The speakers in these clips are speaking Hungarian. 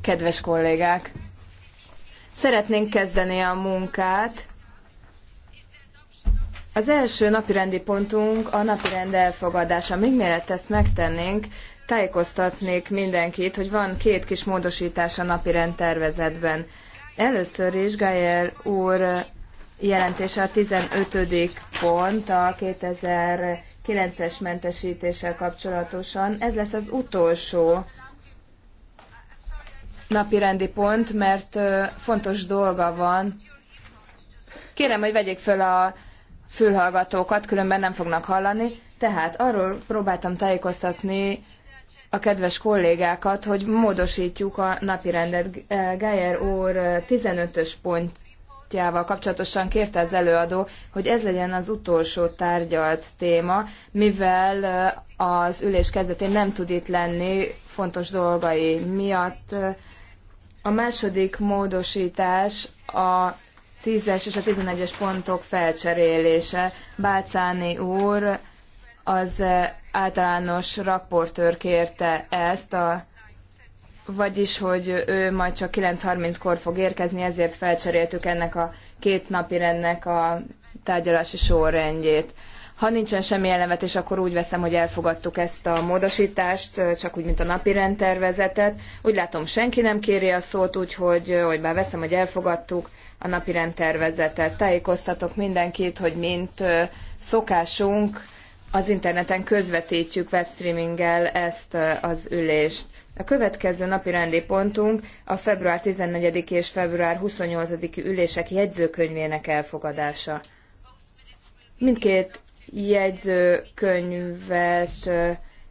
Kedves kollégák! Szeretnénk kezdeni a munkát. Az első napirendi pontunk a napirend elfogadása. Még mielőtt ezt megtennénk, tájékoztatnék mindenkit, hogy van két kis módosítás a napirend tervezetben. Először is Gájer úr jelentése a 15. pont a 2000 9-es mentesítéssel kapcsolatosan. Ez lesz az utolsó napi rendi pont, mert fontos dolga van. Kérem, hogy vegyék föl a fülhallgatókat, különben nem fognak hallani. Tehát arról próbáltam tájékoztatni a kedves kollégákat, hogy módosítjuk a napi rendet, Geyer úr 15-ös pont csoportjával kapcsolatosan kérte az előadó, hogy ez legyen az utolsó tárgyalt téma, mivel az ülés kezdetén nem tud itt lenni fontos dolgai miatt. A második módosítás a 10-es és a 11-es pontok felcserélése. Bácáni úr az általános raportőr kérte ezt a vagyis, hogy ő majd csak 9.30-kor fog érkezni, ezért felcseréltük ennek a két napi rendnek a tárgyalási sorrendjét. Ha nincsen semmi elnevetés, akkor úgy veszem, hogy elfogadtuk ezt a módosítást, csak úgy, mint a napi rendtervezetet. Úgy látom, senki nem kéri a szót, úgyhogy, hogy bár veszem, hogy elfogadtuk a napi rendtervezetet. Tájékoztatok mindenkit, hogy mint szokásunk, az interneten közvetítjük webstreaminggel ezt az ülést. A következő napi rendi pontunk a február 14 és február 28 ülések jegyzőkönyvének elfogadása. Mindkét jegyzőkönyvet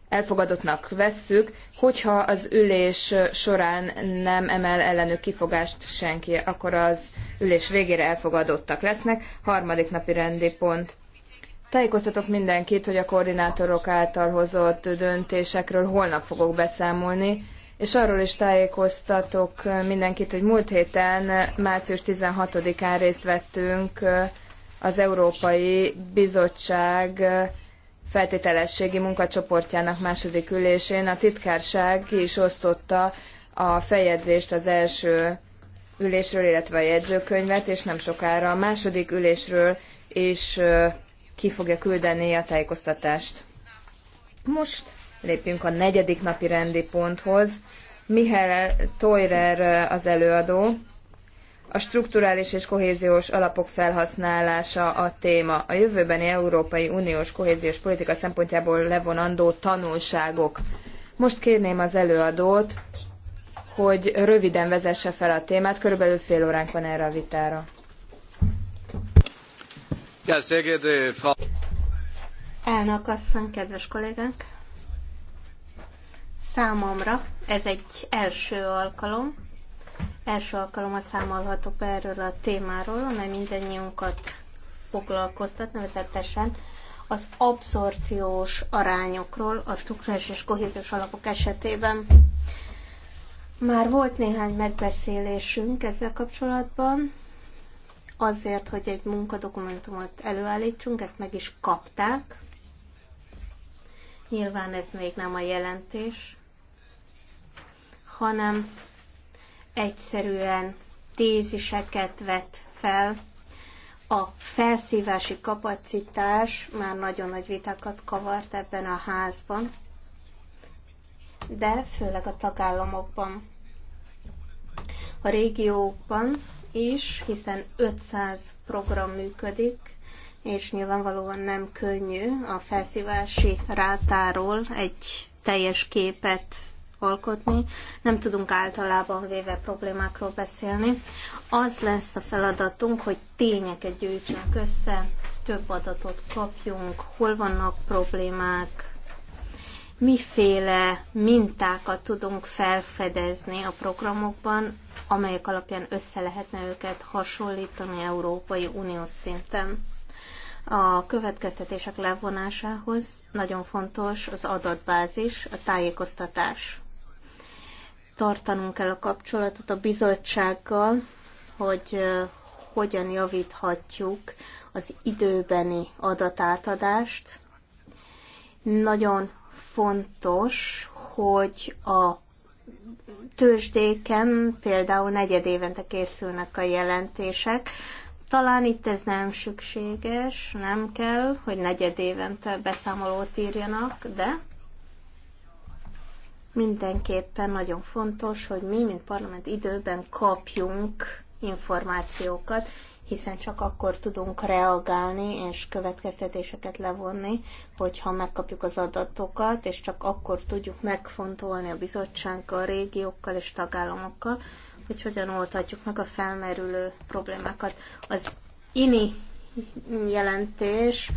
elfogadottnak vesszük, hogyha az ülés során nem emel ellenük kifogást senki, akkor az ülés végére elfogadottak lesznek. Harmadik napi rendi pont Tájékoztatok mindenkit, hogy a koordinátorok által hozott döntésekről holnap fogok beszámolni, és arról is tájékoztatok mindenkit, hogy múlt héten, március 16-án részt vettünk eh, az Európai Bizottság eh, feltételességi munkacsoportjának második ülésén. A titkárság ki is osztotta a feljegyzést az első ülésről, illetve a jegyzőkönyvet, és nem sokára a második ülésről és ki fogja küldeni a tájékoztatást. Most lépjünk a negyedik napi rendi ponthoz. Mihály Toyrer az előadó. A strukturális és kohéziós alapok felhasználása a téma. A jövőbeni Európai Uniós kohéziós politika szempontjából levonandó tanulságok. Most kérném az előadót, hogy röviden vezesse fel a témát, körülbelül fél óránk van erre a vitára. Ja, sehr geehrte Frau. Elnök asszony, kedves kollégák! Számomra ez egy első alkalom. Első alkalommal számolhatok be erről a témáról, amely mindannyiunkat foglalkoztat, nevezetesen az abszorciós arányokról a struktúrás és kohéziós alapok esetében. Már volt néhány megbeszélésünk ezzel kapcsolatban, azért, hogy egy munkadokumentumot előállítsunk, ezt meg is kapták. Nyilván ez még nem a jelentés, hanem egyszerűen téziseket vet fel. A felszívási kapacitás már nagyon nagy vitákat kavart ebben a házban, de főleg a tagállamokban. A régiókban is, hiszen 500 program működik, és nyilvánvalóan nem könnyű a felszívási rátáról egy teljes képet alkotni. Nem tudunk általában véve problémákról beszélni. Az lesz a feladatunk, hogy tényeket gyűjtsünk össze, több adatot kapjunk, hol vannak problémák, miféle mintákat tudunk felfedezni a programokban, amelyek alapján össze lehetne őket hasonlítani Európai Unió szinten. A következtetések levonásához nagyon fontos az adatbázis, a tájékoztatás. Tartanunk kell a kapcsolatot a bizottsággal, hogy hogyan javíthatjuk az időbeni adatátadást. Nagyon fontos, hogy a tőzsdéken például negyed évente készülnek a jelentések. Talán itt ez nem szükséges, nem kell, hogy negyed évente beszámolót írjanak, de mindenképpen nagyon fontos, hogy mi, mint parlament időben kapjunk információkat, hiszen csak akkor tudunk reagálni és következtetéseket levonni, hogyha megkapjuk az adatokat, és csak akkor tudjuk megfontolni a bizottsággal, régiókkal és tagállamokkal, hogy hogyan oldhatjuk meg a felmerülő problémákat. Az INI jelentés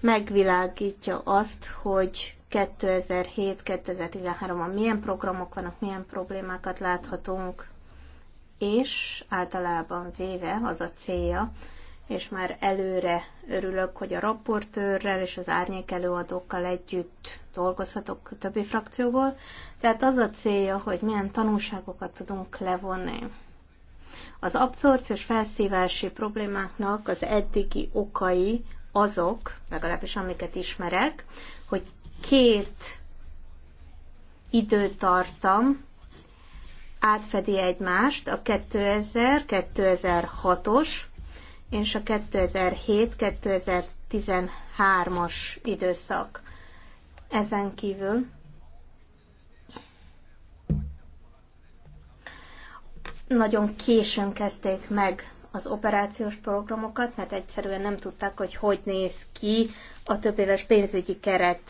megvilágítja azt, hogy 2007-2013-ban milyen programok vannak, milyen problémákat láthatunk és általában véve az a célja, és már előre örülök, hogy a rapportőrrel és az árnyék előadókkal együtt dolgozhatok a többi frakcióból. Tehát az a célja, hogy milyen tanulságokat tudunk levonni. Az abszorciós felszívási problémáknak az eddigi okai azok, legalábbis amiket ismerek, hogy két időtartam átfedi egymást a 2000-2006-os és a 2007-2013-as időszak. Ezen kívül nagyon későn kezdték meg az operációs programokat, mert egyszerűen nem tudták, hogy hogy néz ki a többéves pénzügyi keret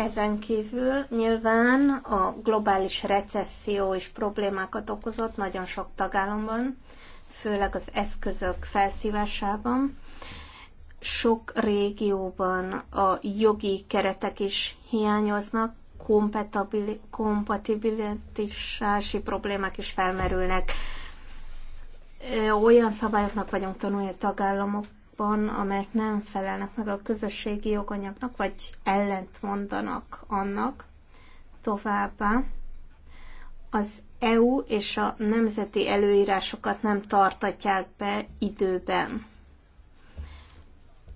ezen kívül nyilván a globális recesszió is problémákat okozott nagyon sok tagállamban, főleg az eszközök felszívásában. Sok régióban a jogi keretek is hiányoznak, kompatibilitási problémák is felmerülnek. Olyan szabályoknak vagyunk tanulni a tagállamok azokban, amelyek nem felelnek meg a közösségi joganyagnak, vagy ellent mondanak annak. Továbbá az EU és a nemzeti előírásokat nem tartatják be időben.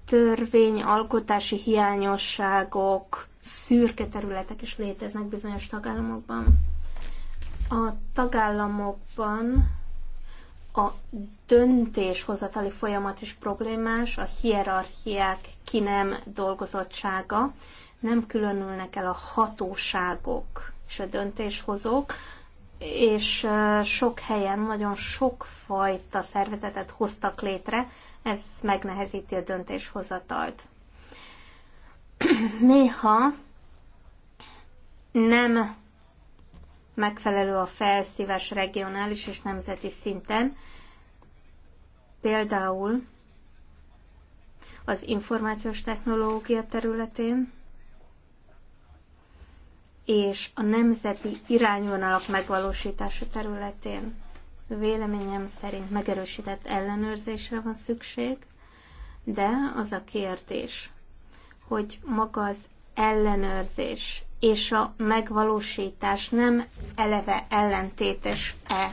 Törvény, alkotási hiányosságok, szürke területek is léteznek bizonyos tagállamokban. A tagállamokban a döntéshozatali folyamat is problémás, a hierarchiák ki nem dolgozottsága, nem különülnek el a hatóságok és a döntéshozók, és sok helyen nagyon sokfajta szervezetet hoztak létre, ez megnehezíti a döntéshozatalt. Néha nem megfelelő a felszíves regionális és nemzeti szinten. Például az információs technológia területén, és a nemzeti irányvonalak megvalósítása területén véleményem szerint megerősített ellenőrzésre van szükség, de az a kérdés, hogy maga az ellenőrzés és a megvalósítás nem eleve ellentétes-e.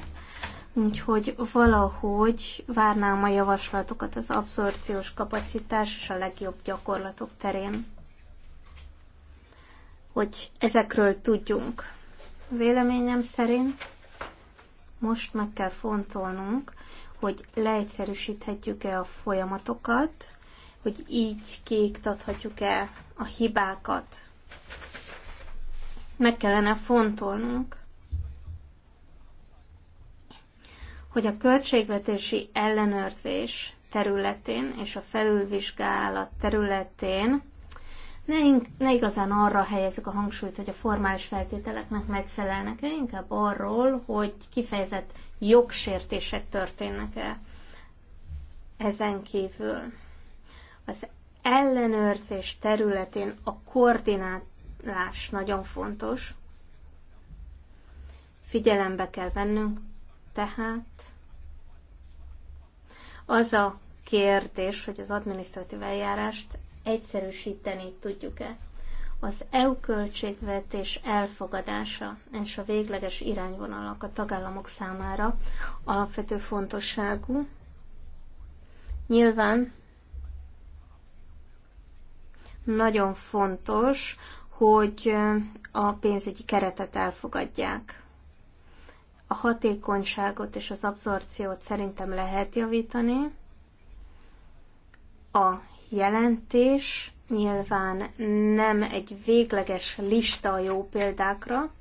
Úgyhogy valahogy várnám a javaslatokat az abszorciós kapacitás és a legjobb gyakorlatok terén, hogy ezekről tudjunk. Véleményem szerint most meg kell fontolnunk, hogy leegyszerűsíthetjük-e a folyamatokat, hogy így kiiktathatjuk-e a hibákat meg kellene fontolnunk, hogy a költségvetési ellenőrzés területén és a felülvizsgálat területén ne, ne igazán arra helyezzük a hangsúlyt, hogy a formális feltételeknek megfelelnek-e, inkább arról, hogy kifejezett jogsértések történnek-e ezen kívül. Az ellenőrzés területén a koordinát lás nagyon fontos. Figyelembe kell vennünk tehát az a kérdés, hogy az administratív eljárást egyszerűsíteni tudjuk-e. Az EU költségvetés elfogadása és a végleges irányvonalak a tagállamok számára alapvető fontosságú. Nyilván nagyon fontos, hogy a pénzügyi keretet elfogadják. A hatékonyságot és az abszorciót szerintem lehet javítani. A jelentés nyilván nem egy végleges lista a jó példákra,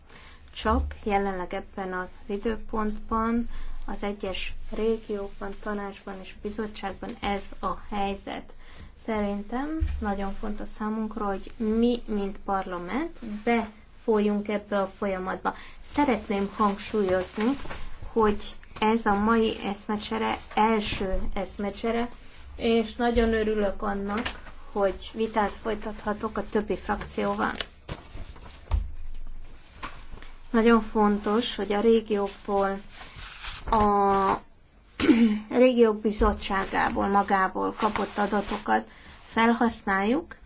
csak jelenleg ebben az időpontban az egyes régiókban, tanácsban és bizottságban ez a helyzet. Szerintem nagyon fontos számunkra, hogy mi, mint parlament, befolyunk ebbe a folyamatba. Szeretném hangsúlyozni, hogy ez a mai eszmecsere első eszmecsere, és nagyon örülök annak, hogy vitát folytathatok a többi frakcióval. Nagyon fontos, hogy a régiókból a régiók bizottságából magából kapott adatokat felhasználjuk.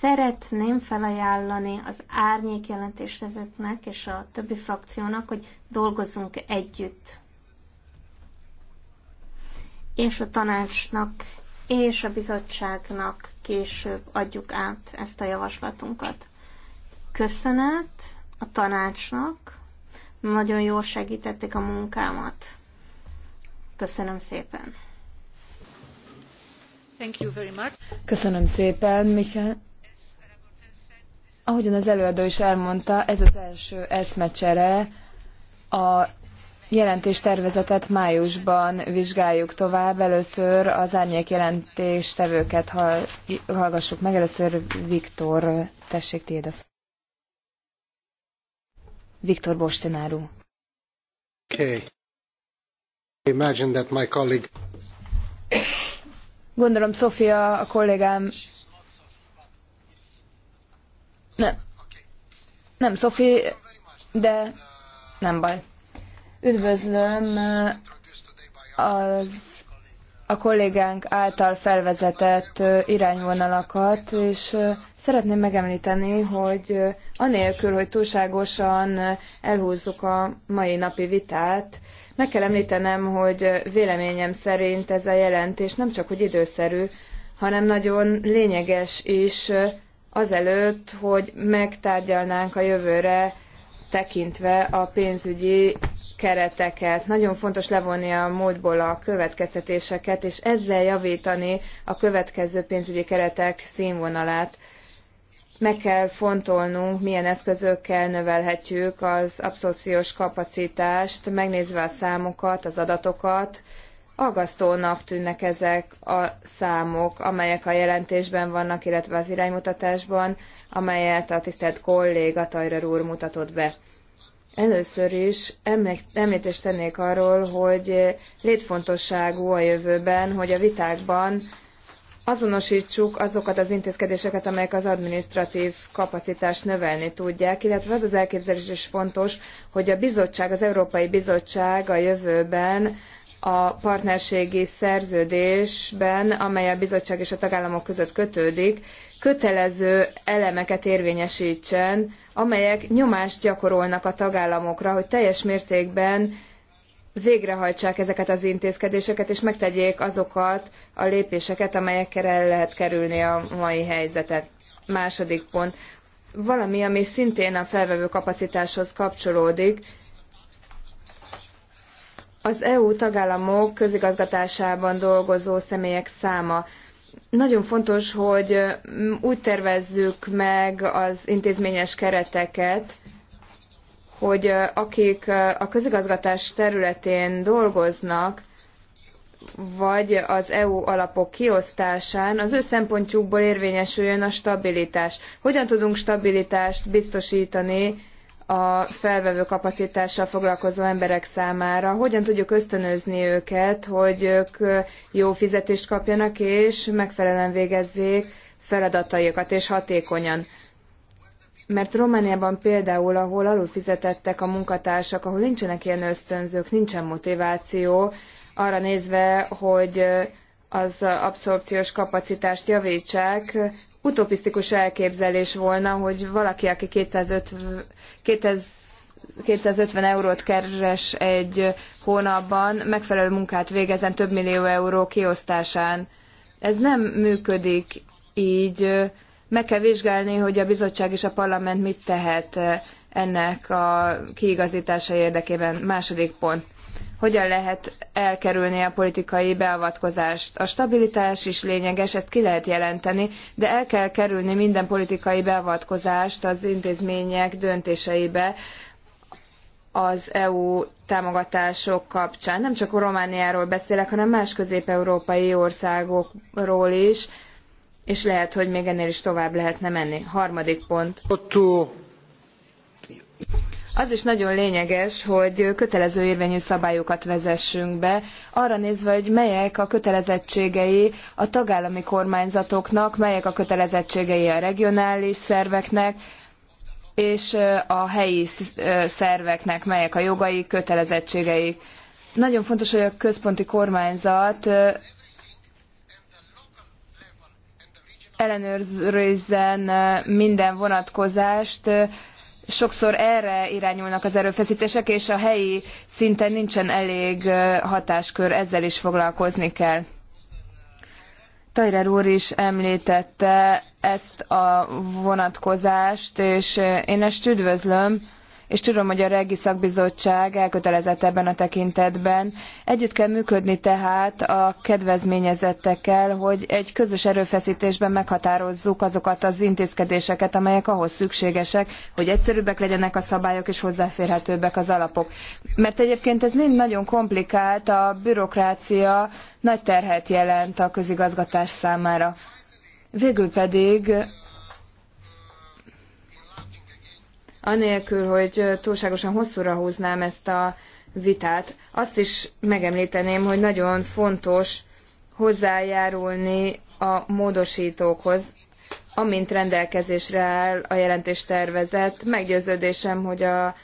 Szeretném felajánlani az árnyék jelentéseknek és a többi frakciónak, hogy dolgozunk együtt. És a tanácsnak és a bizottságnak később adjuk át ezt a javaslatunkat. Köszönet a tanácsnak, nagyon jól segítették a munkámat. Köszönöm szépen. Thank you very much. Köszönöm szépen, Michael. Ahogyan az előadó is elmondta, ez az első eszmecsere. A jelentés tervezetet májusban vizsgáljuk tovább. Először az árnyék tevőket hallgassuk meg. Először Viktor, tessék tiéd a Viktor Bostináru. Okay. Gondolom, Sofia, a kollégám... Nem. Nem, Sofi, de nem baj. Üdvözlöm eh, az a kollégánk által felvezetett eh, irányvonalakat, és eh, Szeretném megemlíteni, hogy anélkül, hogy túlságosan elhúzzuk a mai napi vitát, meg kell említenem, hogy véleményem szerint ez a jelentés nem csak hogy időszerű, hanem nagyon lényeges is azelőtt, hogy megtárgyalnánk a jövőre tekintve a pénzügyi kereteket. Nagyon fontos levonni a módból a következtetéseket, és ezzel javítani a következő pénzügyi keretek színvonalát meg kell fontolnunk, milyen eszközökkel növelhetjük az abszorpciós kapacitást, megnézve a számokat, az adatokat. Agasztónak tűnnek ezek a számok, amelyek a jelentésben vannak, illetve az iránymutatásban, amelyet a tisztelt kolléga Tajrer úr mutatott be. Először is említést tennék arról, hogy létfontosságú a jövőben, hogy a vitákban azonosítsuk azokat az intézkedéseket, amelyek az adminisztratív kapacitást növelni tudják, illetve az az elképzelés is fontos, hogy a bizottság, az Európai Bizottság a jövőben a partnerségi szerződésben, amely a bizottság és a tagállamok között kötődik, kötelező elemeket érvényesítsen, amelyek nyomást gyakorolnak a tagállamokra, hogy teljes mértékben végrehajtsák ezeket az intézkedéseket, és megtegyék azokat a lépéseket, amelyekkel el lehet kerülni a mai helyzetet. Második pont. Valami, ami szintén a felvevő kapacitáshoz kapcsolódik, az EU tagállamok közigazgatásában dolgozó személyek száma. Nagyon fontos, hogy úgy tervezzük meg az intézményes kereteket, hogy akik a közigazgatás területén dolgoznak, vagy az EU alapok kiosztásán az ő szempontjukból érvényesüljön a stabilitás. Hogyan tudunk stabilitást biztosítani a felvevő kapacitással foglalkozó emberek számára? Hogyan tudjuk ösztönözni őket, hogy ők jó fizetést kapjanak és megfelelően végezzék feladataikat és hatékonyan? Mert Romániában például, ahol alul fizetettek a munkatársak, ahol nincsenek ilyen ösztönzők, nincsen motiváció, arra nézve, hogy az abszorpciós kapacitást javítsák, utopisztikus elképzelés volna, hogy valaki, aki 250, 250 eurót keres egy hónapban, megfelelő munkát végezen több millió euró kiosztásán. Ez nem működik így meg kell vizsgálni, hogy a bizottság és a parlament mit tehet eh, ennek a kiigazítása érdekében. Második pont. Hogyan lehet elkerülni a politikai beavatkozást? A stabilitás is lényeges, ezt ki lehet jelenteni, de el kell kerülni minden politikai beavatkozást az intézmények döntéseibe, az EU támogatások kapcsán. Nem csak Romániáról beszélek, hanem más közép-európai országokról is és lehet, hogy még ennél is tovább lehetne menni. Harmadik pont. Az is nagyon lényeges, hogy kötelező érvényű szabályokat vezessünk be, arra nézve, hogy melyek a kötelezettségei a tagállami kormányzatoknak, melyek a kötelezettségei a regionális szerveknek, és a helyi szerveknek, melyek a jogai, kötelezettségei. Nagyon fontos, hogy a központi kormányzat ellenőrizzen minden vonatkozást, sokszor erre irányulnak az erőfeszítések, és a helyi szinten nincsen elég hatáskör, ezzel is foglalkozni kell. Tajrer úr is említette ezt a vonatkozást, és én ezt üdvözlöm, és tudom, hogy a Regi Szakbizottság elkötelezett ebben a tekintetben. Együtt kell működni tehát a kedvezményezettekkel, hogy egy közös erőfeszítésben meghatározzuk azokat az intézkedéseket, amelyek ahhoz szükségesek, hogy egyszerűbbek legyenek a szabályok és hozzáférhetőbbek az alapok. Mert egyébként ez mind nagyon komplikált, a bürokrácia nagy terhet jelent a közigazgatás számára. Végül pedig anélkül, hogy túlságosan hosszúra húznám ezt a vitát, azt is megemlíteném, hogy nagyon fontos hozzájárulni a módosítókhoz, amint rendelkezésre áll a tervezet. Meggyőződésem, hogy a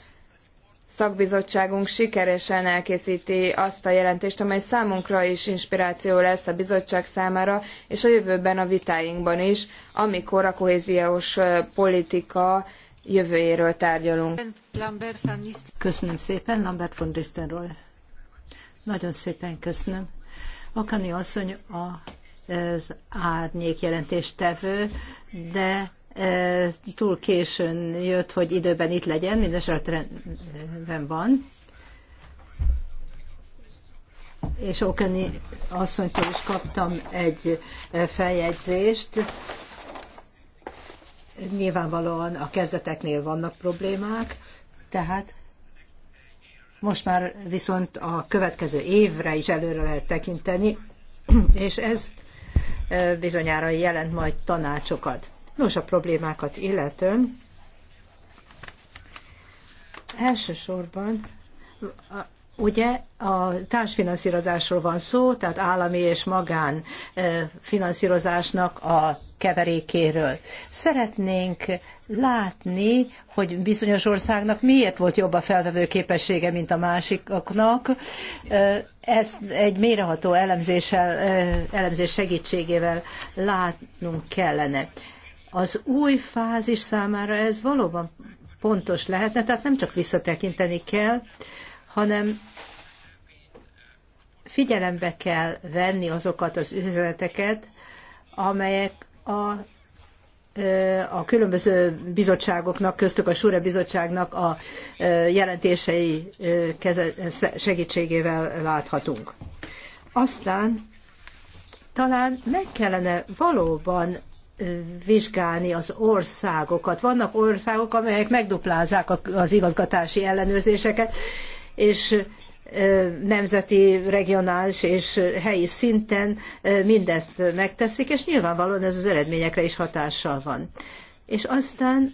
szakbizottságunk sikeresen elkészíti azt a jelentést, amely számunkra is inspiráció lesz a bizottság számára, és a jövőben a vitáinkban is, amikor a kohéziós politika jövőjéről tárgyalunk. Köszönöm szépen, Lambert von Ristenroy. Nagyon szépen köszönöm. Akani asszony az árnyék jelentéstevő, de e, túl későn jött, hogy időben itt legyen, mindesetre rendben van. És Okani asszonytól is kaptam egy e, feljegyzést, Nyilvánvalóan a kezdeteknél vannak problémák, tehát most már viszont a következő évre is előre lehet tekinteni, és ez bizonyára jelent majd tanácsokat. Nos, a problémákat illetően elsősorban Ugye a társfinanszírozásról van szó, tehát állami és magán finanszírozásnak a keverékéről. Szeretnénk látni, hogy bizonyos országnak miért volt jobb a felvevő képessége, mint a másiknak. Ezt egy méreható elemzéssel, elemzés segítségével látnunk kellene. Az új fázis számára ez valóban pontos lehetne, tehát nem csak visszatekinteni kell, hanem figyelembe kell venni azokat az üzeneteket, amelyek a, a különböző bizottságoknak, köztük a Súre bizottságnak a jelentései segítségével láthatunk. Aztán talán meg kellene valóban vizsgálni az országokat. Vannak országok, amelyek megduplázák az igazgatási ellenőrzéseket, és nemzeti, regionális és helyi szinten mindezt megteszik, és nyilvánvalóan ez az eredményekre is hatással van. És aztán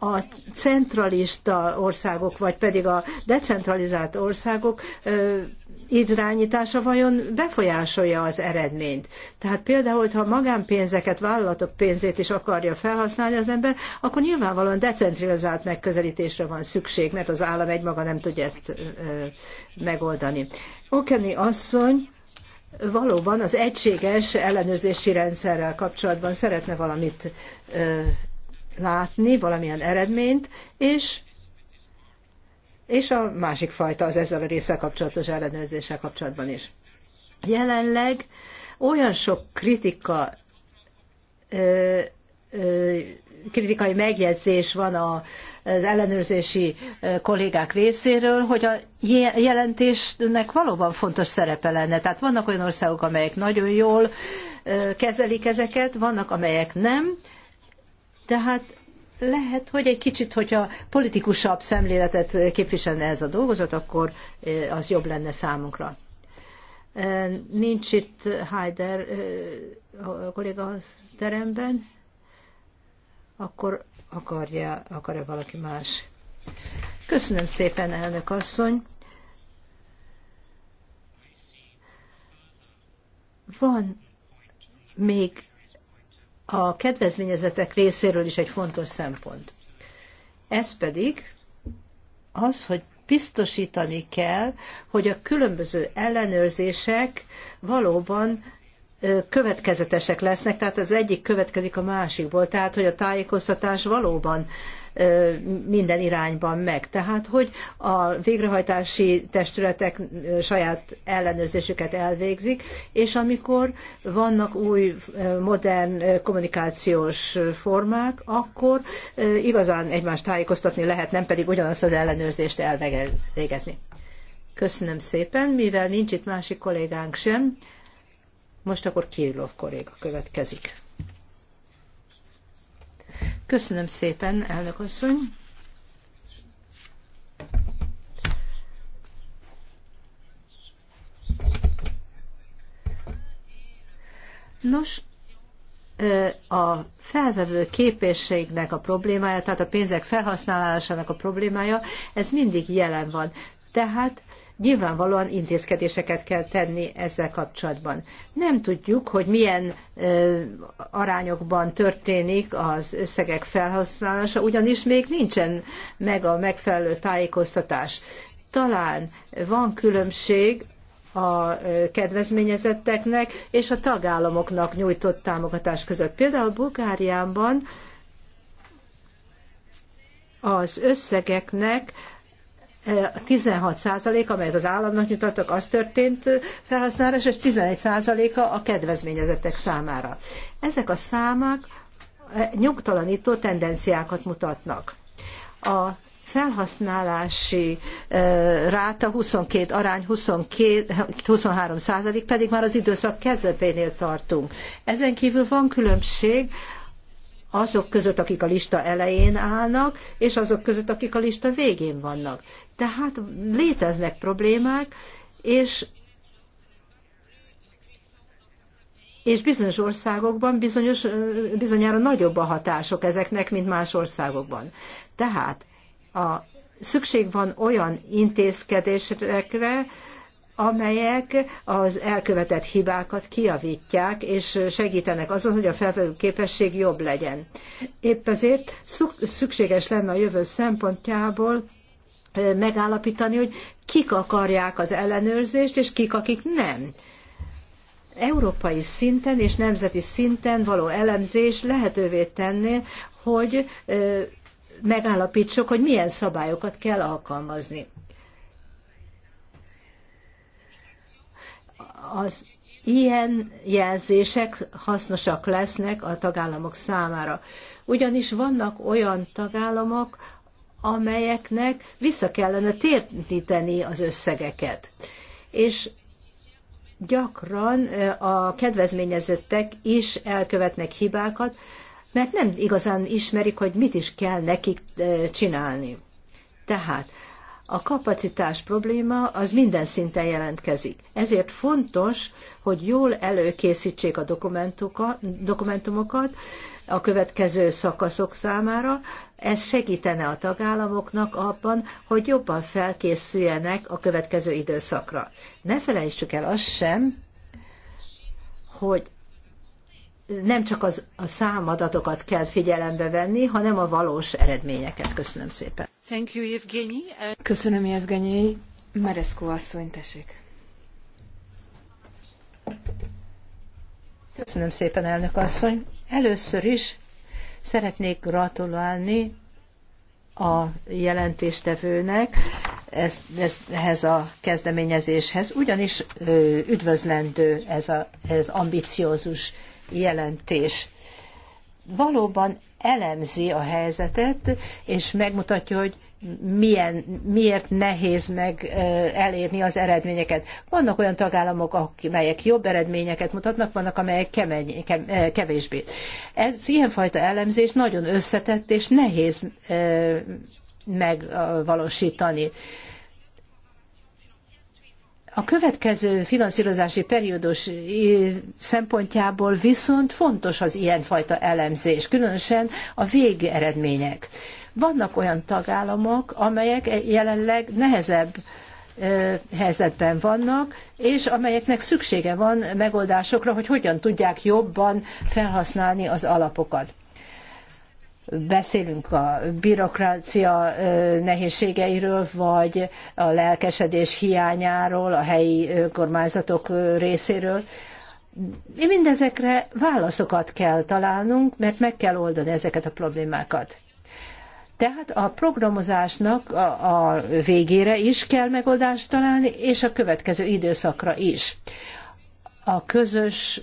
a, centralista országok, vagy pedig a decentralizált országok irányítása vajon befolyásolja az eredményt. Tehát például, hogyha magánpénzeket, vállalatok pénzét is akarja felhasználni az ember, akkor nyilvánvalóan decentralizált megközelítésre van szükség, mert az állam egymaga nem tudja ezt megoldani. Okeni asszony valóban az egységes ellenőrzési rendszerrel kapcsolatban szeretne valamit látni, valamilyen eredményt, és és a másik fajta az ezzel a résszel kapcsolatos ellenőrzéssel kapcsolatban is. Jelenleg olyan sok kritika ö, ö, kritikai megjegyzés van az ellenőrzési kollégák részéről, hogy a jelentésnek valóban fontos szerepe lenne. Tehát vannak olyan országok, amelyek nagyon jól kezelik ezeket, vannak, amelyek nem. Tehát lehet, hogy egy kicsit, hogyha politikusabb szemléletet képviselne ez a dolgozat, akkor eh, az jobb lenne számunkra. Eh, nincs itt Heider eh, a kolléga a teremben, akkor akarja, akar-e valaki más? Köszönöm szépen, elnök asszony. Van még a kedvezményezetek részéről is egy fontos szempont. Ez pedig az, hogy biztosítani kell, hogy a különböző ellenőrzések valóban következetesek lesznek, tehát az egyik következik a másikból, tehát hogy a tájékoztatás valóban minden irányban meg. Tehát, hogy a végrehajtási testületek saját ellenőrzésüket elvégzik, és amikor vannak új modern kommunikációs formák, akkor igazán egymást tájékoztatni lehet, nem pedig ugyanazt az ellenőrzést elvégezni. Köszönöm szépen, mivel nincs itt másik kollégánk sem, most akkor Kirillov kolléga következik. Köszönöm szépen, elnök asszony. Nos, a felvevő képességnek a problémája, tehát a pénzek felhasználásának a problémája, ez mindig jelen van. Tehát nyilvánvalóan intézkedéseket kell tenni ezzel kapcsolatban. Nem tudjuk, hogy milyen ö, arányokban történik az összegek felhasználása, ugyanis még nincsen meg a megfelelő tájékoztatás. Talán van különbség a kedvezményezetteknek és a tagállamoknak nyújtott támogatás között. Például Bulgáriában az összegeknek 16% amelyet az államnak nyújtottak, az történt felhasználás, és 11%-a a kedvezményezettek számára. Ezek a számák eh, nyugtalanító tendenciákat mutatnak. A felhasználási eh, ráta 22, arány 22, 23 százalék, pedig már az időszak kezdeténél tartunk. Ezen kívül van különbség azok között, akik a lista elején állnak, és azok között, akik a lista végén vannak. Tehát léteznek problémák, és és bizonyos országokban bizonyos, bizonyára nagyobb a hatások ezeknek, mint más országokban. Tehát a, szükség van olyan intézkedésekre, amelyek az elkövetett hibákat kiavítják, és segítenek azon, hogy a felvevő képesség jobb legyen. Épp ezért szükséges lenne a jövő szempontjából megállapítani, hogy kik akarják az ellenőrzést, és kik, akik nem. Európai szinten és nemzeti szinten való elemzés lehetővé tenné, hogy megállapítsuk, hogy milyen szabályokat kell alkalmazni. az ilyen jelzések hasznosak lesznek a tagállamok számára. Ugyanis vannak olyan tagállamok, amelyeknek vissza kellene téríteni az összegeket. És gyakran a kedvezményezettek is elkövetnek hibákat, mert nem igazán ismerik, hogy mit is kell nekik csinálni. Tehát a kapacitás probléma az minden szinten jelentkezik. Ezért fontos, hogy jól előkészítsék a dokumentumokat a következő szakaszok számára. Ez segítene a tagállamoknak abban, hogy jobban felkészüljenek a következő időszakra. Ne felejtsük el azt sem, hogy nem csak az, a számadatokat kell figyelembe venni, hanem a valós eredményeket. Köszönöm szépen. Thank you, Evgeny. Köszönöm, Evgenyi. Mereszkó asszony, tessék. Köszönöm szépen, elnök asszony. Először is szeretnék gratulálni a jelentéstevőnek ez, ez, ehhez a kezdeményezéshez, ugyanis üdvözlendő ez az ambiciózus jelentés valóban elemzi a helyzetet, és megmutatja, hogy milyen, miért nehéz meg elérni az eredményeket. Vannak olyan tagállamok, amelyek jobb eredményeket mutatnak, vannak, amelyek kemeny, kevésbé. Ez ilyenfajta elemzés nagyon összetett és nehéz megvalósítani. A következő finanszírozási periódus szempontjából viszont fontos az ilyenfajta elemzés, különösen a végeredmények. Vannak olyan tagállamok, amelyek jelenleg nehezebb helyzetben vannak, és amelyeknek szüksége van megoldásokra, hogy hogyan tudják jobban felhasználni az alapokat beszélünk a bürokrácia nehézségeiről, vagy a lelkesedés hiányáról, a helyi önkormányzatok részéről. Mindezekre válaszokat kell találnunk, mert meg kell oldani ezeket a problémákat. Tehát a programozásnak a, a végére is kell megoldást találni, és a következő időszakra is. A közös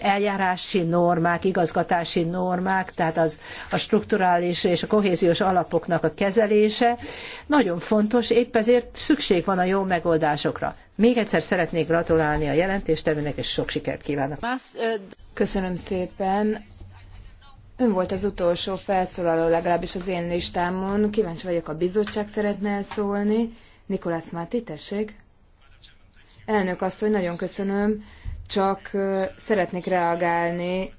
eljárási normák, igazgatási normák, tehát az, a strukturális és a kohéziós alapoknak a kezelése nagyon fontos, épp ezért szükség van a jó megoldásokra. Még egyszer szeretnék gratulálni a jelentéstevőnek, és sok sikert kívánok. Köszönöm szépen. Ön volt az utolsó felszólaló, legalábbis az én listámon. Kíváncsi vagyok, a bizottság szeretne szólni. Nikolász Máté, tessék. Elnök asszony, nagyon köszönöm csak szeretnék reagálni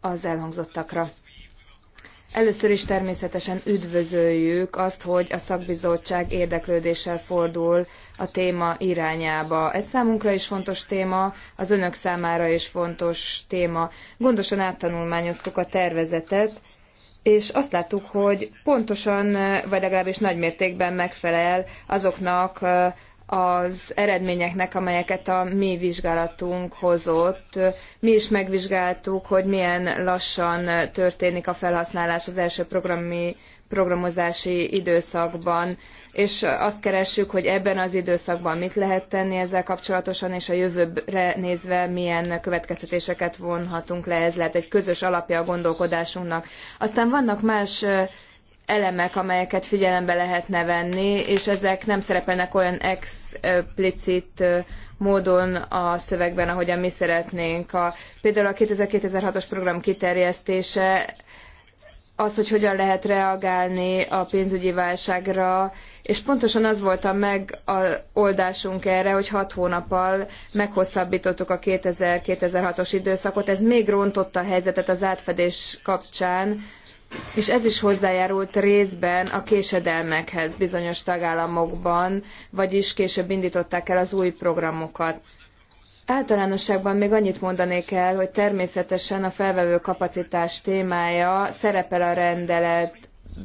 az elhangzottakra. Először is természetesen üdvözöljük azt, hogy a szakbizottság érdeklődéssel fordul a téma irányába. Ez számunkra is fontos téma, az önök számára is fontos téma. Gondosan áttanulmányoztuk a tervezetet, és azt láttuk, hogy pontosan, vagy legalábbis nagymértékben megfelel azoknak az eredményeknek, amelyeket a mi vizsgálatunk hozott. Mi is megvizsgáltuk, hogy milyen lassan történik a felhasználás az első programi, programozási időszakban, és azt keressük, hogy ebben az időszakban mit lehet tenni ezzel kapcsolatosan, és a jövőre nézve milyen következtetéseket vonhatunk le. Ez lehet egy közös alapja a gondolkodásunknak. Aztán vannak más elemek, amelyeket figyelembe lehetne venni, és ezek nem szerepelnek olyan explicit módon a szövegben, ahogyan mi szeretnénk. A, például a 2006-os program kiterjesztése, az, hogy hogyan lehet reagálni a pénzügyi válságra, és pontosan az volt a megoldásunk erre, hogy hat hónappal meghosszabbítottuk a 2000-2006-os időszakot. Ez még rontotta a helyzetet az átfedés kapcsán, és ez is hozzájárult részben a késedelmekhez bizonyos tagállamokban, vagyis később indították el az új programokat. Általánosságban még annyit mondanék el, hogy természetesen a felvevő kapacitás témája szerepel a rendelet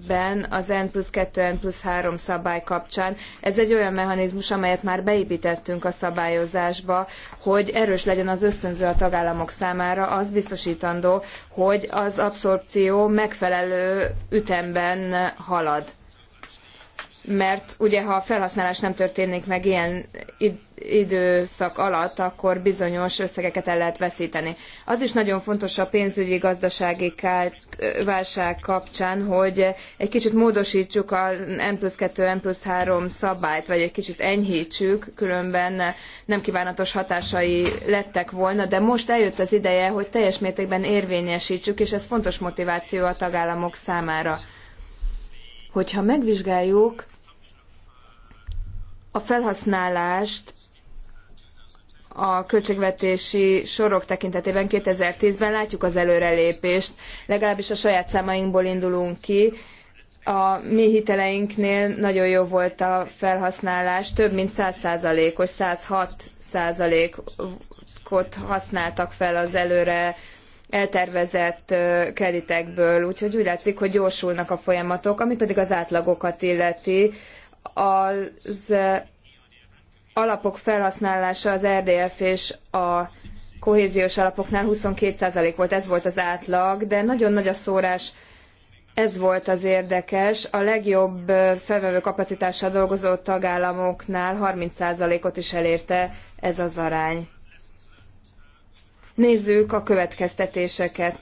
ben az N plusz 2, N plusz 3 szabály kapcsán. Ez egy olyan mechanizmus, amelyet már beépítettünk a szabályozásba, hogy erős legyen az ösztönző a tagállamok számára, az biztosítandó, hogy az abszorpció megfelelő ütemben halad mert ugye ha a felhasználás nem történik meg ilyen időszak alatt, akkor bizonyos összegeket el lehet veszíteni. Az is nagyon fontos a pénzügyi gazdasági válság kapcsán, hogy egy kicsit módosítsuk a N plusz 2, N plusz 3 szabályt, vagy egy kicsit enyhítsük, különben nem kívánatos hatásai lettek volna, de most eljött az ideje, hogy teljes mértékben érvényesítsük, és ez fontos motiváció a tagállamok számára hogyha megvizsgáljuk a felhasználást a költségvetési sorok tekintetében 2010-ben látjuk az előrelépést, legalábbis a saját számainkból indulunk ki. A mi hiteleinknél nagyon jó volt a felhasználás, több mint 100%-os, 106%-ot használtak fel az előre eltervezett kreditekből, úgyhogy úgy látszik, hogy gyorsulnak a folyamatok, ami pedig az átlagokat illeti az alapok felhasználása az RDF és a kohéziós alapoknál 22% volt, ez volt az átlag, de nagyon nagy a szórás, ez volt az érdekes. A legjobb felvevő kapacitással dolgozó tagállamoknál 30%-ot is elérte ez az arány. Nézzük a következtetéseket.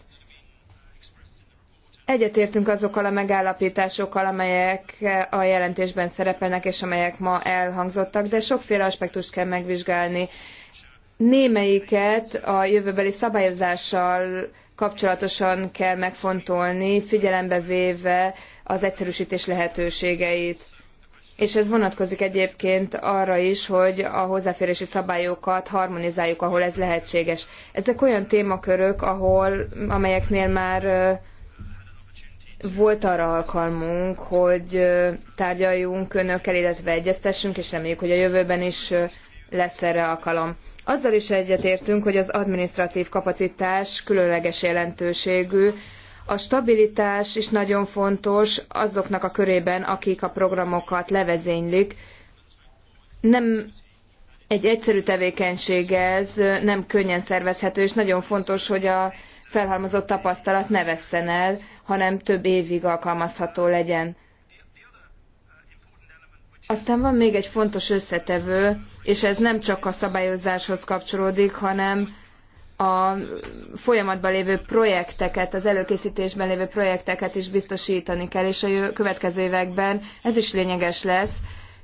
Egyetértünk azokkal a megállapításokkal, amelyek a jelentésben szerepelnek, és amelyek ma elhangzottak, de sokféle aspektust kell megvizsgálni. Némelyiket a jövőbeli szabályozással kapcsolatosan kell megfontolni, figyelembe véve az egyszerűsítés lehetőségeit. És ez vonatkozik egyébként arra is, hogy a hozzáférési szabályokat harmonizáljuk, ahol ez lehetséges. Ezek olyan témakörök, ahol, amelyeknél már volt arra alkalmunk, hogy tárgyaljunk önökkel, illetve egyeztessünk, és reméljük, hogy a jövőben is lesz erre alkalom. Azzal is egyetértünk, hogy az administratív kapacitás különleges jelentőségű, a stabilitás is nagyon fontos azoknak a körében, akik a programokat levezénylik. Nem egy egyszerű tevékenység ez, nem könnyen szervezhető, és nagyon fontos, hogy a felhalmozott tapasztalat ne vesszen el hanem több évig alkalmazható legyen. Aztán van még egy fontos összetevő, és ez nem csak a szabályozáshoz kapcsolódik, hanem a folyamatban lévő projekteket, az előkészítésben lévő projekteket is biztosítani kell, és a következő években ez is lényeges lesz,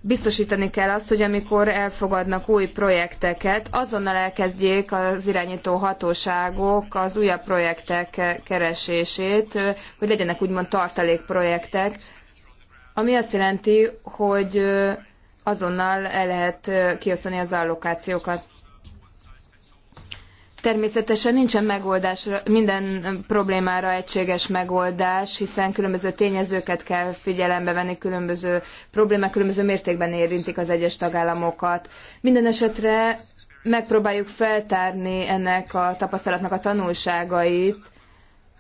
biztosítani kell azt, hogy amikor elfogadnak új projekteket, azonnal elkezdjék az irányító hatóságok az újabb projektek keresését, hogy legyenek úgymond tartalékprojektek, ami azt jelenti, hogy azonnal el lehet kiosztani az allokációkat. Természetesen nincsen megoldás, minden problémára egységes megoldás, hiszen különböző tényezőket kell figyelembe venni, különböző problémák különböző mértékben érintik az egyes tagállamokat. Minden esetre megpróbáljuk feltárni ennek a tapasztalatnak a tanulságait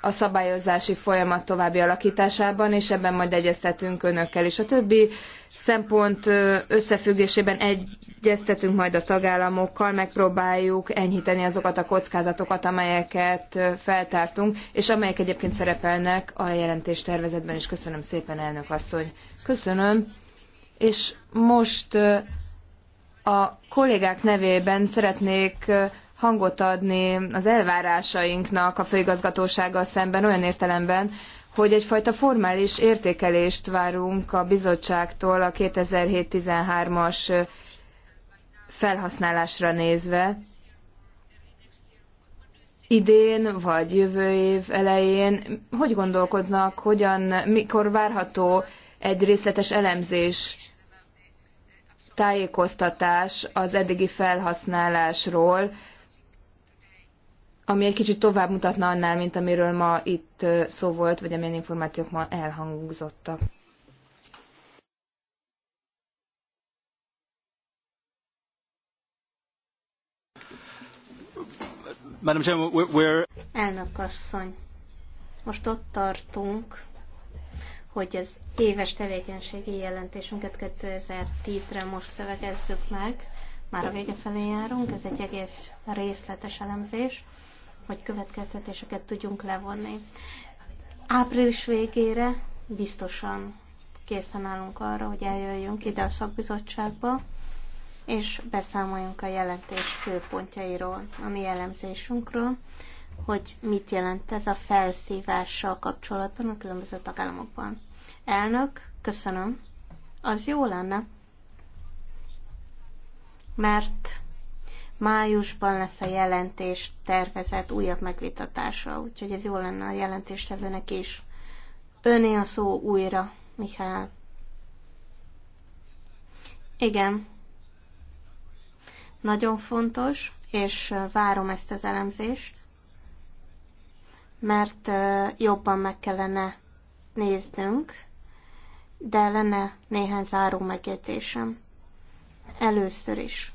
a szabályozási folyamat további alakításában, és ebben majd egyeztetünk önökkel. is. a többi szempont összefüggésében egy egyeztetünk majd a tagállamokkal, megpróbáljuk enyhíteni azokat a kockázatokat, amelyeket feltártunk, és amelyek egyébként szerepelnek a jelentés tervezetben is. Köszönöm szépen, elnök asszony. Köszönöm. És most a kollégák nevében szeretnék hangot adni az elvárásainknak a főigazgatósággal szemben olyan értelemben, hogy egyfajta formális értékelést várunk a bizottságtól a 2007-13-as felhasználásra nézve idén vagy jövő év elején hogy gondolkodnak, hogyan, mikor várható egy részletes elemzés, tájékoztatás az eddigi felhasználásról, ami egy kicsit tovább mutatna annál, mint amiről ma itt szó volt, vagy amilyen információk ma elhangzottak. Madam Chairman, we're... Elnök asszony, most ott tartunk, hogy az éves tevékenységi jelentésünket 2010-re most szövegezzük meg. Már a vége felé járunk, ez egy egész részletes elemzés, hogy következtetéseket tudjunk levonni. Április végére biztosan készen állunk arra, hogy eljöjjünk ide a szakbizottságba, és beszámoljunk a jelentés főpontjairól, a mi jellemzésünkről, hogy mit jelent ez a felszívással kapcsolatban a különböző tagállamokban. Elnök, köszönöm. Az jó lenne, mert májusban lesz a jelentés tervezett újabb megvitatása, úgyhogy ez jó lenne a jelentéstevőnek is. Öné a szó újra, Mihály. Igen, nagyon fontos, és várom ezt az elemzést, mert jobban meg kellene néznünk, de lenne néhány záró megjegyzésem. Először is.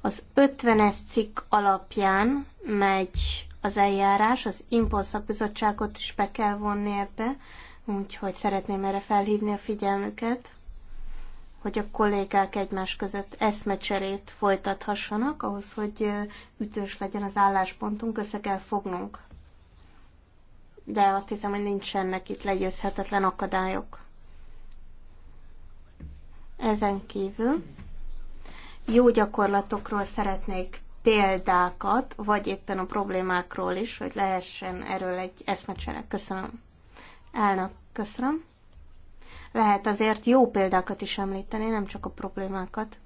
Az 50-es cikk alapján megy az eljárás, az Impulszakbizottságot is be kell vonni ebbe, úgyhogy szeretném erre felhívni a figyelmüket hogy a kollégák egymás között eszmecserét folytathassanak, ahhoz, hogy ütős legyen az álláspontunk, össze kell fognunk. De azt hiszem, hogy nincsenek itt legyőzhetetlen akadályok. Ezen kívül jó gyakorlatokról szeretnék példákat, vagy éppen a problémákról is, hogy lehessen erről egy eszmecsere. Köszönöm. Elnök, köszönöm lehet azért jó példákat is említeni, nem csak a problémákat.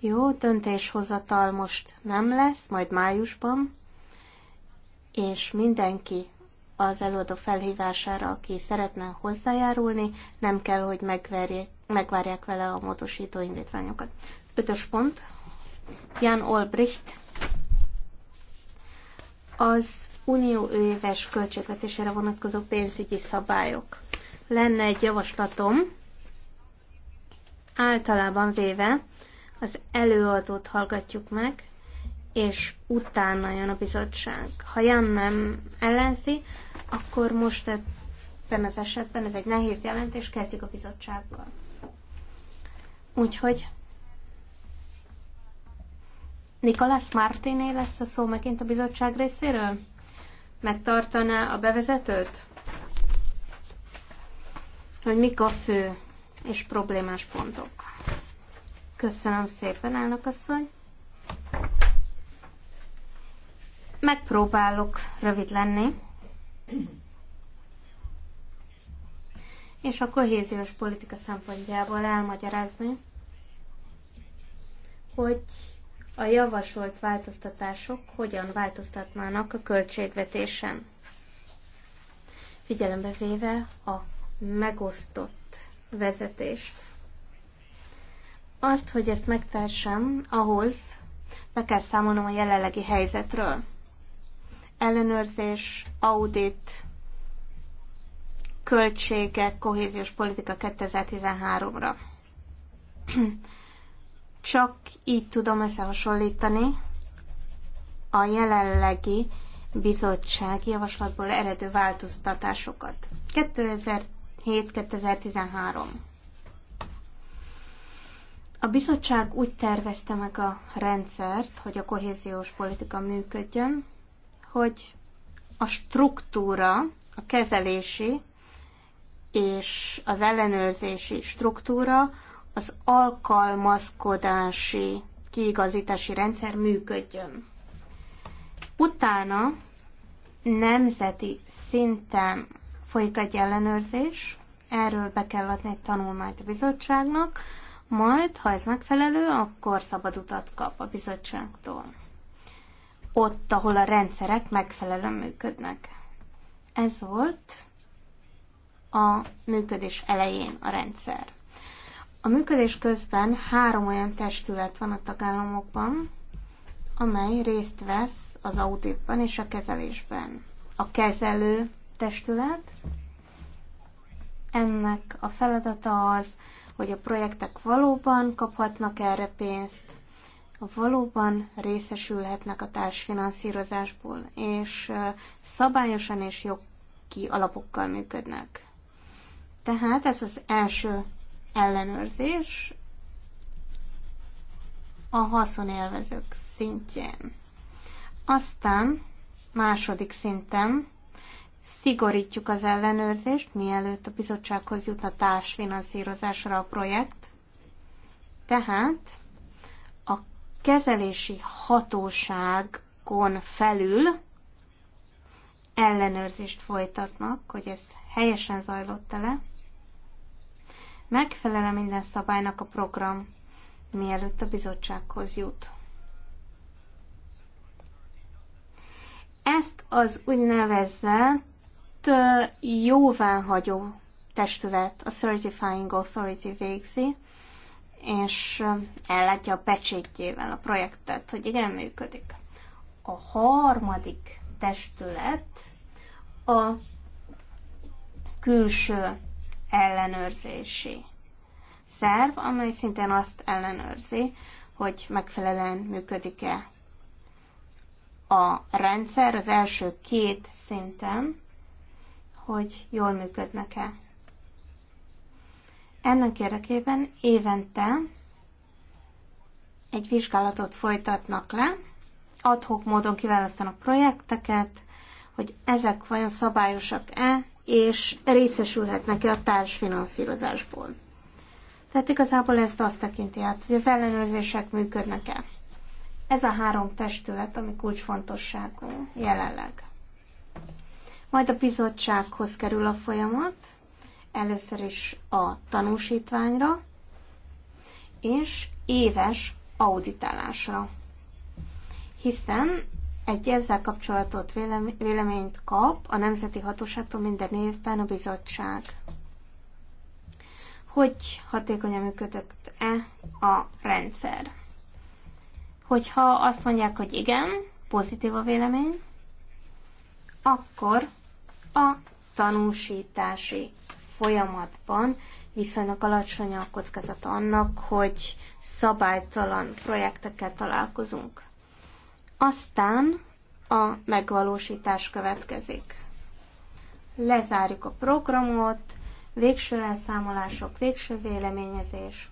Jó, döntéshozatal most nem lesz, majd májusban, és mindenki az előadó felhívására, aki szeretne hozzájárulni, nem kell, hogy megverjék, megvárják vele a módosító indítványokat. Ötös pont. Jan Olbricht az unió éves költségvetésére vonatkozó pénzügyi szabályok. Lenne egy javaslatom, általában véve az előadót hallgatjuk meg, és utána jön a bizottság. Ha Jan nem ellenzi, akkor most ebben az esetben ez egy nehéz jelentés, kezdjük a bizottsággal. Úgyhogy Nikolas Martiné lesz a szó megint a bizottság részéről? Megtartaná a bevezetőt? Hogy mik a fő és problémás pontok. Köszönöm szépen, elnök asszony. Megpróbálok rövid lenni. És a kohéziós politika szempontjából elmagyarázni, hogy a javasolt változtatások hogyan változtatnának a költségvetésen. Figyelembe véve a megosztott vezetést. Azt, hogy ezt megtársam, ahhoz be kell számolnom a jelenlegi helyzetről. Ellenőrzés, audit, költségek, kohéziós politika 2013-ra csak így tudom összehasonlítani a jelenlegi bizottság javaslatból eredő változtatásokat. 2007-2013. A bizottság úgy tervezte meg a rendszert, hogy a kohéziós politika működjön, hogy a struktúra, a kezelési és az ellenőrzési struktúra az alkalmazkodási kiigazítási rendszer működjön. Utána nemzeti szinten folyik egy ellenőrzés, erről be kell adni egy tanulmányt a bizottságnak, majd, ha ez megfelelő, akkor szabad utat kap a bizottságtól. Ott, ahol a rendszerek megfelelően működnek. Ez volt a működés elején a rendszer. A működés közben három olyan testület van a tagállamokban, amely részt vesz az auditban és a kezelésben. A kezelő testület, ennek a feladata az, hogy a projektek valóban kaphatnak erre pénzt, valóban részesülhetnek a társfinanszírozásból, és szabályosan és jogi alapokkal működnek. Tehát ez az első ellenőrzés a haszonélvezők szintjén. Aztán második szinten szigorítjuk az ellenőrzést, mielőtt a bizottsághoz jutna társfinanszírozásra a projekt. Tehát a kezelési hatóságon felül ellenőrzést folytatnak, hogy ez helyesen zajlott-e le, megfelele minden szabálynak a program, mielőtt a bizottsághoz jut. Ezt az úgynevezett jóváhagyó testület, a Certifying Authority végzi, és ellátja a pecsétjével a projektet, hogy igen, működik. A harmadik testület a külső ellenőrzési szerv, amely szintén azt ellenőrzi, hogy megfelelően működik-e a rendszer az első két szinten, hogy jól működnek-e. Ennek érdekében évente egy vizsgálatot folytatnak le, adhok módon kiválasztanak projekteket, hogy ezek vajon szabályosak-e, és részesülhetnek-e a társfinanszírozásból. Tehát igazából ezt azt tekinti át, hogy az ellenőrzések működnek-e. Ez a három testület, ami kulcsfontosságú jelenleg. Majd a bizottsághoz kerül a folyamat, először is a tanúsítványra, és éves auditálásra. Hiszen egy ezzel kapcsolatot véleményt kap a Nemzeti Hatóságtól minden évben a bizottság. Hogy hatékonyan működött-e a rendszer? Hogyha azt mondják, hogy igen, pozitív a vélemény, akkor a tanúsítási folyamatban viszonylag alacsony a kockázat annak, hogy szabálytalan projektekkel találkozunk. Aztán a megvalósítás következik. Lezárjuk a programot, végső elszámolások, végső véleményezés,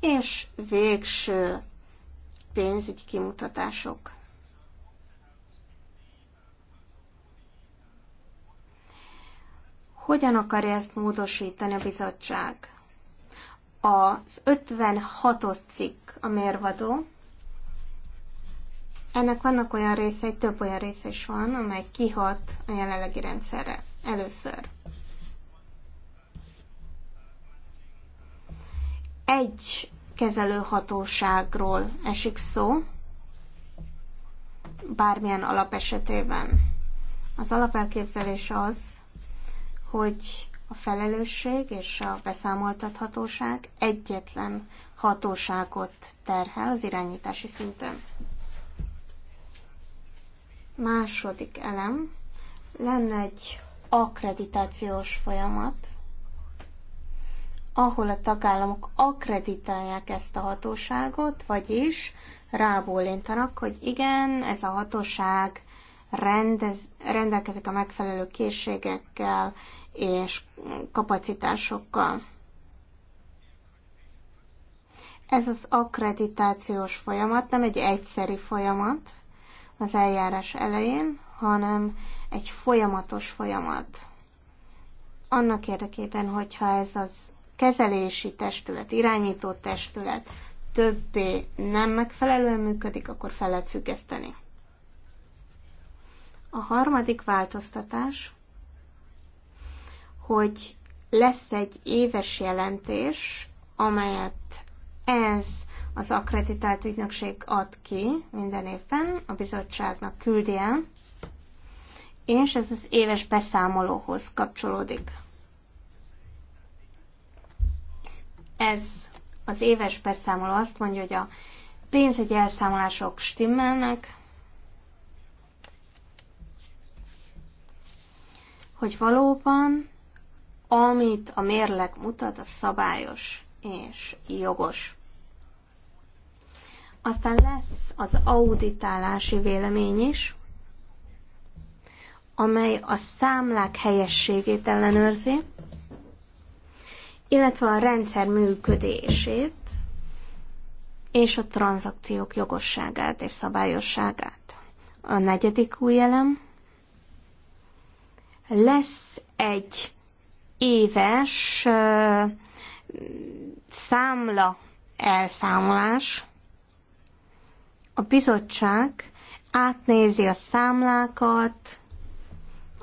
és végső pénzügyi kimutatások. Hogyan akarja ezt módosítani a bizottság? Az 56-os cikk a mérvadó, ennek vannak olyan részei, több olyan része is van, amely kihat a jelenlegi rendszerre. Először. Egy kezelőhatóságról esik szó, bármilyen alap esetében. Az alapelképzelés az, hogy a felelősség és a beszámoltathatóság egyetlen hatóságot terhel az irányítási szinten. Második elem, lenne egy akkreditációs folyamat, ahol a tagállamok akkreditálják ezt a hatóságot, vagyis rábólintanak, hogy igen, ez a hatóság rendez, rendelkezik a megfelelő készségekkel és kapacitásokkal. Ez az akkreditációs folyamat nem egy egyszeri folyamat, az eljárás elején, hanem egy folyamatos folyamat. Annak érdekében, hogyha ez az kezelési testület, irányító testület többé nem megfelelően működik, akkor fel lehet függeszteni. A harmadik változtatás, hogy lesz egy éves jelentés, amelyet ez az akkreditált ügynökség ad ki minden évben, a bizottságnak küldi el, és ez az éves beszámolóhoz kapcsolódik. Ez az éves beszámoló azt mondja, hogy a pénzügyi elszámolások stimmelnek, hogy valóban amit a mérleg mutat, az szabályos és jogos. Aztán lesz az auditálási vélemény is, amely a számlák helyességét ellenőrzi, illetve a rendszer működését és a tranzakciók jogosságát és szabályosságát. A negyedik új elem lesz egy éves számla elszámolás, a bizottság átnézi a számlákat,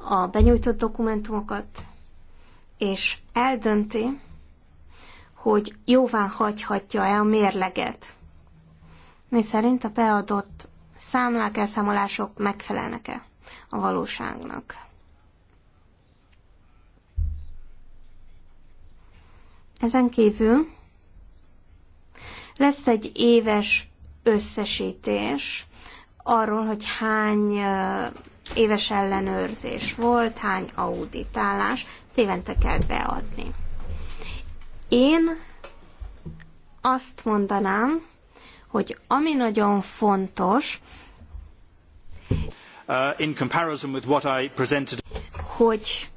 a benyújtott dokumentumokat, és eldönti, hogy jóvá hagyhatja-e a mérleget. Mi szerint a beadott számlák, elszámolások megfelelnek-e a valóságnak. Ezen kívül lesz egy éves összesítés arról, hogy hány éves ellenőrzés volt, hány auditálás, ezt évente kell beadni. Én azt mondanám, hogy ami nagyon fontos, uh, in comparison with what I presented. hogy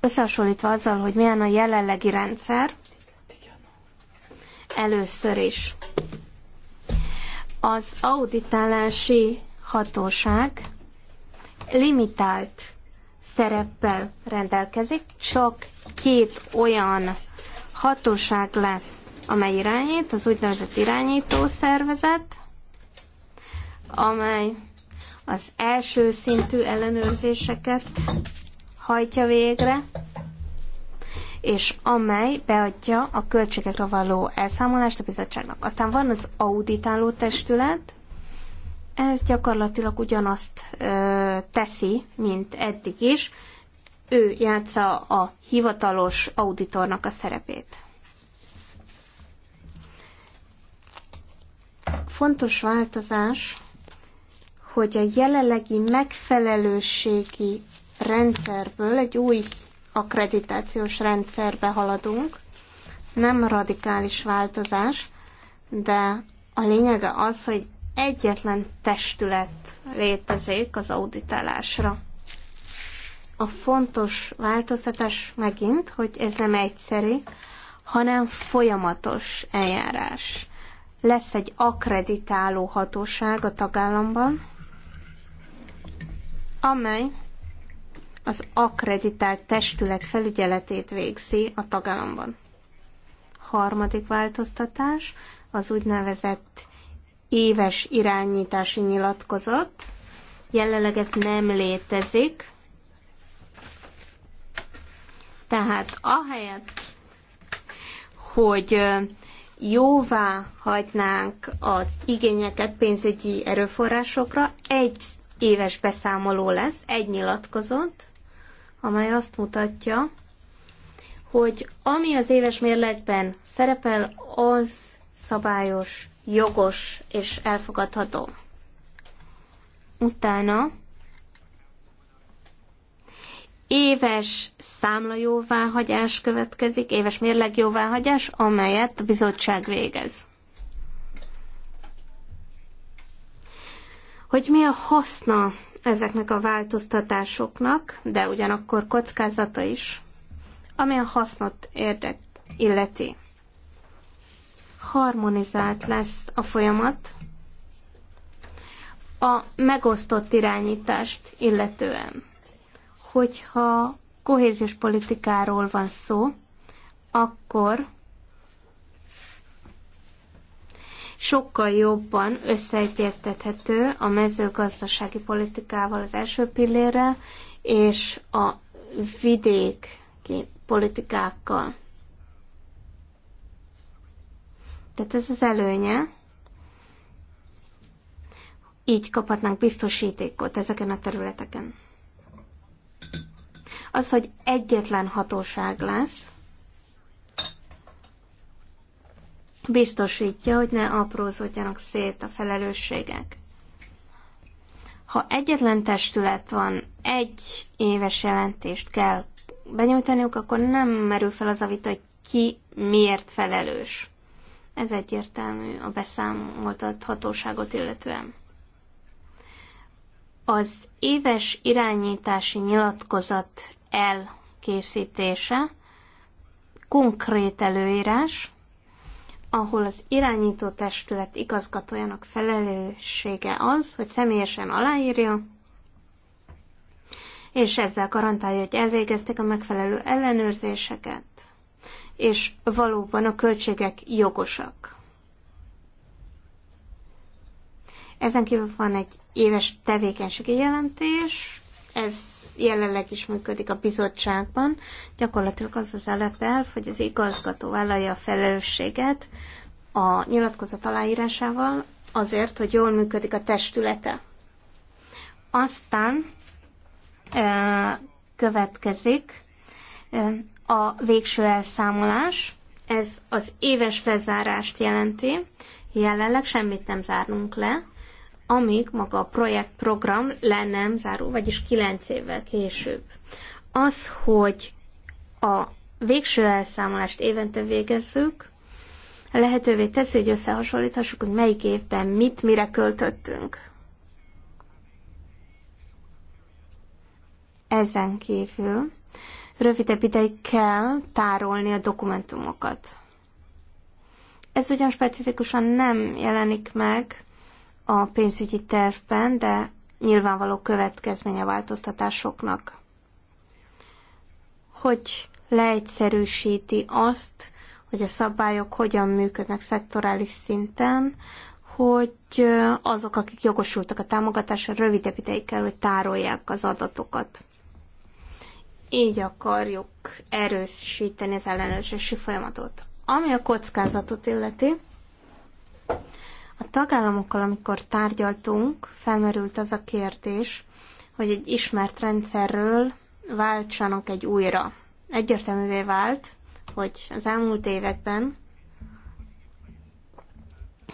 összehasonlítva azzal, hogy milyen a jelenlegi rendszer, először is az auditálási hatóság limitált szereppel rendelkezik, csak két olyan hatóság lesz, amely irányít, az úgynevezett irányító szervezet, amely az első szintű ellenőrzéseket hajtja végre, és amely beadja a költségekre való elszámolást a bizottságnak. Aztán van az auditáló testület, ez gyakorlatilag ugyanazt ö, teszi, mint eddig is. Ő játsza a hivatalos auditornak a szerepét. Fontos változás, hogy a jelenlegi megfelelőségi rendszerből egy új akkreditációs rendszerbe haladunk. Nem radikális változás, de a lényege az, hogy egyetlen testület létezik az auditálásra. A fontos változtatás megint, hogy ez nem egyszerű, hanem folyamatos eljárás. Lesz egy akreditáló hatóság a tagállamban, amely az akkreditált testület felügyeletét végzi a tagállamban. Harmadik változtatás az úgynevezett éves irányítási nyilatkozat. Jelenleg ez nem létezik. Tehát ahelyett, hogy jóvá hagynánk az igényeket pénzügyi erőforrásokra, egy éves beszámoló lesz, egy nyilatkozat, amely azt mutatja, hogy ami az éves mérlegben szerepel, az szabályos, jogos és elfogadható. Utána éves számlajóváhagyás következik, éves mérlegjóváhagyás, amelyet a bizottság végez. Hogy mi a haszna ezeknek a változtatásoknak, de ugyanakkor kockázata is, ami a hasznot érdek illeti. Harmonizált lesz a folyamat a megosztott irányítást illetően. Hogyha kohéziós politikáról van szó, akkor sokkal jobban összeegyeztethető a mezőgazdasági politikával az első pillérrel, és a vidéki politikákkal. Tehát ez az előnye. Így kaphatnánk biztosítékot ezeken a területeken. Az, hogy egyetlen hatóság lesz, biztosítja, hogy ne aprózódjanak szét a felelősségek. Ha egyetlen testület van, egy éves jelentést kell benyújtaniuk, akkor nem merül fel az a vita, hogy ki miért felelős. Ez egyértelmű a beszámoltathatóságot illetően. Az éves irányítási nyilatkozat elkészítése konkrét előírás, ahol az irányító testület igazgatójának felelőssége az, hogy személyesen aláírja, és ezzel garantálja, hogy elvégezték a megfelelő ellenőrzéseket, és valóban a költségek jogosak. Ezen kívül van egy éves tevékenységi jelentés, ez jelenleg is működik a bizottságban, gyakorlatilag az az alapelv, hogy az igazgató vállalja a felelősséget a nyilatkozat aláírásával azért, hogy jól működik a testülete. Aztán következik a végső elszámolás. Ez az éves lezárást jelenti. Jelenleg semmit nem zárnunk le, amíg maga a projektprogram le nem zárul, vagyis 9 évvel később. Az, hogy a végső elszámolást évente végezzük, lehetővé teszi, hogy összehasonlíthassuk, hogy melyik évben mit, mire költöttünk. Ezen kívül rövidebb ideig kell tárolni a dokumentumokat. Ez ugyan specifikusan nem jelenik meg a pénzügyi tervben, de nyilvánvaló következménye változtatásoknak, hogy leegyszerűsíti azt, hogy a szabályok hogyan működnek szektorális szinten, hogy azok, akik jogosultak a támogatásra, rövidebb ideig kell, hogy tárolják az adatokat. Így akarjuk erősíteni az ellenőrzési folyamatot. Ami a kockázatot illeti, a tagállamokkal, amikor tárgyaltunk, felmerült az a kérdés, hogy egy ismert rendszerről váltsanak egy újra. Egyértelművé vált, hogy az elmúlt években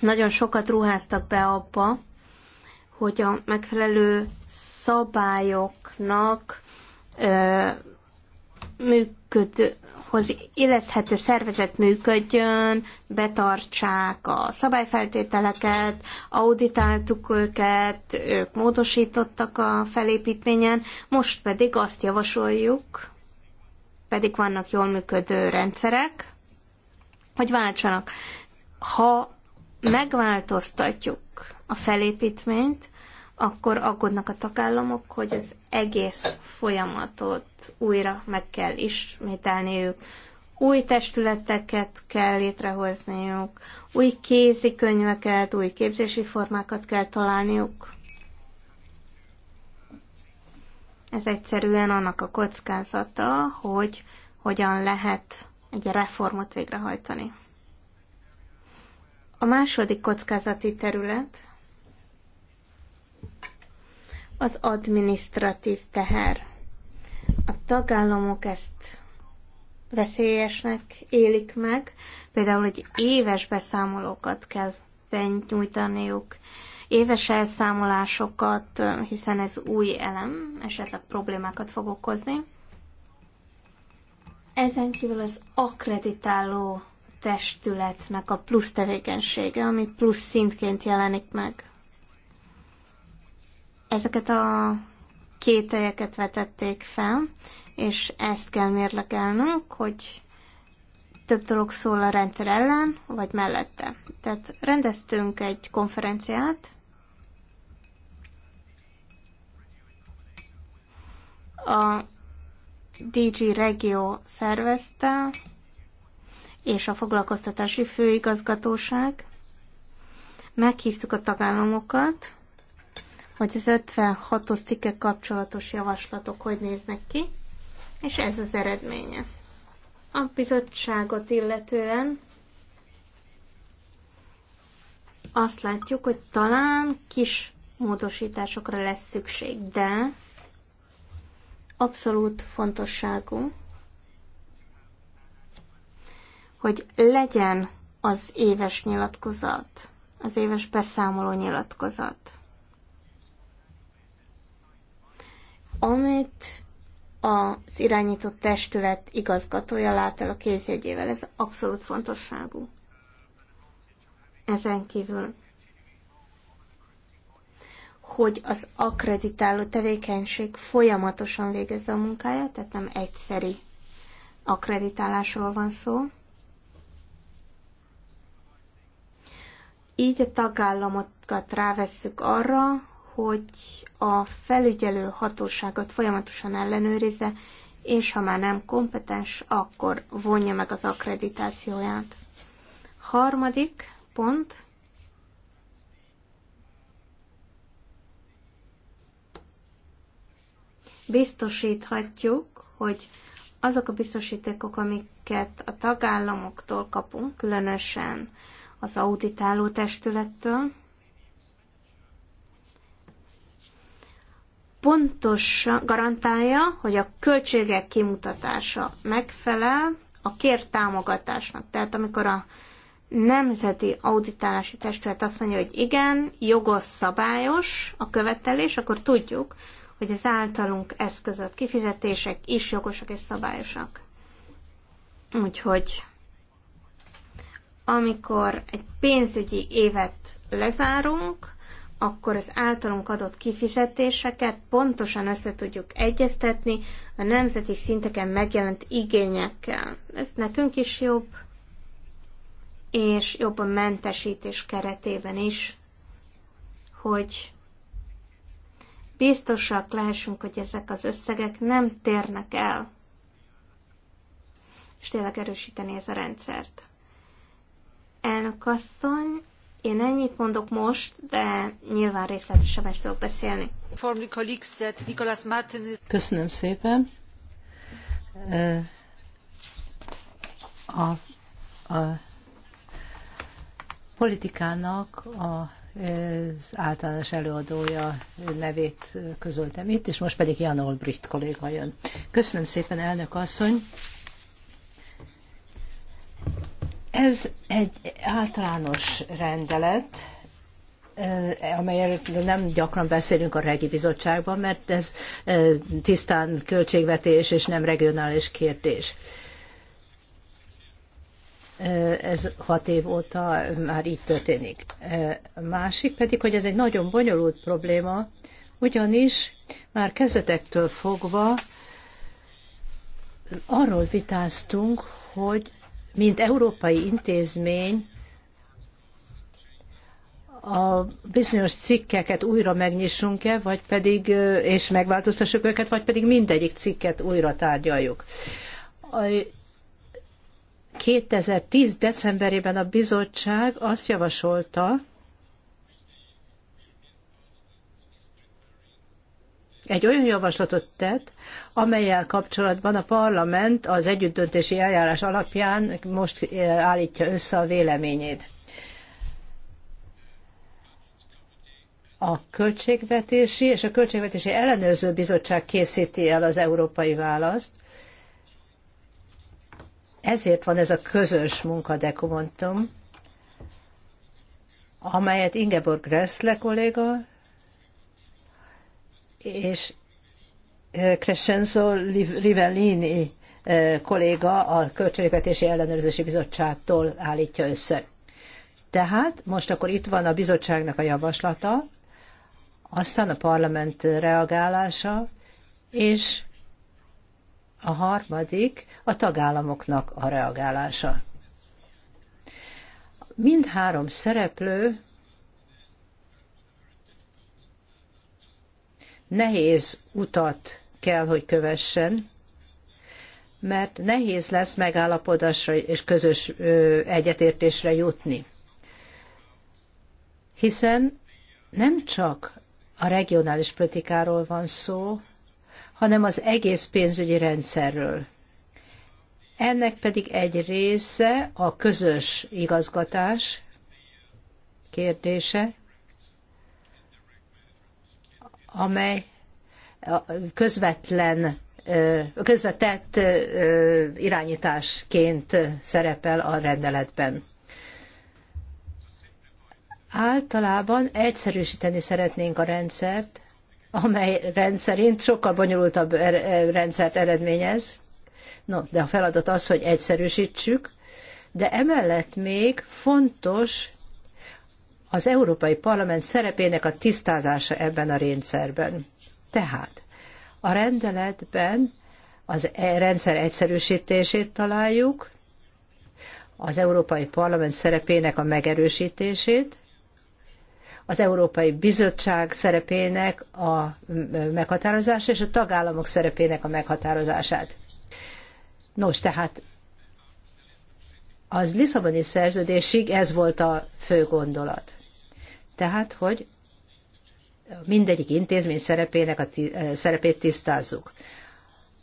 nagyon sokat ruháztak be abba, hogy a megfelelő szabályoknak ö, működő, hoz illeszthető szervezet működjön, betartsák a szabályfeltételeket, auditáltuk őket, ők módosítottak a felépítményen, most pedig azt javasoljuk, pedig vannak jól működő rendszerek, hogy váltsanak. Ha megváltoztatjuk a felépítményt, akkor aggódnak a tagállamok, hogy ez egész folyamatot újra meg kell ismételniük. Új testületeket kell létrehozniuk, új kézikönyveket, új képzési formákat kell találniuk. Ez egyszerűen annak a kockázata, hogy hogyan lehet egy reformot végrehajtani. A második kockázati terület az administratív teher. A tagállamok ezt veszélyesnek élik meg, például, hogy éves beszámolókat kell nyújtaniuk, éves elszámolásokat, hiszen ez új elem, esetleg problémákat fog okozni. Ezen kívül az akkreditáló testületnek a plusz tevékenysége, ami plusz szintként jelenik meg ezeket a kételyeket vetették fel, és ezt kell mérlegelnünk, hogy több dolog szól a rendszer ellen, vagy mellette. Tehát rendeztünk egy konferenciát, a DG Regio szervezte, és a foglalkoztatási főigazgatóság. Meghívtuk a tagállamokat, hogy az 56-os cikke kapcsolatos javaslatok hogy néznek ki, és ez az eredménye. A bizottságot illetően azt látjuk, hogy talán kis módosításokra lesz szükség, de abszolút fontosságú, hogy legyen az éves nyilatkozat, az éves beszámoló nyilatkozat. amit az irányított testület igazgatója lát el a kézjegyével. Ez abszolút fontosságú. Ezen kívül, hogy az akreditáló tevékenység folyamatosan végezze a munkáját, tehát nem egyszeri akreditálásról van szó. Így a tagállamokat rávesszük arra, hogy a felügyelő hatóságot folyamatosan ellenőrizze, és ha már nem kompetens, akkor vonja meg az akkreditációját. Harmadik pont. Biztosíthatjuk, hogy azok a biztosítékok, amiket a tagállamoktól kapunk, különösen az auditáló testülettől, pontosan garantálja, hogy a költségek kimutatása megfelel a kért támogatásnak. Tehát amikor a nemzeti auditálási testület azt mondja, hogy igen, jogos, szabályos a követelés, akkor tudjuk, hogy az általunk eszközött kifizetések is jogosak és szabályosak. Úgyhogy amikor egy pénzügyi évet lezárunk, akkor az általunk adott kifizetéseket pontosan össze tudjuk egyeztetni a nemzeti szinteken megjelent igényekkel. Ez nekünk is jobb, és jobb a mentesítés keretében is, hogy biztosak lehessünk, hogy ezek az összegek nem térnek el, és tényleg erősíteni ez a rendszert. Elnök asszony, én ennyit mondok most, de nyilván részletesebben is tudok beszélni. Köszönöm szépen. A, a politikának a az általános előadója nevét közöltem itt, és most pedig Jan Olbricht kolléga jön. Köszönöm szépen, elnök asszony! Ez egy általános rendelet, amelyről nem gyakran beszélünk a regi bizottságban, mert ez tisztán költségvetés és nem regionális kérdés. Ez hat év óta már így történik. A másik pedig, hogy ez egy nagyon bonyolult probléma, ugyanis már kezdetektől fogva arról vitáztunk, hogy mint európai intézmény a bizonyos cikkeket újra megnyissunk-e, vagy pedig, és megváltoztassuk őket, vagy pedig mindegyik cikket újra tárgyaljuk. 2010. decemberében a bizottság azt javasolta, egy olyan javaslatot tett, amelyel kapcsolatban a parlament az együttdöntési eljárás alapján most eh, állítja össze a véleményét. A Költségvetési és a Költségvetési Ellenőrző Bizottság készíti el az európai választ, ezért van ez a közös munkadekumentum, amelyet Ingeborg Gressle kolléga és Crescenzo Rivellini kolléga a Költségvetési Ellenőrzési Bizottságtól állítja össze. Tehát most akkor itt van a bizottságnak a javaslata, aztán a parlament reagálása, és a harmadik a tagállamoknak a reagálása. Mindhárom szereplő nehéz utat kell, hogy kövessen, mert nehéz lesz megállapodásra és közös egyetértésre jutni. Hiszen nem csak a regionális politikáról van szó, hanem az egész pénzügyi rendszerről. Ennek pedig egy része a közös igazgatás kérdése, amely közvetlen közvetett irányításként szerepel a rendeletben. Általában egyszerűsíteni szeretnénk a rendszert, amely rendszerint sokkal bonyolultabb er, rendszert eredményez. No, de a feladat az, hogy egyszerűsítsük, de emellett még fontos az Európai Parlament szerepének a tisztázása ebben a rendszerben. Tehát a rendeletben az e rendszer egyszerűsítését találjuk, az Európai Parlament szerepének a megerősítését, az Európai Bizottság szerepének a meghatározását és a tagállamok szerepének a meghatározását. Nos, tehát az Lisszaboni szerződésig ez volt a fő gondolat. Tehát, hogy mindegyik intézmény szerepének a eh, szerepét tisztázzuk.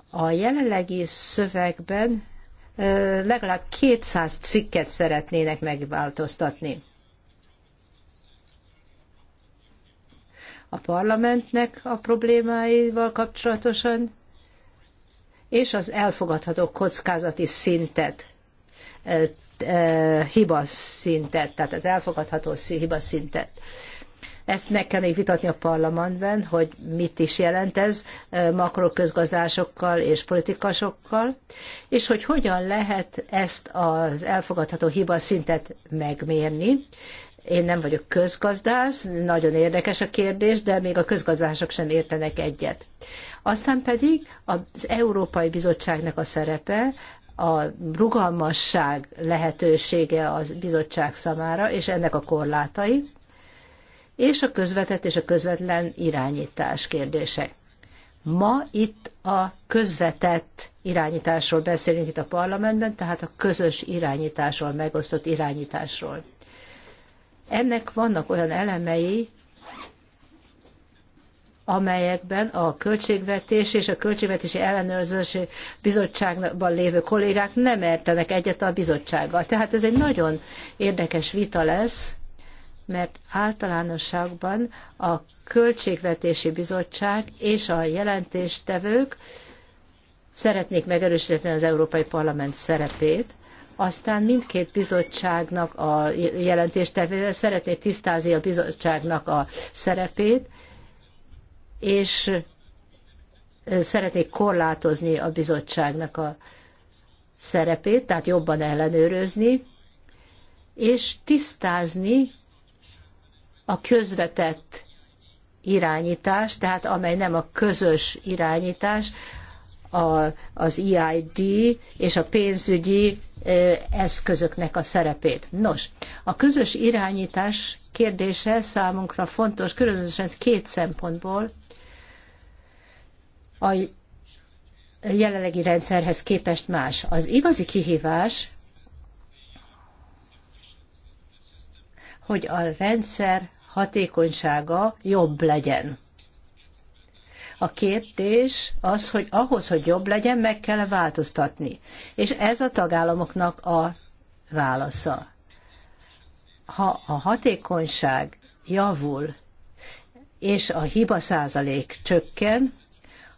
A jelenlegi szövegben eh, legalább 200 cikket szeretnének megváltoztatni. A parlamentnek a problémáival kapcsolatosan, és az elfogadható kockázati szintet eh, Eh, hibaszintet, tehát az elfogadható hibaszintet. Ezt meg kell még vitatni a parlamentben, hogy mit is jelent ez eh, makroközgazdásokkal és politikasokkal, és hogy hogyan lehet ezt az elfogadható hibaszintet megmérni. Én nem vagyok közgazdász, nagyon érdekes a kérdés, de még a közgazdások sem értenek egyet. Aztán pedig az Európai Bizottságnak a szerepe, a rugalmasság lehetősége az bizottság számára, és ennek a korlátai, és a közvetett és a közvetlen irányítás kérdése. Ma itt a közvetett irányításról beszélünk itt a parlamentben, tehát a közös irányításról, megosztott irányításról. Ennek vannak olyan elemei, amelyekben a költségvetés és a költségvetési ellenőrzési bizottságban lévő kollégák nem értenek egyet a bizottsággal. Tehát ez egy nagyon érdekes vita lesz, mert általánosságban a költségvetési bizottság és a jelentéstevők szeretnék megerősíteni az Európai Parlament szerepét, aztán mindkét bizottságnak a jelentéstevője szeretné tisztázni a bizottságnak a szerepét, és szeretnék korlátozni a bizottságnak a szerepét, tehát jobban ellenőrözni, és tisztázni a közvetett irányítás, tehát amely nem a közös irányítás, a, az EID és a pénzügyi eszközöknek a szerepét. Nos, a közös irányítás kérdése számunkra fontos, különösen két szempontból a jelenlegi rendszerhez képest más. Az igazi kihívás, hogy a rendszer hatékonysága jobb legyen. A kérdés az, hogy ahhoz, hogy jobb legyen, meg kell változtatni. És ez a tagállamoknak a válasza. Ha a hatékonyság javul, és a hiba százalék csökken,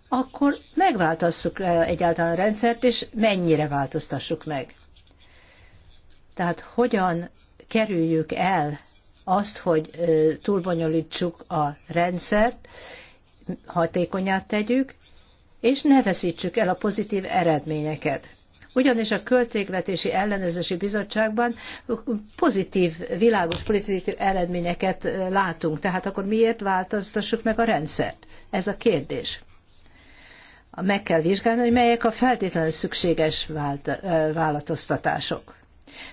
akkor megváltoztassuk eh, egyáltalán a rendszert, és mennyire változtassuk meg. Tehát hogyan kerüljük el azt, hogy eh, túlbonyolítsuk a rendszert, hatékonyát tegyük, és ne veszítsük el a pozitív eredményeket. Ugyanis a Költségvetési Ellenőrzési Bizottságban pozitív, világos pozitív eredményeket eh, látunk. Tehát akkor miért változtassuk meg a rendszert? Ez a kérdés meg kell vizsgálni, hogy melyek a feltétlenül szükséges változtatások.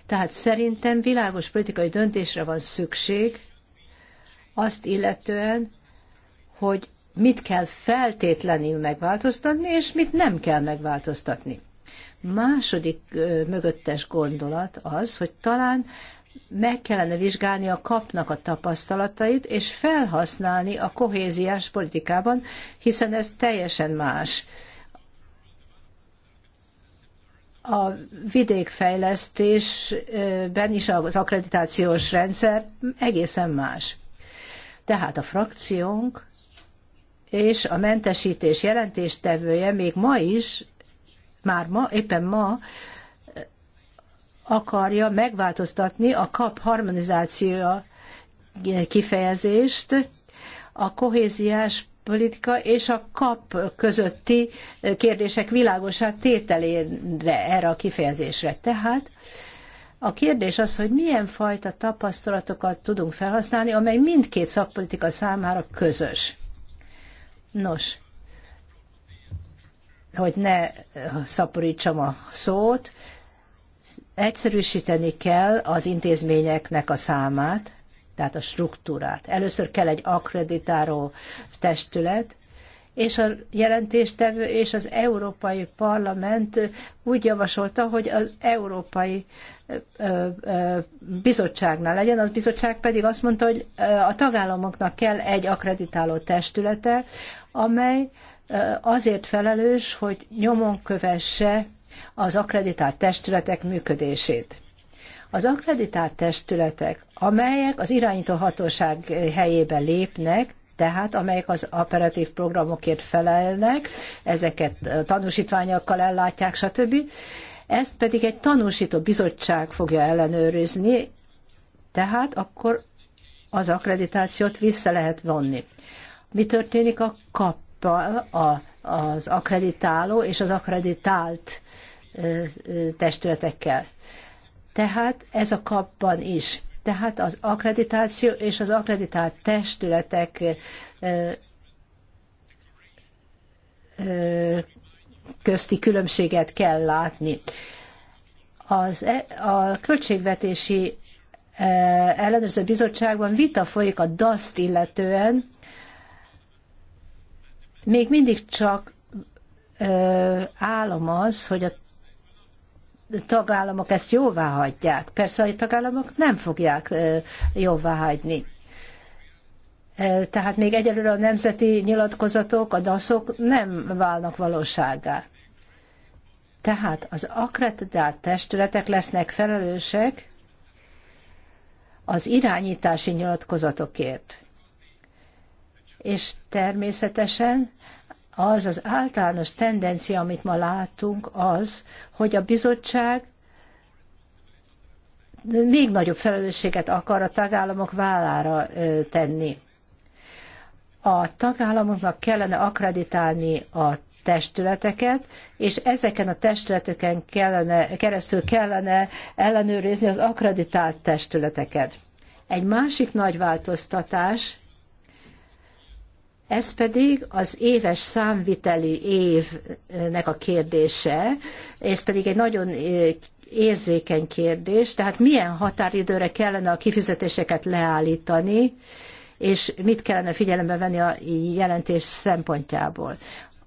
Tehát szerintem világos politikai döntésre van szükség azt illetően, hogy mit kell feltétlenül megváltoztatni, és mit nem kell megváltoztatni. Második mögöttes gondolat az, hogy talán meg kellene vizsgálni a kapnak a tapasztalatait, és felhasználni a kohéziás politikában, hiszen ez teljesen más. A vidékfejlesztésben is az akkreditációs rendszer egészen más. Tehát a frakciónk és a mentesítés jelentéstevője még ma is, már ma, éppen ma akarja megváltoztatni a kap harmonizációja kifejezést, a kohéziás politika és a kap közötti kérdések világosát tételére, erre a kifejezésre. Tehát a kérdés az, hogy milyen fajta tapasztalatokat tudunk felhasználni, amely mindkét szakpolitika számára közös. Nos, hogy ne szaporítsam a szót, Egyszerűsíteni kell az intézményeknek a számát, tehát a struktúrát. Először kell egy akkreditáló testület, és a jelentéstevő és az Európai Parlament úgy javasolta, hogy az Európai Bizottságnál legyen, az bizottság pedig azt mondta, hogy a tagállamoknak kell egy akreditáló testülete, amely azért felelős, hogy nyomon kövesse az akreditált testületek működését. Az akreditált testületek, amelyek az irányító hatóság helyébe lépnek, tehát amelyek az operatív programokért felelnek, ezeket tanúsítványokkal ellátják, stb. Ezt pedig egy tanúsító bizottság fogja ellenőrizni, tehát akkor az akkreditációt vissza lehet vonni. Mi történik a kap a, az akreditáló és az akreditált testületekkel. Tehát ez a kapban is. Tehát az akkreditáció és az akkreditált testületek közti különbséget kell látni. Az, e, a költségvetési ellenőrző bizottságban vita folyik a DASZ-t illetően, még mindig csak állam az, hogy a tagállamok ezt jóvá hagyják. Persze a tagállamok nem fogják jóvá hagyni. Tehát még egyelőre a nemzeti nyilatkozatok, a daszok nem válnak valóságá. Tehát az akreditált testületek lesznek felelősek az irányítási nyilatkozatokért és természetesen az az általános tendencia, amit ma látunk, az, hogy a bizottság még nagyobb felelősséget akar a tagállamok vállára tenni. A tagállamoknak kellene akreditálni a testületeket, és ezeken a testületeken kellene, keresztül kellene ellenőrizni az akreditált testületeket. Egy másik nagy változtatás ez pedig az éves számviteli évnek a kérdése, ez pedig egy nagyon érzékeny kérdés, tehát milyen határidőre kellene a kifizetéseket leállítani, és mit kellene figyelembe venni a jelentés szempontjából.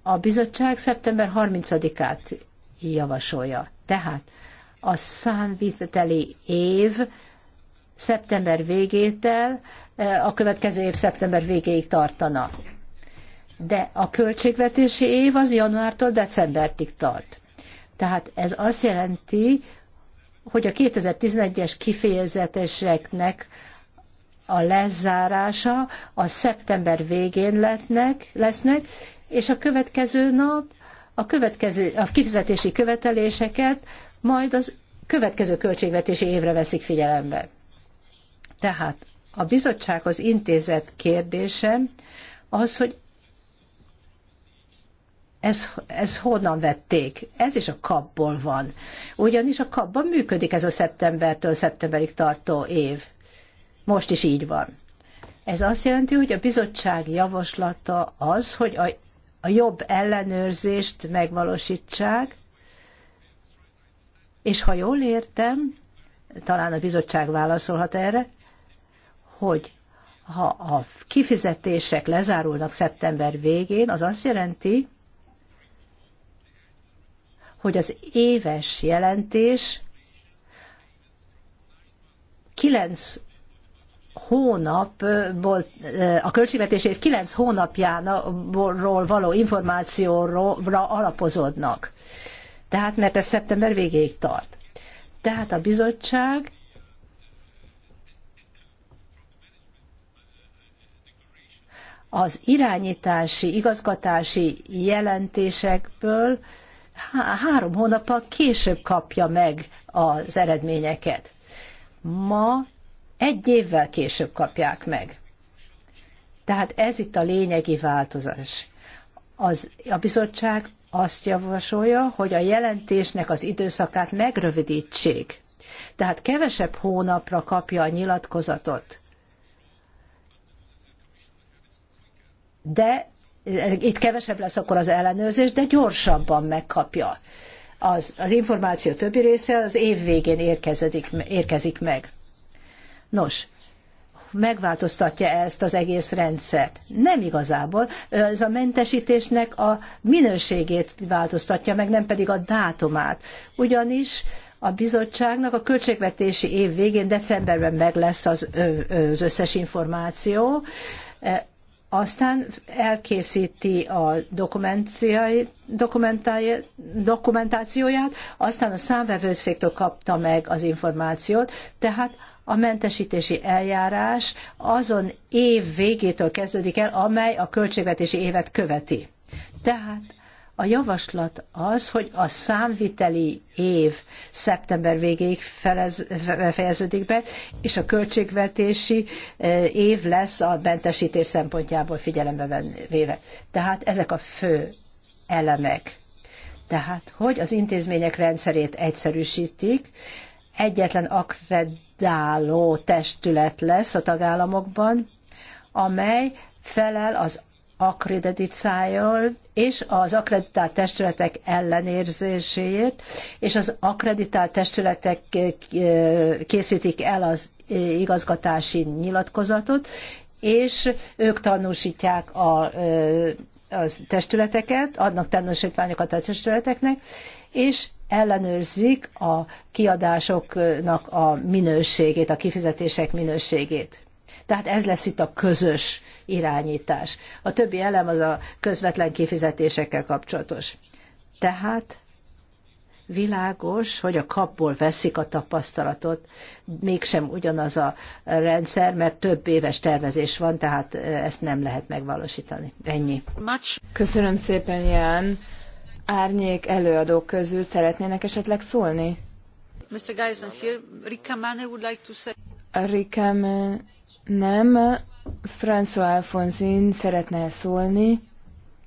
A bizottság szeptember 30-át javasolja. Tehát a számviteli év szeptember végétel a következő év szeptember végéig tartana. De a költségvetési év az januártól decembertig tart. Tehát ez azt jelenti, hogy a 2011-es kifejezeteseknek a lezárása a szeptember végén letnek, lesznek, és a következő nap a, következő, a kifizetési követeléseket majd az következő költségvetési évre veszik figyelembe. Tehát a bizottsághoz intézett kérdése, az, hogy ez, ez honnan vették? Ez is a kapból van. Ugyanis a kapban működik ez a szeptembertől szeptemberig tartó év. Most is így van. Ez azt jelenti, hogy a bizottság javaslata az, hogy a, a jobb ellenőrzést megvalósítsák, és ha jól értem, talán a bizottság válaszolhat erre, hogy ha a kifizetések lezárulnak szeptember végén, az azt jelenti, hogy az éves jelentés kilenc hónapból, eh, a költségvetés év kilenc hónapjáról való információra alapozódnak. Tehát, mert ez szeptember végéig tart. Tehát a bizottság az irányítási, igazgatási jelentésekből három hónappal később kapja meg az eredményeket. Ma egy évvel később kapják meg. Tehát ez itt a lényegi változás. Az, a bizottság azt javasolja, hogy a jelentésnek az időszakát megrövidítsék. Tehát kevesebb hónapra kapja a nyilatkozatot. de eh, itt kevesebb lesz akkor az ellenőrzés, de gyorsabban megkapja. Az, az információ többi része az év végén érkezik, érkezik meg. Nos, megváltoztatja ezt az egész rendszert. Nem igazából. Ez a mentesítésnek a minőségét változtatja meg, nem pedig a dátumát. Ugyanis a bizottságnak a költségvetési év végén, decemberben meg lesz az, az összes információ, aztán elkészíti a dokumentációját, aztán a számvevőszéktől kapta meg az információt, tehát a mentesítési eljárás azon év végétől kezdődik el, amely a költségvetési évet követi. Tehát a javaslat az, hogy a számviteli év szeptember végéig felez, fejeződik be, és a költségvetési e, év lesz a mentesítés szempontjából figyelembe véve. Tehát ezek a fő elemek. Tehát, hogy az intézmények rendszerét egyszerűsítik, egyetlen akredáló testület lesz a tagállamokban, amely felel az akreditációval és az akreditált testületek ellenérzéséért, és az akreditált testületek készítik el az igazgatási nyilatkozatot, és ők tanúsítják a, testületeket, adnak tanúsítványokat a testületeknek, és ellenőrzik a kiadásoknak a minőségét, a kifizetések minőségét. Tehát ez lesz itt a közös irányítás. A többi elem az a közvetlen kifizetésekkel kapcsolatos. Tehát világos, hogy a kapból veszik a tapasztalatot, mégsem ugyanaz a rendszer, mert több éves tervezés van, tehát ezt nem lehet megvalósítani. Ennyi. Köszönöm szépen, Ján. Árnyék előadók közül szeretnének esetleg szólni? Mr. Guy here. Rick Kamane would like to say... Rick Kamane nem, François Alfonsin szeretne szólni.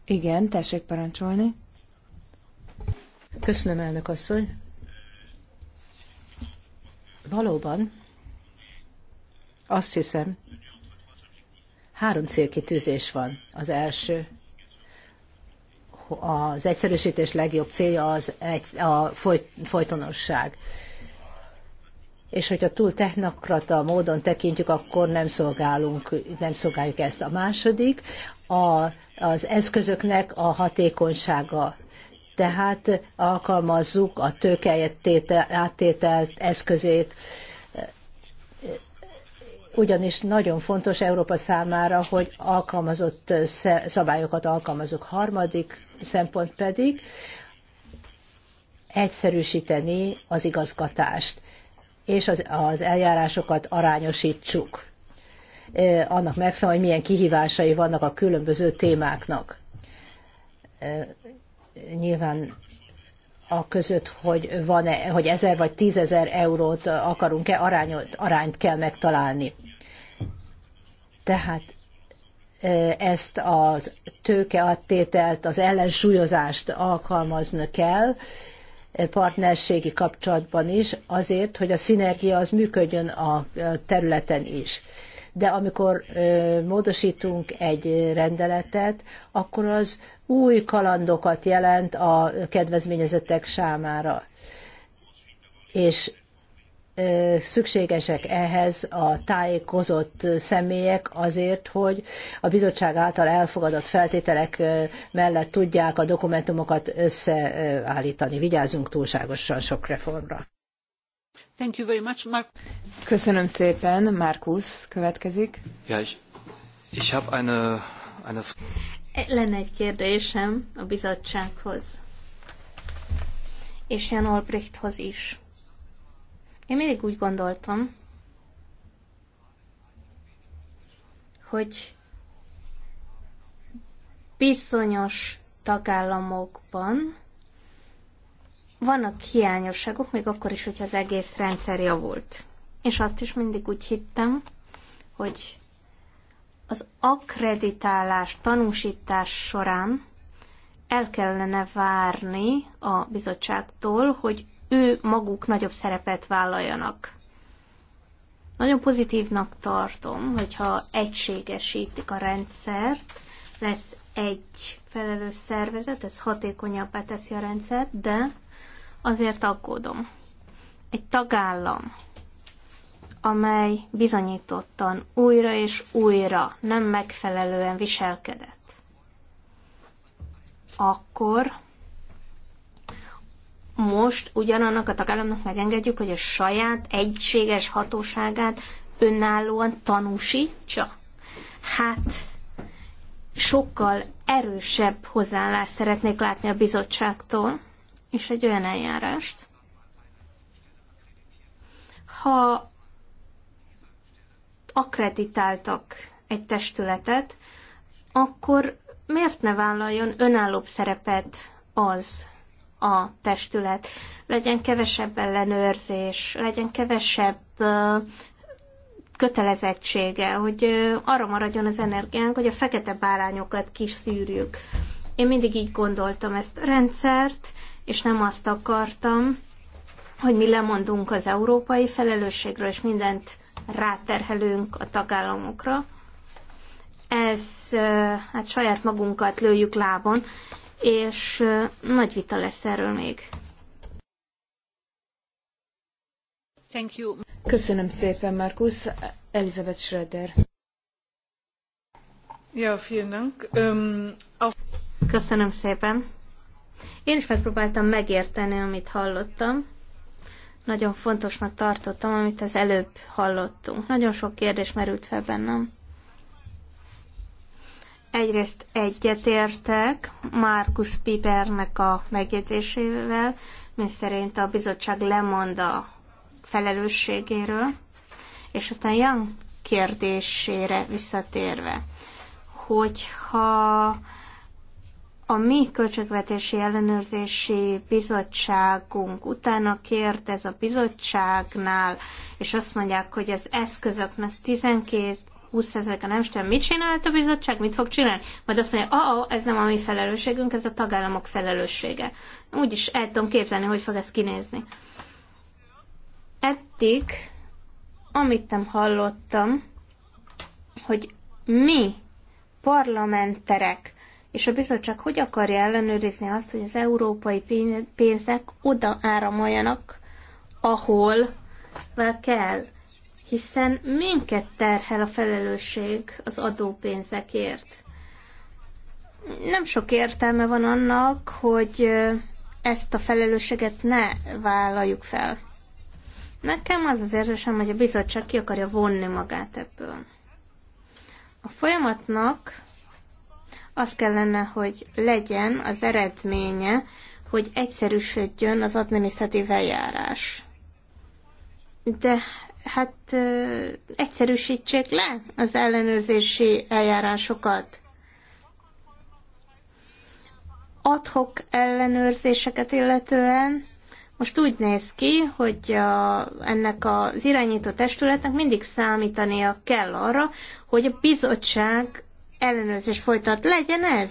Igen, tessék parancsolni. Köszönöm, elnök asszony. Valóban azt hiszem, három célkitűzés van. Az első, az egyszerűsítés legjobb célja az egy, a folytonosság és hogyha túl technokrata módon tekintjük, akkor nem, szolgálunk, nem szolgáljuk ezt. A második a, az eszközöknek a hatékonysága. Tehát alkalmazzuk a tőkejét áttételt eszközét, ugyanis nagyon fontos Európa számára, hogy alkalmazott szabályokat alkalmazunk. Harmadik szempont pedig egyszerűsíteni az igazgatást és az, az eljárásokat arányosítsuk annak megfelelően, hogy milyen kihívásai vannak a különböző témáknak. Nyilván a között, hogy, van -e, hogy ezer vagy tízezer eurót akarunk-e, arányot, arányt kell megtalálni. Tehát ezt a tőkeattételt, az ellensúlyozást alkalmazni kell, partnerségi kapcsolatban is, azért, hogy a szinergia az működjön a területen is. De amikor módosítunk egy rendeletet, akkor az új kalandokat jelent a kedvezményezettek számára. És szükségesek ehhez a tájékozott személyek azért, hogy a bizottság által elfogadott feltételek mellett tudják a dokumentumokat összeállítani. Vigyázzunk túlságosan sok reformra. Thank you very much, Mark. Köszönöm szépen, Markus következik. Ja, ich, ich habe eine, eine... Lenne egy kérdésem a bizottsághoz, és Jan Olbrichthoz is én mindig úgy gondoltam, hogy bizonyos tagállamokban vannak hiányosságok, még akkor is, hogyha az egész rendszer javult. És azt is mindig úgy hittem, hogy az akkreditálás, tanúsítás során el kellene várni a bizottságtól, hogy ő maguk nagyobb szerepet vállaljanak. Nagyon pozitívnak tartom, hogyha egységesítik a rendszert, lesz egy felelős szervezet, ez hatékonyabbá teszi a rendszert, de azért aggódom. Egy tagállam, amely bizonyítottan újra és újra nem megfelelően viselkedett, akkor most ugyanannak a tagállamnak megengedjük, hogy a saját egységes hatóságát önállóan tanúsítsa? Hát sokkal erősebb hozzáállást szeretnék látni a bizottságtól, és egy olyan eljárást. Ha akreditáltak egy testületet, akkor miért ne vállaljon önállóbb szerepet az, a testület, legyen kevesebb ellenőrzés, legyen kevesebb kötelezettsége, hogy arra maradjon az energiánk, hogy a fekete bárányokat kiszűrjük. Én mindig így gondoltam ezt a rendszert, és nem azt akartam, hogy mi lemondunk az európai felelősségről, és mindent ráterhelünk a tagállamokra. Ez, hát saját magunkat lőjük lábon, és nagy vita lesz erről még. Thank you. Köszönöm szépen, Markus. Elizabeth Schröder. Ja, vielen Dank. Um, Köszönöm szépen. Én is megpróbáltam megérteni, amit hallottam. Nagyon fontosnak tartottam, amit az előbb hallottunk. Nagyon sok kérdés merült fel bennem egyrészt egyetértek Markus Pipernek a megjegyzésével, szerint a bizottság lemond a felelősségéről, és aztán Young kérdésére visszatérve, hogyha a mi költségvetési ellenőrzési bizottságunk utána kérdez a bizottságnál, és azt mondják, hogy az eszközöknek 12 20%-a nem tudom, mit csinált a bizottság, mit fog csinálni. Majd azt mondja, a ez nem a mi felelősségünk, ez a tagállamok felelőssége. Úgyis el tudom képzelni, hogy fog ez kinézni. Eddig, amit nem hallottam, hogy mi, parlamenterek, és a bizottság hogy akarja ellenőrizni azt, hogy az európai pénzek oda áramoljanak, ahol kell hiszen minket terhel a felelősség az adópénzekért. Nem sok értelme van annak, hogy ezt a felelősséget ne vállaljuk fel. Nekem az az érzésem, hogy a bizottság ki akarja vonni magát ebből. A folyamatnak az kellene, hogy legyen az eredménye, hogy egyszerűsödjön az adminisztratív eljárás. De hát egyszerűsítsék le az ellenőrzési eljárásokat. Adhok ellenőrzéseket illetően most úgy néz ki, hogy a, ennek az irányító testületnek mindig számítania kell arra, hogy a bizottság ellenőrzés folytat. Legyen ez!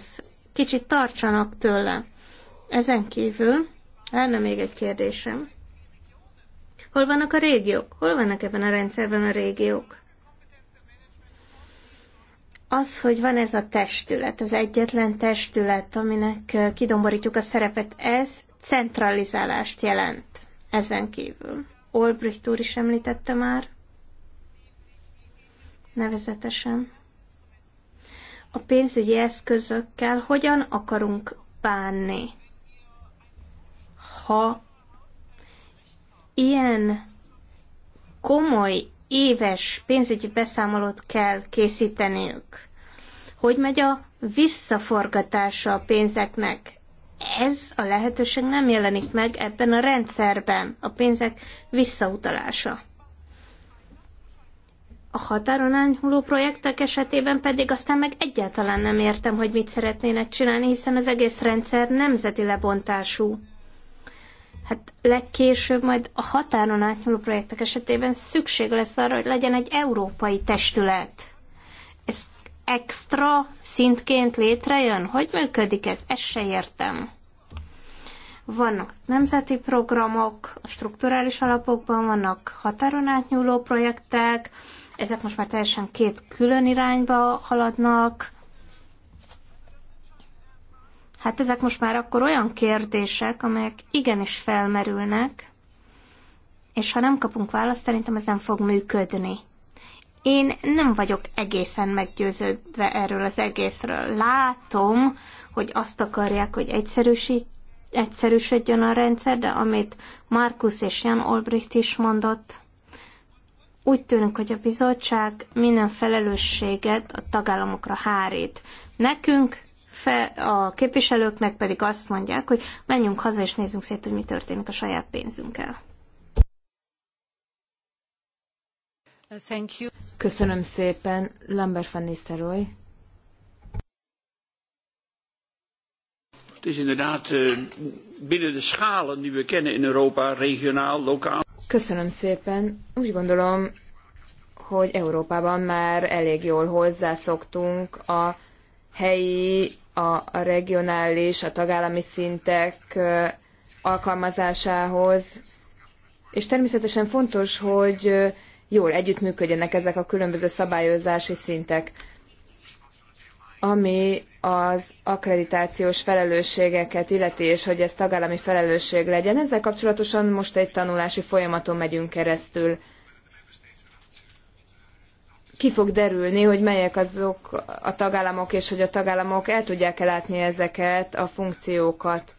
Kicsit tartsanak tőle. Ezen kívül lenne még egy kérdésem. Hol vannak a régiók? Hol vannak ebben a rendszerben a régiók? Az, hogy van ez a testület, az egyetlen testület, aminek kidomborítjuk a szerepet, ez centralizálást jelent ezen kívül. Olbricht úr is említette már, nevezetesen. A pénzügyi eszközökkel hogyan akarunk bánni, ha ilyen komoly éves pénzügyi beszámolót kell készíteniük. Hogy megy a visszaforgatása a pénzeknek? Ez a lehetőség nem jelenik meg ebben a rendszerben, a pénzek visszautalása. A határon ányhuló projektek esetében pedig aztán meg egyáltalán nem értem, hogy mit szeretnének csinálni, hiszen az egész rendszer nemzeti lebontású hát legkésőbb majd a határon átnyúló projektek esetében szükség lesz arra, hogy legyen egy európai testület. Ez extra szintként létrejön? Hogy működik ez? Ezt se értem. Vannak nemzeti programok, a strukturális alapokban vannak határon átnyúló projektek, ezek most már teljesen két külön irányba haladnak, Hát ezek most már akkor olyan kérdések, amelyek igenis felmerülnek, és ha nem kapunk választ, szerintem ez nem fog működni. Én nem vagyok egészen meggyőződve erről az egészről. Látom, hogy azt akarják, hogy egyszerűsödjön a rendszer, de amit Markus és Jan Olbricht is mondott, úgy tűnik, hogy a bizottság minden felelősséget a tagállamokra hárít. Nekünk fe, a képviselőknek pedig azt mondják, hogy menjünk haza és nézzünk szét, hogy mi történik a saját pénzünkkel. Thank you. Köszönöm szépen, Lambert van Nisteroy. Het is inderdaad eh, binnen de schalen die we kennen in Europa, regionaal, lokaal. Köszönöm szépen. Úgy gondolom, hogy Európában már elég jól hozzászoktunk a helyi a regionális, a tagállami szintek alkalmazásához. És természetesen fontos, hogy jól együttműködjenek ezek a különböző szabályozási szintek, ami az akkreditációs felelősségeket illeti, és hogy ez tagállami felelősség legyen. Ezzel kapcsolatosan most egy tanulási folyamaton megyünk keresztül ki fog derülni, hogy melyek azok a tagállamok, és hogy a tagállamok el tudják látni ezeket a funkciókat.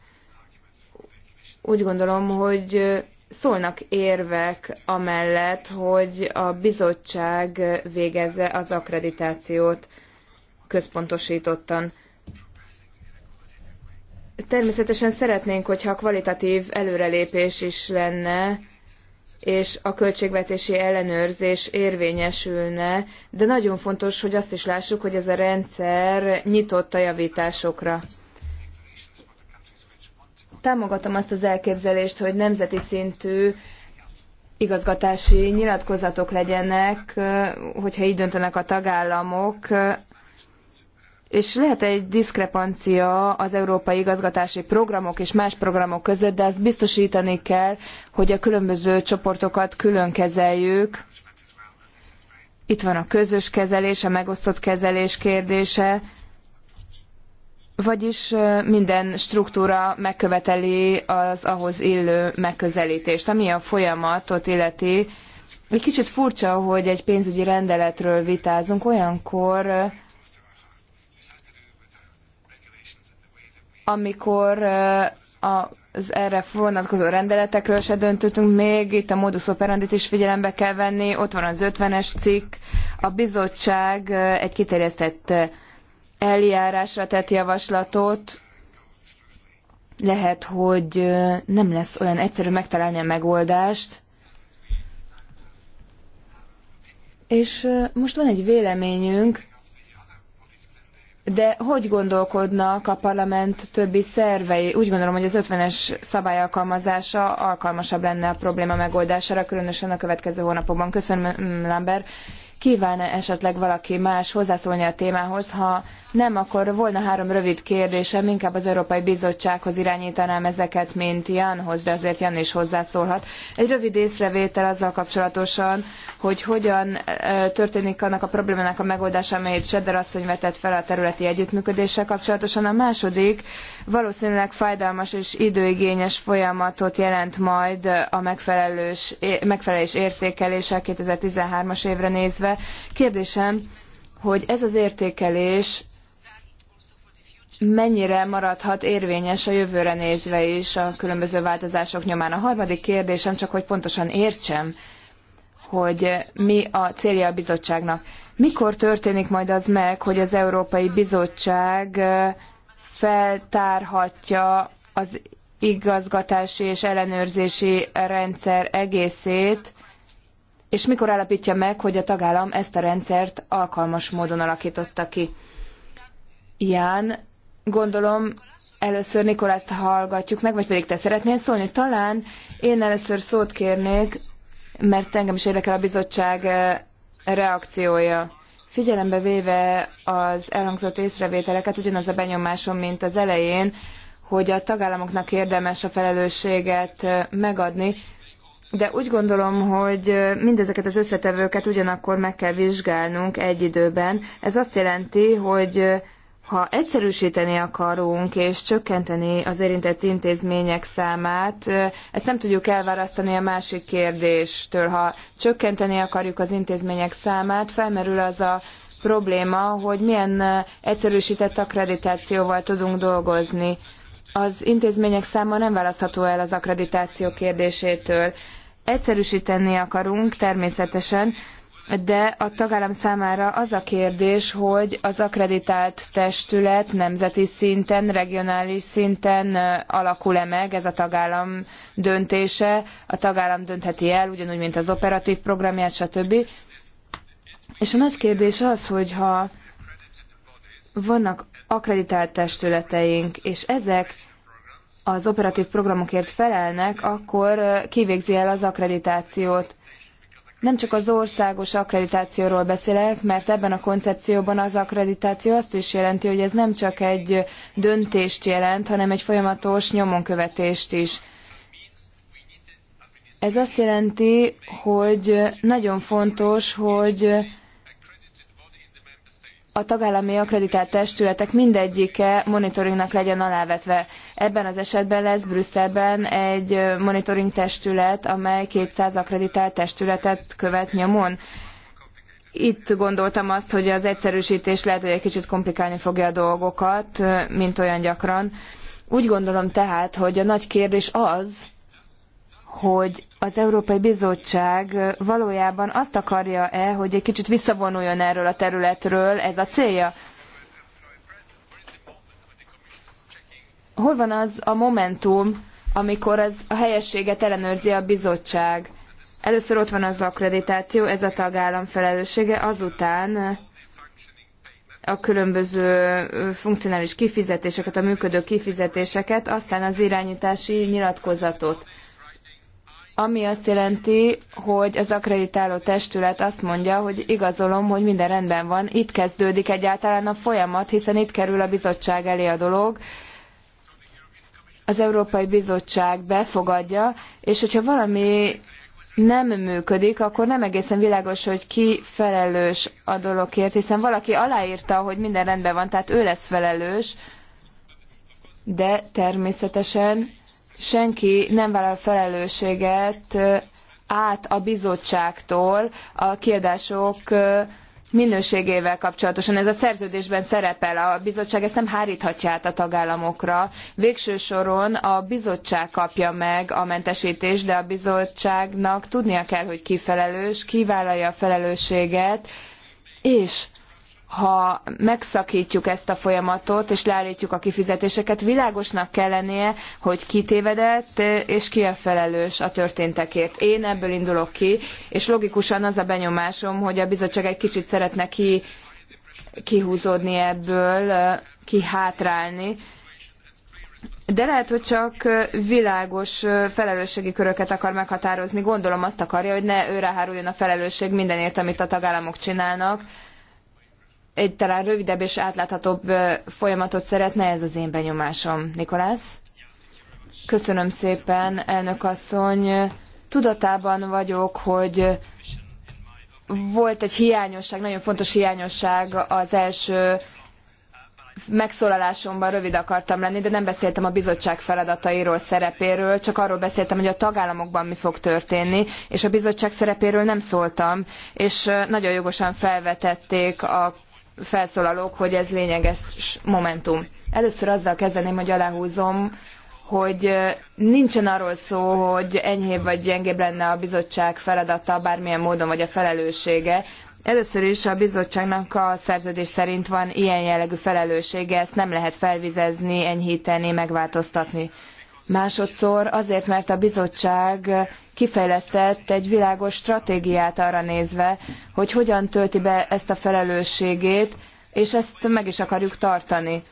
Úgy gondolom, hogy szólnak érvek amellett, hogy a bizottság végezze az akkreditációt központosítottan. Természetesen szeretnénk, hogyha kvalitatív előrelépés is lenne, és a költségvetési ellenőrzés érvényesülne, de nagyon fontos, hogy azt is lássuk, hogy ez a rendszer nyitott a javításokra. Támogatom azt az elképzelést, hogy nemzeti szintű igazgatási nyilatkozatok legyenek, hogyha így döntenek a tagállamok, és lehet egy diszkrepancia az európai igazgatási programok és más programok között, de azt biztosítani kell, hogy a különböző csoportokat külön kezeljük. Itt van a közös kezelés, a megosztott kezelés kérdése, vagyis minden struktúra megköveteli az ahhoz illő megközelítést, ami a folyamatot illeti. Egy kicsit furcsa, hogy egy pénzügyi rendeletről vitázunk olyankor, amikor az erre vonatkozó rendeletekről se döntöttünk még, itt a modus operandit is figyelembe kell venni, ott van az 50-es cikk, a bizottság egy kiterjesztett eljárásra tett javaslatot, lehet, hogy nem lesz olyan egyszerű megtalálni a megoldást. És most van egy véleményünk, de hogy gondolkodnak a parlament többi szervei? Úgy gondolom, hogy az 50-es szabály alkalmazása alkalmasabb lenne a probléma megoldására, különösen a következő hónapokban. Köszönöm, Lambert. Kívánna e esetleg valaki más hozzászólni a témához? Ha nem, akkor volna három rövid kérdésem, inkább az Európai Bizottsághoz irányítanám ezeket, mint Janhoz, de azért Jan is hozzászólhat. Egy rövid észrevétel azzal kapcsolatosan, hogy hogyan történik annak a problémának a megoldása, amelyet Seder asszony vetett fel a területi együttműködéssel kapcsolatosan. A második valószínűleg fájdalmas és időigényes folyamatot jelent majd a megfelelős, megfelelés értékelése 2013-as évre nézve. Kérdésem, hogy ez az értékelés mennyire maradhat érvényes a jövőre nézve is a különböző változások nyomán. A harmadik kérdésem csak, hogy pontosan értsem, hogy mi a célja a bizottságnak. Mikor történik majd az meg, hogy az Európai Bizottság feltárhatja az igazgatási és ellenőrzési rendszer egészét, és mikor állapítja meg, hogy a tagállam ezt a rendszert alkalmas módon alakította ki? Ján Gondolom, először Nikolászt hallgatjuk meg, vagy pedig te szeretnél szólni. Talán én először szót kérnék, mert engem is érdekel a bizottság eh, reakciója. Figyelembe véve az elhangzott észrevételeket, ugyanaz a benyomásom, mint az elején, hogy a tagállamoknak érdemes a felelősséget eh, megadni, de úgy gondolom, hogy eh, mindezeket az összetevőket ugyanakkor meg kell vizsgálnunk egy időben. Ez azt jelenti, hogy ha egyszerűsíteni akarunk és csökkenteni az érintett intézmények számát, ezt nem tudjuk elválasztani a másik kérdéstől. Ha csökkenteni akarjuk az intézmények számát, felmerül az a probléma, hogy milyen egyszerűsített akkreditációval tudunk dolgozni. Az intézmények száma nem választható el az akkreditáció kérdésétől. Egyszerűsíteni akarunk természetesen, de a tagállam számára az a kérdés, hogy az akreditált testület nemzeti szinten, regionális szinten alakul-e meg, ez a tagállam döntése, a tagállam döntheti el, ugyanúgy, mint az operatív programját, stb. És a nagy kérdés az, hogy ha vannak akreditált testületeink, és ezek az operatív programokért felelnek, akkor kivégzi el az akkreditációt. Nem csak az országos akkreditációról beszélek, mert ebben a koncepcióban az akkreditáció azt is jelenti, hogy ez nem csak egy döntést jelent, hanem egy folyamatos nyomonkövetést is. Ez azt jelenti, hogy nagyon fontos, hogy a tagállami akreditált testületek mindegyike monitoringnak legyen alávetve. Ebben az esetben lesz Brüsszelben egy monitoring testület, amely 200 akreditált testületet követ nyomon. Itt gondoltam azt, hogy az egyszerűsítés lehet, hogy egy kicsit komplikálni fogja a dolgokat, mint olyan gyakran. Úgy gondolom tehát, hogy a nagy kérdés az, hogy az Európai Bizottság valójában azt akarja-e, hogy egy kicsit visszavonuljon erről a területről, ez a célja? Hol van az a momentum, amikor az a helyességet ellenőrzi a bizottság? Először ott van az akkreditáció, ez a tagállam felelőssége, azután a különböző funkcionális kifizetéseket, a működő kifizetéseket, aztán az irányítási nyilatkozatot ami azt jelenti, hogy az akreditáló testület azt mondja, hogy igazolom, hogy minden rendben van. Itt kezdődik egyáltalán a folyamat, hiszen itt kerül a bizottság elé a dolog. Az Európai Bizottság befogadja, és hogyha valami nem működik, akkor nem egészen világos, hogy ki felelős a dologért, hiszen valaki aláírta, hogy minden rendben van, tehát ő lesz felelős, de természetesen senki nem vállal felelősséget át a bizottságtól a kiadások minőségével kapcsolatosan. Ez a szerződésben szerepel, a bizottság ezt nem háríthatja át a tagállamokra. Végső soron a bizottság kapja meg a mentesítést, de a bizottságnak tudnia kell, hogy ki felelős, ki vállalja a felelősséget, és ha megszakítjuk ezt a folyamatot, és leállítjuk a kifizetéseket, világosnak kell lennie, hogy ki tévedett, és ki a felelős a történtekért. Én ebből indulok ki, és logikusan az a benyomásom, hogy a bizottság egy kicsit szeretne ki, kihúzódni ebből, kihátrálni, de lehet, hogy csak világos felelősségi köröket akar meghatározni. Gondolom azt akarja, hogy ne őre háruljon a felelősség mindenért, amit a tagállamok csinálnak, egy talán rövidebb és átláthatóbb folyamatot szeretne, ez az én benyomásom. Nikolász? Köszönöm szépen, elnök asszony. Tudatában vagyok, hogy volt egy hiányosság, nagyon fontos hiányosság az első megszólalásomban rövid akartam lenni, de nem beszéltem a bizottság feladatairól, szerepéről, csak arról beszéltem, hogy a tagállamokban mi fog történni, és a bizottság szerepéről nem szóltam, és nagyon jogosan felvetették a felszólalók, hogy ez lényeges momentum. Először azzal kezdeném, hogy aláhúzom, hogy nincsen arról szó, hogy enyhébb vagy gyengébb lenne a bizottság feladata bármilyen módon, vagy a felelőssége. Először is a bizottságnak a szerződés szerint van ilyen jellegű felelőssége, ezt nem lehet felvizezni, enyhíteni, megváltoztatni. Másodszor azért, mert a bizottság kifejlesztett egy világos stratégiát arra nézve, hogy hogyan tölti be ezt a felelősségét, és ezt meg is akarjuk tartani.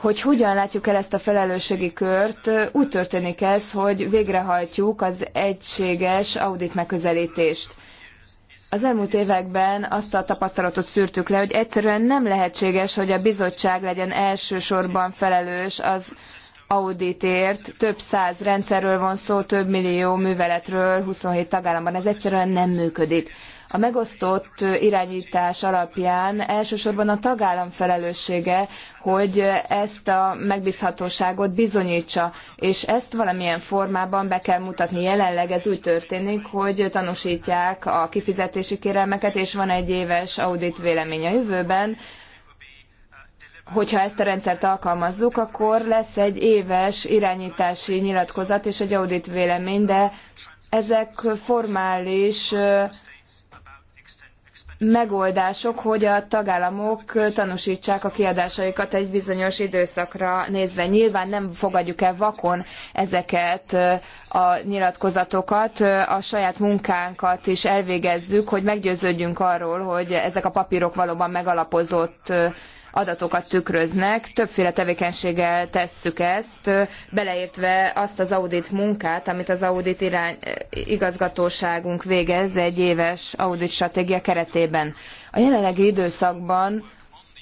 Hogy hogyan látjuk el ezt a felelősségi kört, úgy történik ez, hogy végrehajtjuk az egységes audit megközelítést. Az elmúlt években azt a tapasztalatot szűrtük le, hogy egyszerűen nem lehetséges, hogy a bizottság legyen elsősorban felelős az auditért több száz rendszerről van szó, több millió műveletről 27 tagállamban. Ez egyszerűen nem működik. A megosztott irányítás alapján elsősorban a tagállam felelőssége, hogy ezt a megbízhatóságot bizonyítsa, és ezt valamilyen formában be kell mutatni. Jelenleg ez úgy történik, hogy tanúsítják a kifizetési kérelmeket, és van egy éves audit vélemény a jövőben hogyha ezt a rendszert alkalmazzuk, akkor lesz egy éves irányítási nyilatkozat és egy audit vélemény, de ezek formális megoldások, hogy a tagállamok tanúsítsák a kiadásaikat egy bizonyos időszakra nézve. Nyilván nem fogadjuk el vakon ezeket a nyilatkozatokat, a saját munkánkat is elvégezzük, hogy meggyőződjünk arról, hogy ezek a papírok valóban megalapozott adatokat tükröznek. Többféle tevékenységgel tesszük ezt, beleértve azt az audit munkát, amit az audit irány, igazgatóságunk végez egy éves audit stratégia keretében. A jelenlegi időszakban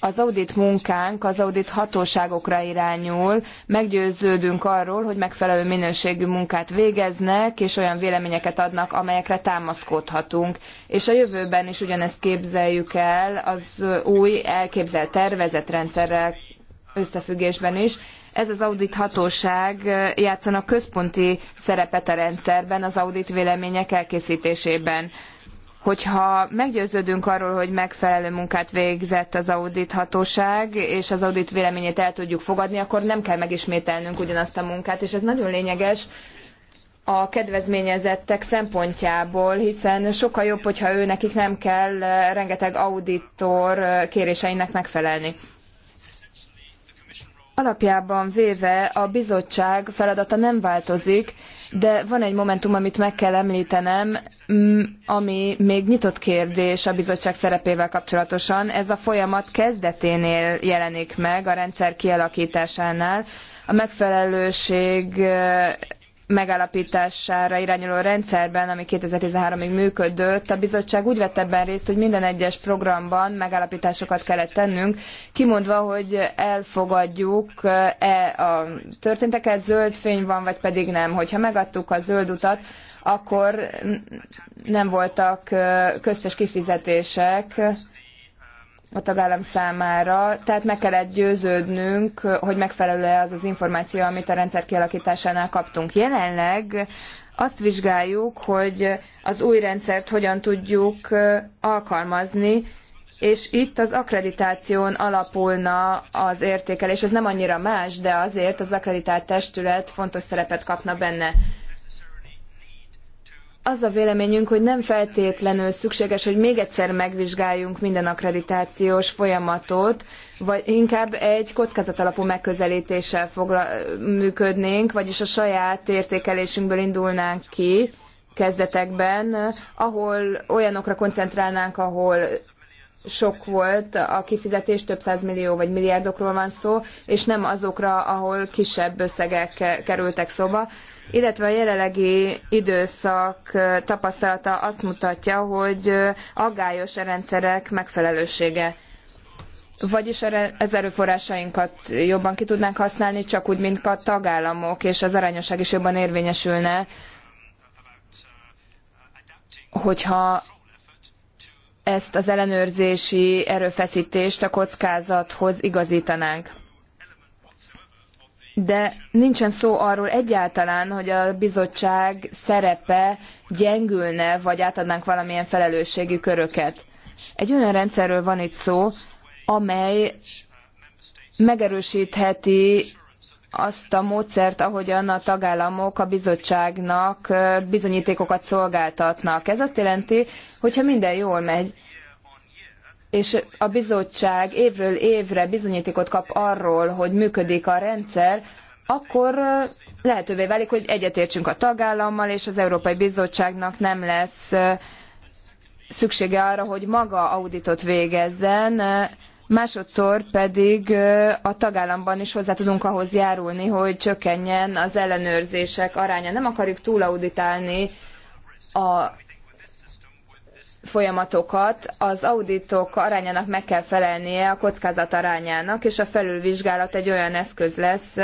az audit munkánk az audit hatóságokra irányul, meggyőződünk arról, hogy megfelelő minőségű munkát végeznek, és olyan véleményeket adnak, amelyekre támaszkodhatunk. És a jövőben is ugyanezt képzeljük el az új elképzelt tervezetrendszerrel összefüggésben is. Ez az audit hatóság játszana központi szerepet a rendszerben, az audit vélemények elkészítésében hogyha meggyőződünk arról, hogy megfelelő munkát végzett az hatóság és az audit véleményét el tudjuk fogadni, akkor nem kell megismételnünk ugyanazt a munkát, és ez nagyon lényeges a kedvezményezettek szempontjából, hiszen sokkal jobb, hogyha ő nekik nem kell eh, rengeteg auditor eh, kéréseinek megfelelni. Alapjában véve a bizottság feladata nem változik, de van egy momentum, amit meg kell említenem, ami még nyitott kérdés a bizottság szerepével kapcsolatosan. Ez a folyamat kezdeténél jelenik meg a rendszer kialakításánál. A megfelelőség megállapítására irányuló rendszerben, ami 2013-ig működött, a bizottság úgy vett ebben részt, hogy minden egyes programban megállapításokat kellett tennünk, kimondva, hogy elfogadjuk-e a történteket, zöld fény van, vagy pedig nem. Hogyha megadtuk a zöld utat, akkor nem voltak köztes kifizetések, a tagállam számára, tehát meg kellett győződnünk, hogy megfelelő-e az az információ, amit a rendszer kialakításánál kaptunk. Jelenleg azt vizsgáljuk, hogy az új rendszert hogyan tudjuk alkalmazni, és itt az akkreditáción alapulna az értékelés. Ez nem annyira más, de azért az akkreditált testület fontos szerepet kapna benne az a véleményünk, hogy nem feltétlenül szükséges, hogy még egyszer megvizsgáljunk minden akkreditációs folyamatot, vagy inkább egy kockázatalapú megközelítéssel fogla- működnénk, vagyis a saját értékelésünkből indulnánk ki kezdetekben, ahol olyanokra koncentrálnánk, ahol sok volt a kifizetés, több millió vagy milliárdokról van szó, és nem azokra, ahol kisebb összegek kerültek szóba illetve a jelenlegi időszak tapasztalata azt mutatja, hogy aggályos a rendszerek megfelelősége. Vagyis az erőforrásainkat jobban ki tudnánk használni, csak úgy, mint a tagállamok, és az arányosság is jobban érvényesülne, hogyha ezt az ellenőrzési erőfeszítést a kockázathoz igazítanánk de nincsen szó arról egyáltalán, hogy a bizottság szerepe gyengülne, vagy átadnánk valamilyen felelősségi köröket. Egy olyan rendszerről van itt szó, amely megerősítheti azt a módszert, ahogyan a tagállamok a bizottságnak bizonyítékokat szolgáltatnak. Ez azt jelenti, hogy ha minden jól megy, és a bizottság évről évre bizonyítékot kap arról, hogy működik a rendszer, akkor lehetővé válik, hogy egyetértsünk a tagállammal, és az Európai Bizottságnak nem lesz szüksége arra, hogy maga auditot végezzen, másodszor pedig a tagállamban is hozzá tudunk ahhoz járulni, hogy csökkenjen az ellenőrzések aránya. Nem akarjuk túlauditálni a folyamatokat, az auditok arányának meg kell felelnie a kockázat arányának, és a felülvizsgálat egy olyan eszköz lesz,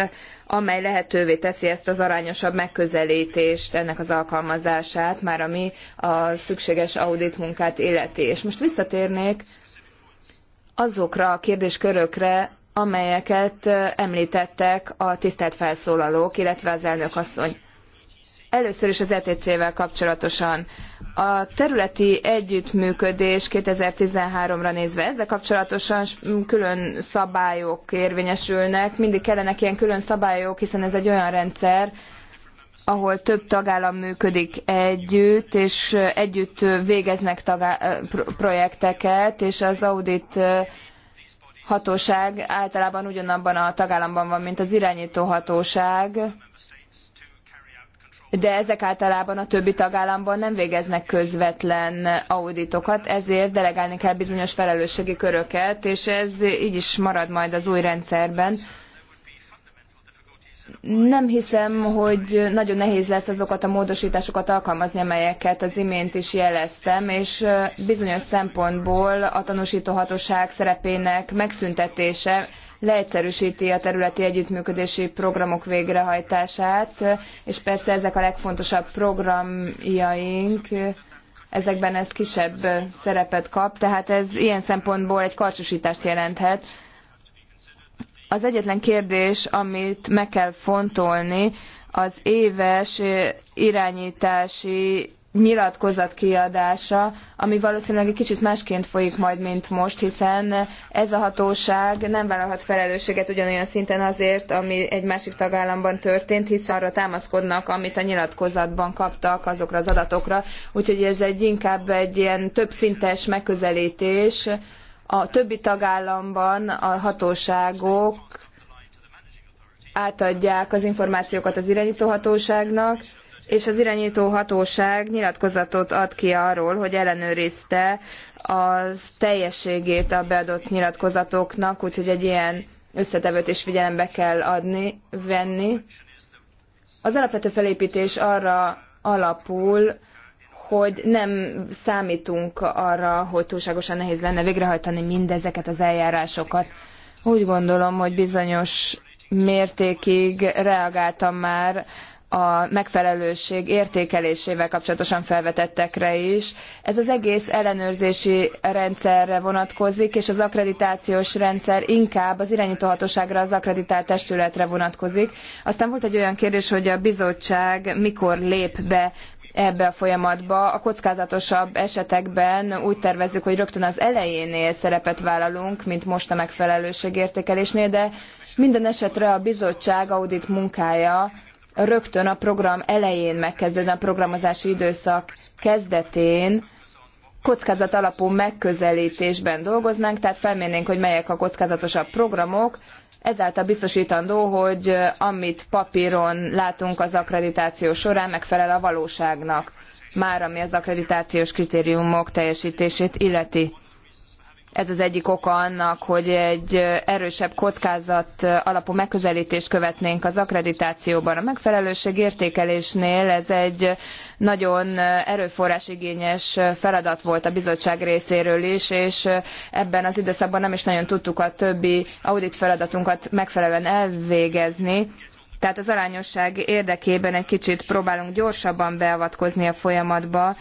amely lehetővé teszi ezt az arányosabb megközelítést, ennek az alkalmazását, már ami a szükséges audit munkát illeti. És most visszatérnék azokra a kérdéskörökre, amelyeket említettek a tisztelt felszólalók, illetve az elnök asszony. Először is az ETC-vel kapcsolatosan. A területi együttműködés 2013-ra nézve ezzel kapcsolatosan külön szabályok érvényesülnek. Mindig kellenek ilyen külön szabályok, hiszen ez egy olyan rendszer, ahol több tagállam működik együtt, és együtt végeznek projekteket, és az audit hatóság általában ugyanabban a tagállamban van, mint az irányító hatóság, de ezek általában a többi tagállamban nem végeznek közvetlen auditokat, ezért delegálni kell bizonyos felelősségi köröket, és ez így is marad majd az új rendszerben. Nem hiszem, hogy nagyon nehéz lesz azokat a módosításokat alkalmazni, amelyeket az imént is jeleztem, és bizonyos szempontból a tanúsítóhatóság szerepének megszüntetése leegyszerűsíti a területi együttműködési programok végrehajtását, és persze ezek a legfontosabb programjaink, ezekben ez kisebb szerepet kap, tehát ez ilyen szempontból egy karcsúsítást jelenthet. Az egyetlen kérdés, amit meg kell fontolni, az éves irányítási nyilatkozat kiadása, ami valószínűleg egy kicsit másként folyik majd, mint most, hiszen ez a hatóság nem vállalhat felelősséget ugyanolyan szinten azért, ami egy másik tagállamban történt, hiszen arra támaszkodnak, amit a nyilatkozatban kaptak azokra az adatokra, úgyhogy ez egy inkább egy ilyen többszintes megközelítés. A többi tagállamban a hatóságok átadják az információkat az irányítóhatóságnak, és az irányító hatóság nyilatkozatot ad ki arról, hogy ellenőrizte az teljességét a beadott nyilatkozatoknak, úgyhogy egy ilyen összetevőt is figyelembe kell adni, venni. Az alapvető felépítés arra alapul, hogy nem számítunk arra, hogy túlságosan nehéz lenne végrehajtani mindezeket az eljárásokat. Úgy gondolom, hogy bizonyos mértékig reagáltam már a megfelelőség értékelésével kapcsolatosan felvetettekre is. Ez az egész ellenőrzési rendszerre vonatkozik, és az akkreditációs rendszer inkább az irányítóhatóságra, az akkreditált testületre vonatkozik. Aztán volt egy olyan kérdés, hogy a bizottság mikor lép be ebbe a folyamatba. A kockázatosabb esetekben úgy tervezzük, hogy rögtön az elejénél szerepet vállalunk, mint most a megfelelőség értékelésnél de minden esetre a bizottság audit munkája rögtön a program elején megkezdődne, a programozási időszak kezdetén kockázat alapú megközelítésben dolgoznánk, tehát felmérnénk, hogy melyek a kockázatosabb programok, ezáltal biztosítandó, hogy eh, amit papíron látunk az akkreditáció során, megfelel a valóságnak, már ami az akkreditációs kritériumok teljesítését illeti. Ez az egyik oka annak, hogy egy erősebb kockázat alapú megközelítést követnénk az akkreditációban. A megfelelőség értékelésnél ez egy nagyon erőforrásigényes feladat volt a bizottság részéről is, és ebben az időszakban nem is nagyon tudtuk a többi audit feladatunkat megfelelően elvégezni. Tehát az arányosság érdekében egy kicsit próbálunk gyorsabban beavatkozni a folyamatba,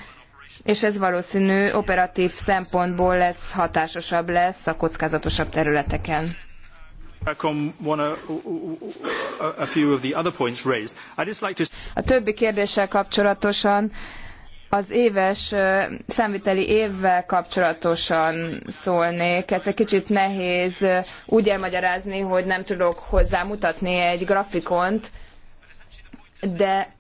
és ez valószínű operatív szempontból lesz hatásosabb lesz a kockázatosabb területeken. Uh, uh, uh, a többi kérdéssel kapcsolatosan az éves számviteli évvel kapcsolatosan szólnék. Ez egy kicsit nehéz úgy elmagyarázni, hogy nem tudok hozzámutatni egy grafikont, de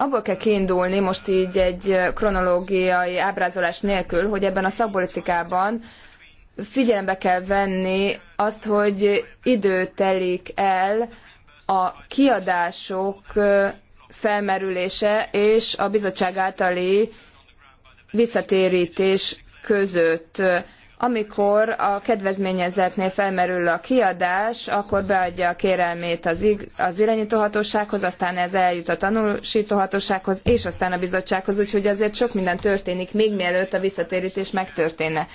abból kell kiindulni most így egy kronológiai ábrázolás nélkül, hogy ebben a szakpolitikában figyelembe kell venni azt, hogy idő telik el a kiadások felmerülése és a bizottság általi visszatérítés között amikor a kedvezményezetnél felmerül a kiadás, akkor beadja a kérelmét az, ig- az irányítóhatósághoz, aztán ez eljut a tanúsítóhatósághoz, és aztán a bizottsághoz, úgyhogy azért sok minden történik, még mielőtt a visszatérítés megtörténne.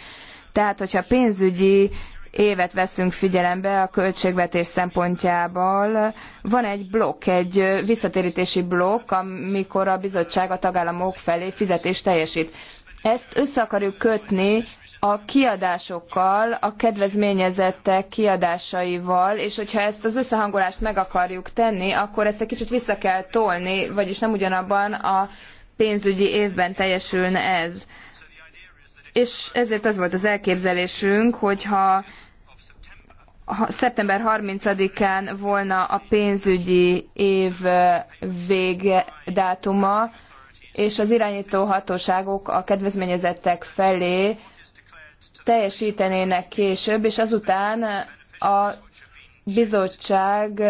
Tehát, hogyha pénzügyi évet veszünk figyelembe a költségvetés szempontjából, van egy blokk, egy visszatérítési blokk, amikor a bizottság a tagállamok felé fizetést teljesít. Ezt össze akarjuk kötni a kiadásokkal, a kedvezményezettek kiadásaival, és hogyha ezt az összehangolást meg akarjuk tenni, akkor ezt egy kicsit vissza kell tolni, vagyis nem ugyanabban a pénzügyi évben teljesülne ez. És ezért az volt az elképzelésünk, hogyha szeptember 30-án volna a pénzügyi év végdátuma, és az irányító hatóságok a kedvezményezettek felé teljesítenének később, és azután a bizottság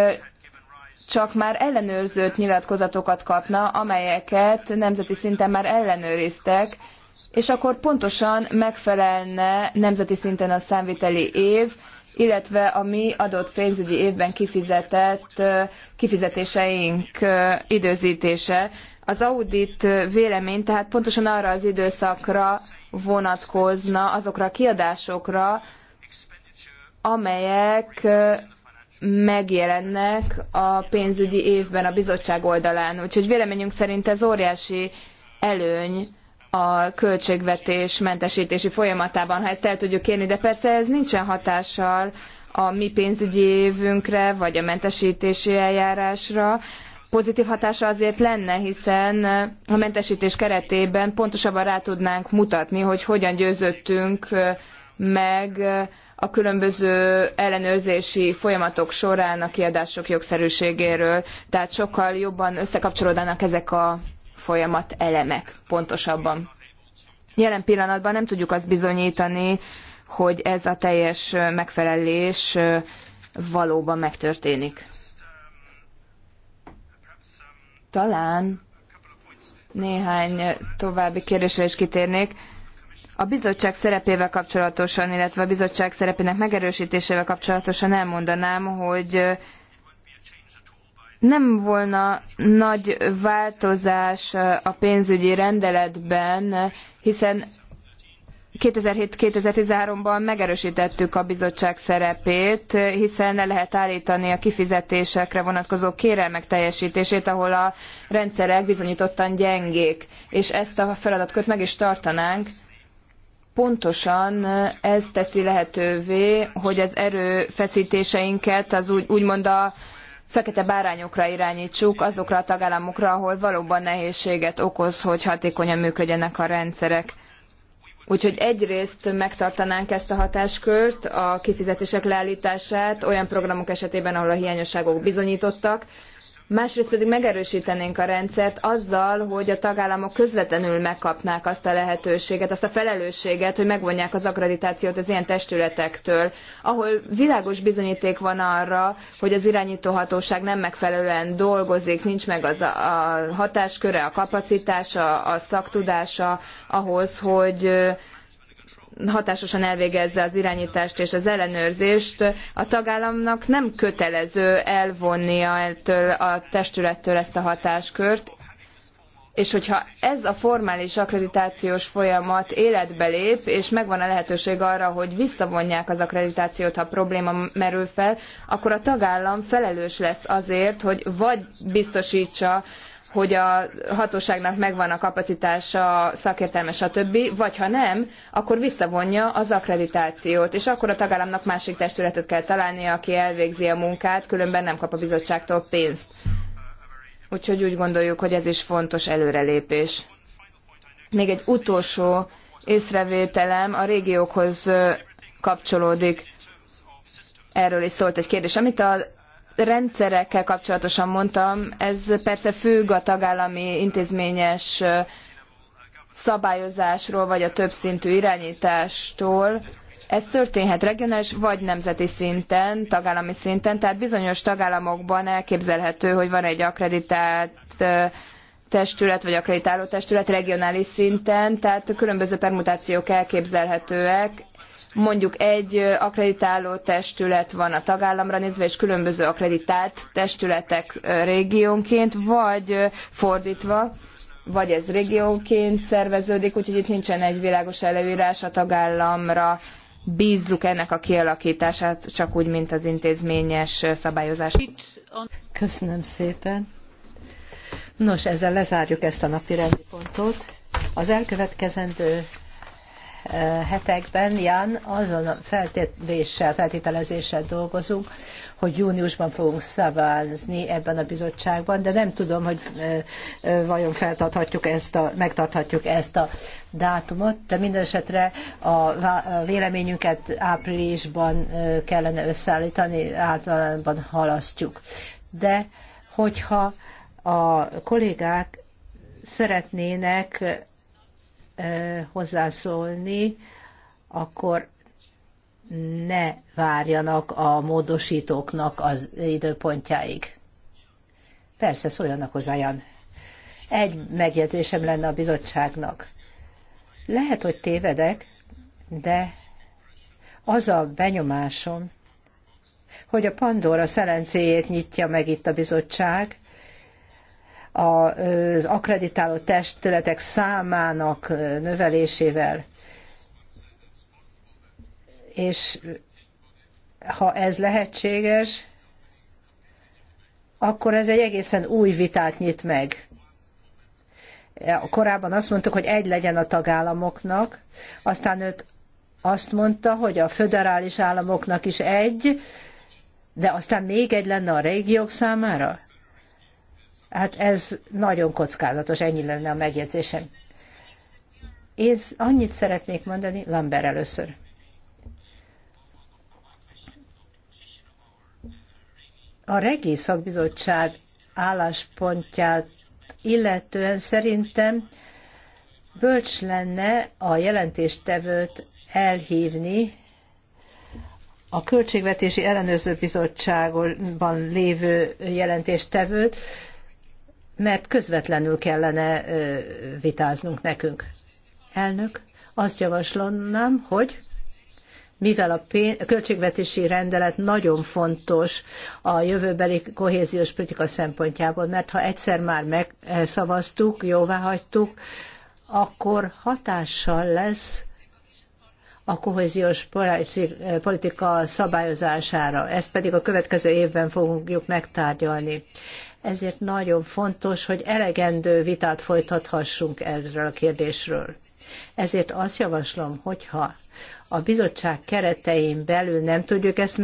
csak már ellenőrzött nyilatkozatokat kapna, amelyeket nemzeti szinten már ellenőriztek, és akkor pontosan megfelelne nemzeti szinten a számviteli év, illetve a mi adott pénzügyi évben kifizetett kifizetéseink időzítése. Az audit vélemény tehát pontosan arra az időszakra vonatkozna, azokra a kiadásokra, amelyek megjelennek a pénzügyi évben a bizottság oldalán. Úgyhogy véleményünk szerint ez óriási előny a költségvetés mentesítési folyamatában, ha ezt el tudjuk kérni, de persze ez nincsen hatással a mi pénzügyi évünkre, vagy a mentesítési eljárásra pozitív hatása azért lenne, hiszen eh, a mentesítés keretében pontosabban rá tudnánk mutatni, hogy hogyan győzöttünk eh, meg eh, a különböző ellenőrzési folyamatok során a kiadások jogszerűségéről. Tehát sokkal jobban összekapcsolódnának ezek a folyamat elemek pontosabban. Jelen pillanatban nem tudjuk azt bizonyítani, hogy ez a teljes megfelelés valóban megtörténik. Talán néhány további kérdésre is kitérnék. A bizottság szerepével kapcsolatosan, illetve a bizottság szerepének megerősítésével kapcsolatosan elmondanám, hogy nem volna nagy változás a pénzügyi rendeletben, hiszen 2007-2013-ban megerősítettük a bizottság szerepét, hiszen le lehet állítani a kifizetésekre vonatkozó kérelmek teljesítését, ahol a rendszerek bizonyítottan gyengék, és ezt a feladatkört meg is tartanánk. Pontosan ez teszi lehetővé, hogy az erőfeszítéseinket az úgy, úgymond a fekete bárányokra irányítsuk, azokra a tagállamokra, ahol valóban nehézséget okoz, hogy hatékonyan működjenek a rendszerek Úgyhogy egyrészt megtartanánk ezt a hatáskört, a kifizetések leállítását olyan programok esetében, ahol a hiányosságok bizonyítottak, másrészt pedig megerősítenénk a rendszert azzal, hogy a tagállamok közvetlenül megkapnák azt a lehetőséget, azt a felelősséget, hogy megvonják az akkreditációt az ilyen testületektől, ahol világos bizonyíték van arra, hogy az irányítóhatóság nem megfelelően dolgozik, nincs meg az a hatásköre, a kapacitása, a szaktudása ahhoz, hogy hatásosan elvégezze az irányítást és az ellenőrzést, a tagállamnak nem kötelező elvonnia ettől a testülettől ezt a hatáskört, és hogyha ez a formális akkreditációs folyamat életbe lép, és megvan a lehetőség arra, hogy visszavonják az akkreditációt, ha probléma merül fel, akkor a tagállam felelős lesz azért, hogy vagy biztosítsa hogy a hatóságnak megvan a kapacitása, szakértelme, stb., vagy ha nem, akkor visszavonja az akkreditációt, és akkor a tagállamnak másik testületet kell találnia, aki elvégzi a munkát, különben nem kap a bizottságtól pénzt. Úgyhogy úgy gondoljuk, hogy ez is fontos előrelépés. Még egy utolsó észrevételem a régiókhoz kapcsolódik. Erről is szólt egy kérdés. Amit a rendszerekkel kapcsolatosan mondtam, ez persze függ a tagállami intézményes szabályozásról, vagy a többszintű irányítástól. Ez történhet regionális vagy nemzeti szinten, tagállami szinten, tehát bizonyos tagállamokban elképzelhető, hogy van egy akreditált testület, vagy akreditáló testület regionális szinten, tehát különböző permutációk elképzelhetőek, mondjuk egy akreditáló testület van a tagállamra nézve, és különböző akreditált testületek régiónként, vagy fordítva, vagy ez régiónként szerveződik, úgyhogy itt nincsen egy világos előírás a tagállamra, bízzuk ennek a kialakítását, csak úgy, mint az intézményes szabályozás. Köszönöm szépen. Nos, ezzel lezárjuk ezt a napi rendi pontot. Az elkövetkezendő hetekben, Jan, azon a feltétléssel, feltételezéssel dolgozunk, hogy júniusban fogunk szavazni ebben a bizottságban, de nem tudom, hogy vajon feltarthatjuk ezt a, megtarthatjuk ezt a dátumot, de mindesetre a véleményünket áprilisban kellene összeállítani, általában halasztjuk. De hogyha a kollégák szeretnének hozzászólni, akkor ne várjanak a módosítóknak az időpontjáig. Persze, szóljanak hozzá, Jan. Egy megjegyzésem lenne a bizottságnak. Lehet, hogy tévedek, de az a benyomásom, hogy a Pandora szelencéjét nyitja meg itt a bizottság, az akreditáló testületek számának növelésével. És ha ez lehetséges, akkor ez egy egészen új vitát nyit meg. Korábban azt mondtuk, hogy egy legyen a tagállamoknak, aztán őt azt mondta, hogy a föderális államoknak is egy, de aztán még egy lenne a régiók számára? Hát ez nagyon kockázatos, ennyi lenne a megjegyzésem. Én annyit szeretnék mondani, Lambert először. A regi szakbizottság álláspontját illetően szerintem bölcs lenne a jelentéstevőt elhívni a Költségvetési Ellenőrző Bizottságban lévő jelentéstevőt, mert közvetlenül kellene vitáznunk nekünk. Elnök, azt javaslom, hogy mivel a költségvetési rendelet nagyon fontos a jövőbeli kohéziós politika szempontjából, mert ha egyszer már megszavaztuk, jóváhagytuk, akkor hatással lesz a kohéziós politika szabályozására. Ezt pedig a következő évben fogjuk megtárgyalni. Ezért nagyon fontos, hogy elegendő vitát folytathassunk erről a kérdésről. Ezért azt javaslom, hogyha a bizottság keretein belül nem tudjuk ezt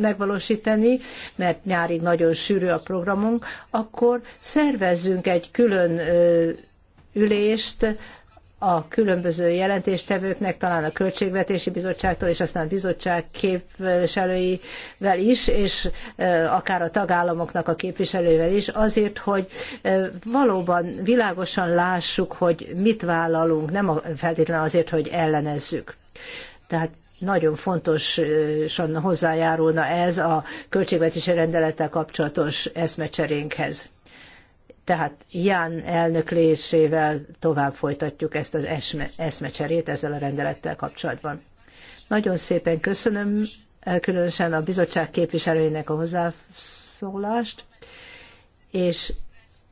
megvalósítani, mert nyárig nagyon sűrű a programunk, akkor szervezzünk egy külön ülést a különböző jelentéstevőknek, talán a Költségvetési Bizottságtól, és aztán a bizottság képviselőivel is, és akár a tagállamoknak a képviselőivel is, azért, hogy valóban világosan lássuk, hogy mit vállalunk, nem feltétlenül azért, hogy ellenezzük. Tehát nagyon fontosan hozzájárulna ez a költségvetési rendelettel kapcsolatos eszmecserénkhez. Tehát Ján elnöklésével tovább folytatjuk ezt az esme, eszmecserét ezzel a rendelettel kapcsolatban. Nagyon szépen köszönöm eh, különösen a bizottság képviselőinek a hozzászólást, és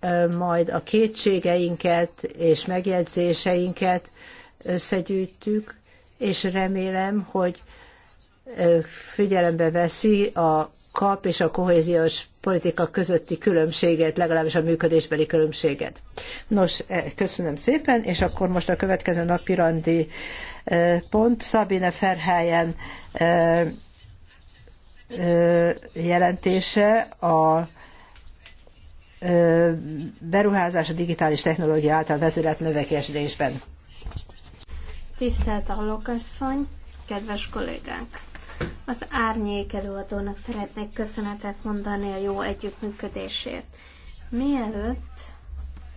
eh, majd a kétségeinket és megjegyzéseinket összegyűjtjük, és remélem, hogy eh, figyelembe veszi a kap és a kohéziós politika közötti különbséget, legalábbis a működésbeli különbséget. Nos, e, köszönöm szépen, és akkor most a következő napirandi e, pont Szabine Ferhelyen e, jelentése a beruházás a digitális technológia által vezérelt növekedésben. Tisztelt Allokasszony, kedves kollégánk! Az árnyék előadónak szeretnék köszönetet mondani a jó együttműködésért. Mielőtt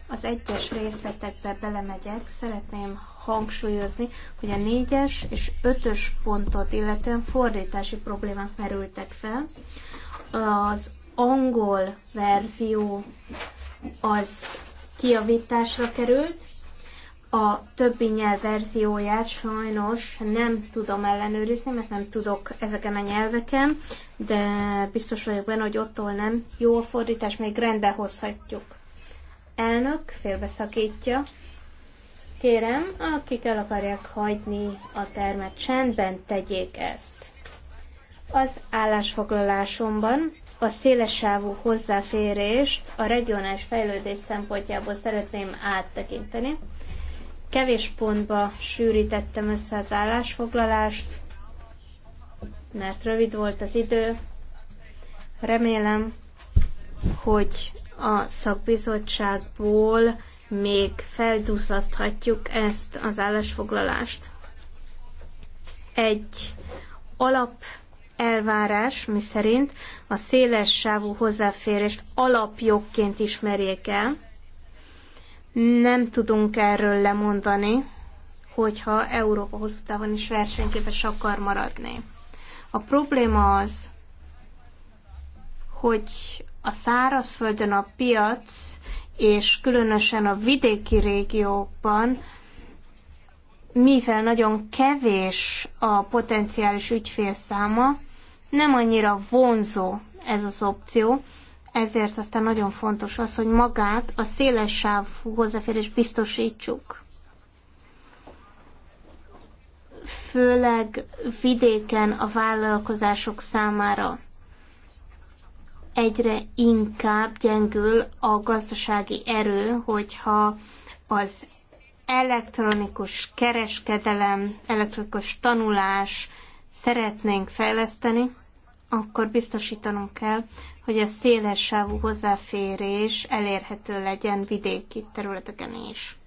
az egyes részletekbe belemegyek, szeretném hangsúlyozni, hogy a négyes és ötös pontot illetően fordítási problémák merültek fel. Az angol verzió az kiavításra került, a többi nyelv verzióját sajnos nem tudom ellenőrizni, mert nem tudok ezeken a nyelveken, de biztos vagyok benne, hogy ottól nem. Jó a fordítás, még rendbe hozhatjuk. Elnök félbeszakítja. Kérem, akik el akarják hagyni a termet, csendben tegyék ezt. Az állásfoglalásomban a szélesávú hozzáférést a regionális fejlődés szempontjából szeretném áttekinteni Kevés pontba sűrítettem össze az állásfoglalást, mert rövid volt az idő. Remélem, hogy a szakbizottságból még felduzzaszthatjuk ezt az állásfoglalást. Egy alap elvárás, mi szerint, a széles sávú hozzáférést alapjogként ismerjék el, nem tudunk erről lemondani, hogyha Európa hosszú távon is versenyképes akar maradni. A probléma az, hogy a szárazföldön a piac, és különösen a vidéki régiókban, mivel nagyon kevés a potenciális ügyfélszáma, nem annyira vonzó ez az opció, ezért aztán nagyon fontos az, hogy magát a széles sáv hozzáférés biztosítsuk. Főleg vidéken a vállalkozások számára egyre inkább gyengül a gazdasági erő, hogyha az elektronikus kereskedelem, elektronikus tanulás szeretnénk fejleszteni, akkor biztosítanunk kell, hogy a széles sávú hozzáférés elérhető legyen vidéki területeken is.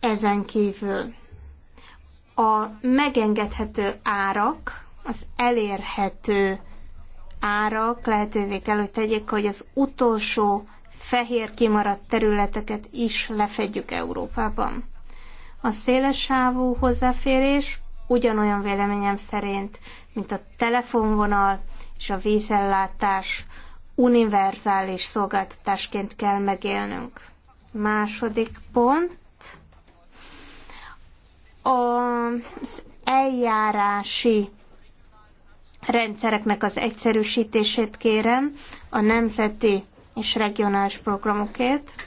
Ezen kívül a megengedhető árak, az elérhető árak lehetővé kell, hogy tegyék, hogy az utolsó fehér kimaradt területeket is lefedjük Európában. A szélessávú hozzáférés ugyanolyan véleményem szerint, mint a telefonvonal és a vízellátás univerzális szolgáltatásként kell megélnünk. Második pont. Az eljárási rendszereknek az egyszerűsítését kérem a nemzeti és regionális programokért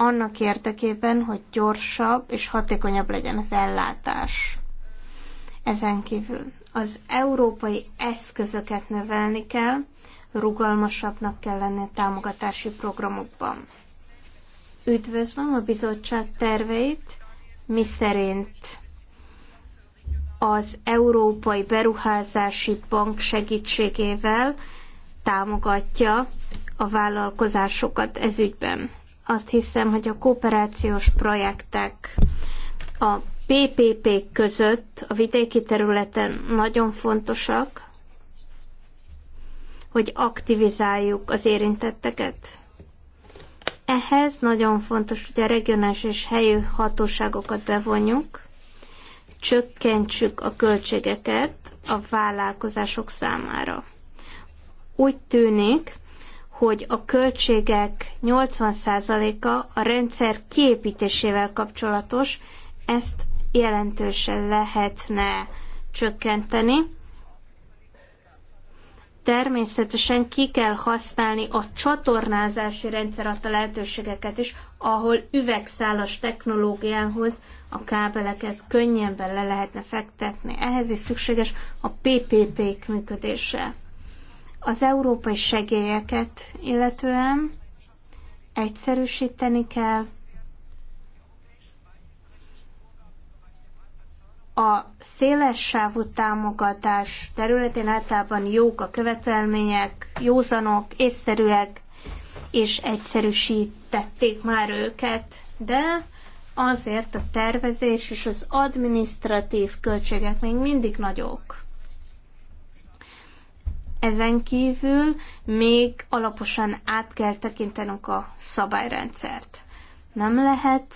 annak érdekében, hogy gyorsabb és hatékonyabb legyen az ellátás. Ezen kívül az európai eszközöket növelni kell, rugalmasabbnak kell lenni a támogatási programokban. Üdvözlöm a bizottság terveit, mi szerint az Európai Beruházási Bank segítségével támogatja a vállalkozásokat ezügyben. Azt hiszem, hogy a kooperációs projektek a PPP között a vidéki területen nagyon fontosak, hogy aktivizáljuk az érintetteket. Ehhez nagyon fontos, hogy a regionális és helyi hatóságokat bevonjuk, csökkentsük a költségeket a vállalkozások számára. Úgy tűnik, hogy a költségek 80%-a a rendszer kiépítésével kapcsolatos, ezt jelentősen lehetne csökkenteni. Természetesen ki kell használni a csatornázási rendszer adta lehetőségeket is, ahol üvegszálas technológiához a kábeleket könnyebben le lehetne fektetni. Ehhez is szükséges a PPP-k működése. Az európai segélyeket illetően egyszerűsíteni kell, a széles sávú támogatás területén általában jók a követelmények, józanok, észszerűek, és egyszerűsítették már őket, de azért a tervezés és az administratív költségek még mindig nagyok. Ezen kívül még alaposan át kell tekintenünk a szabályrendszert. Nem lehet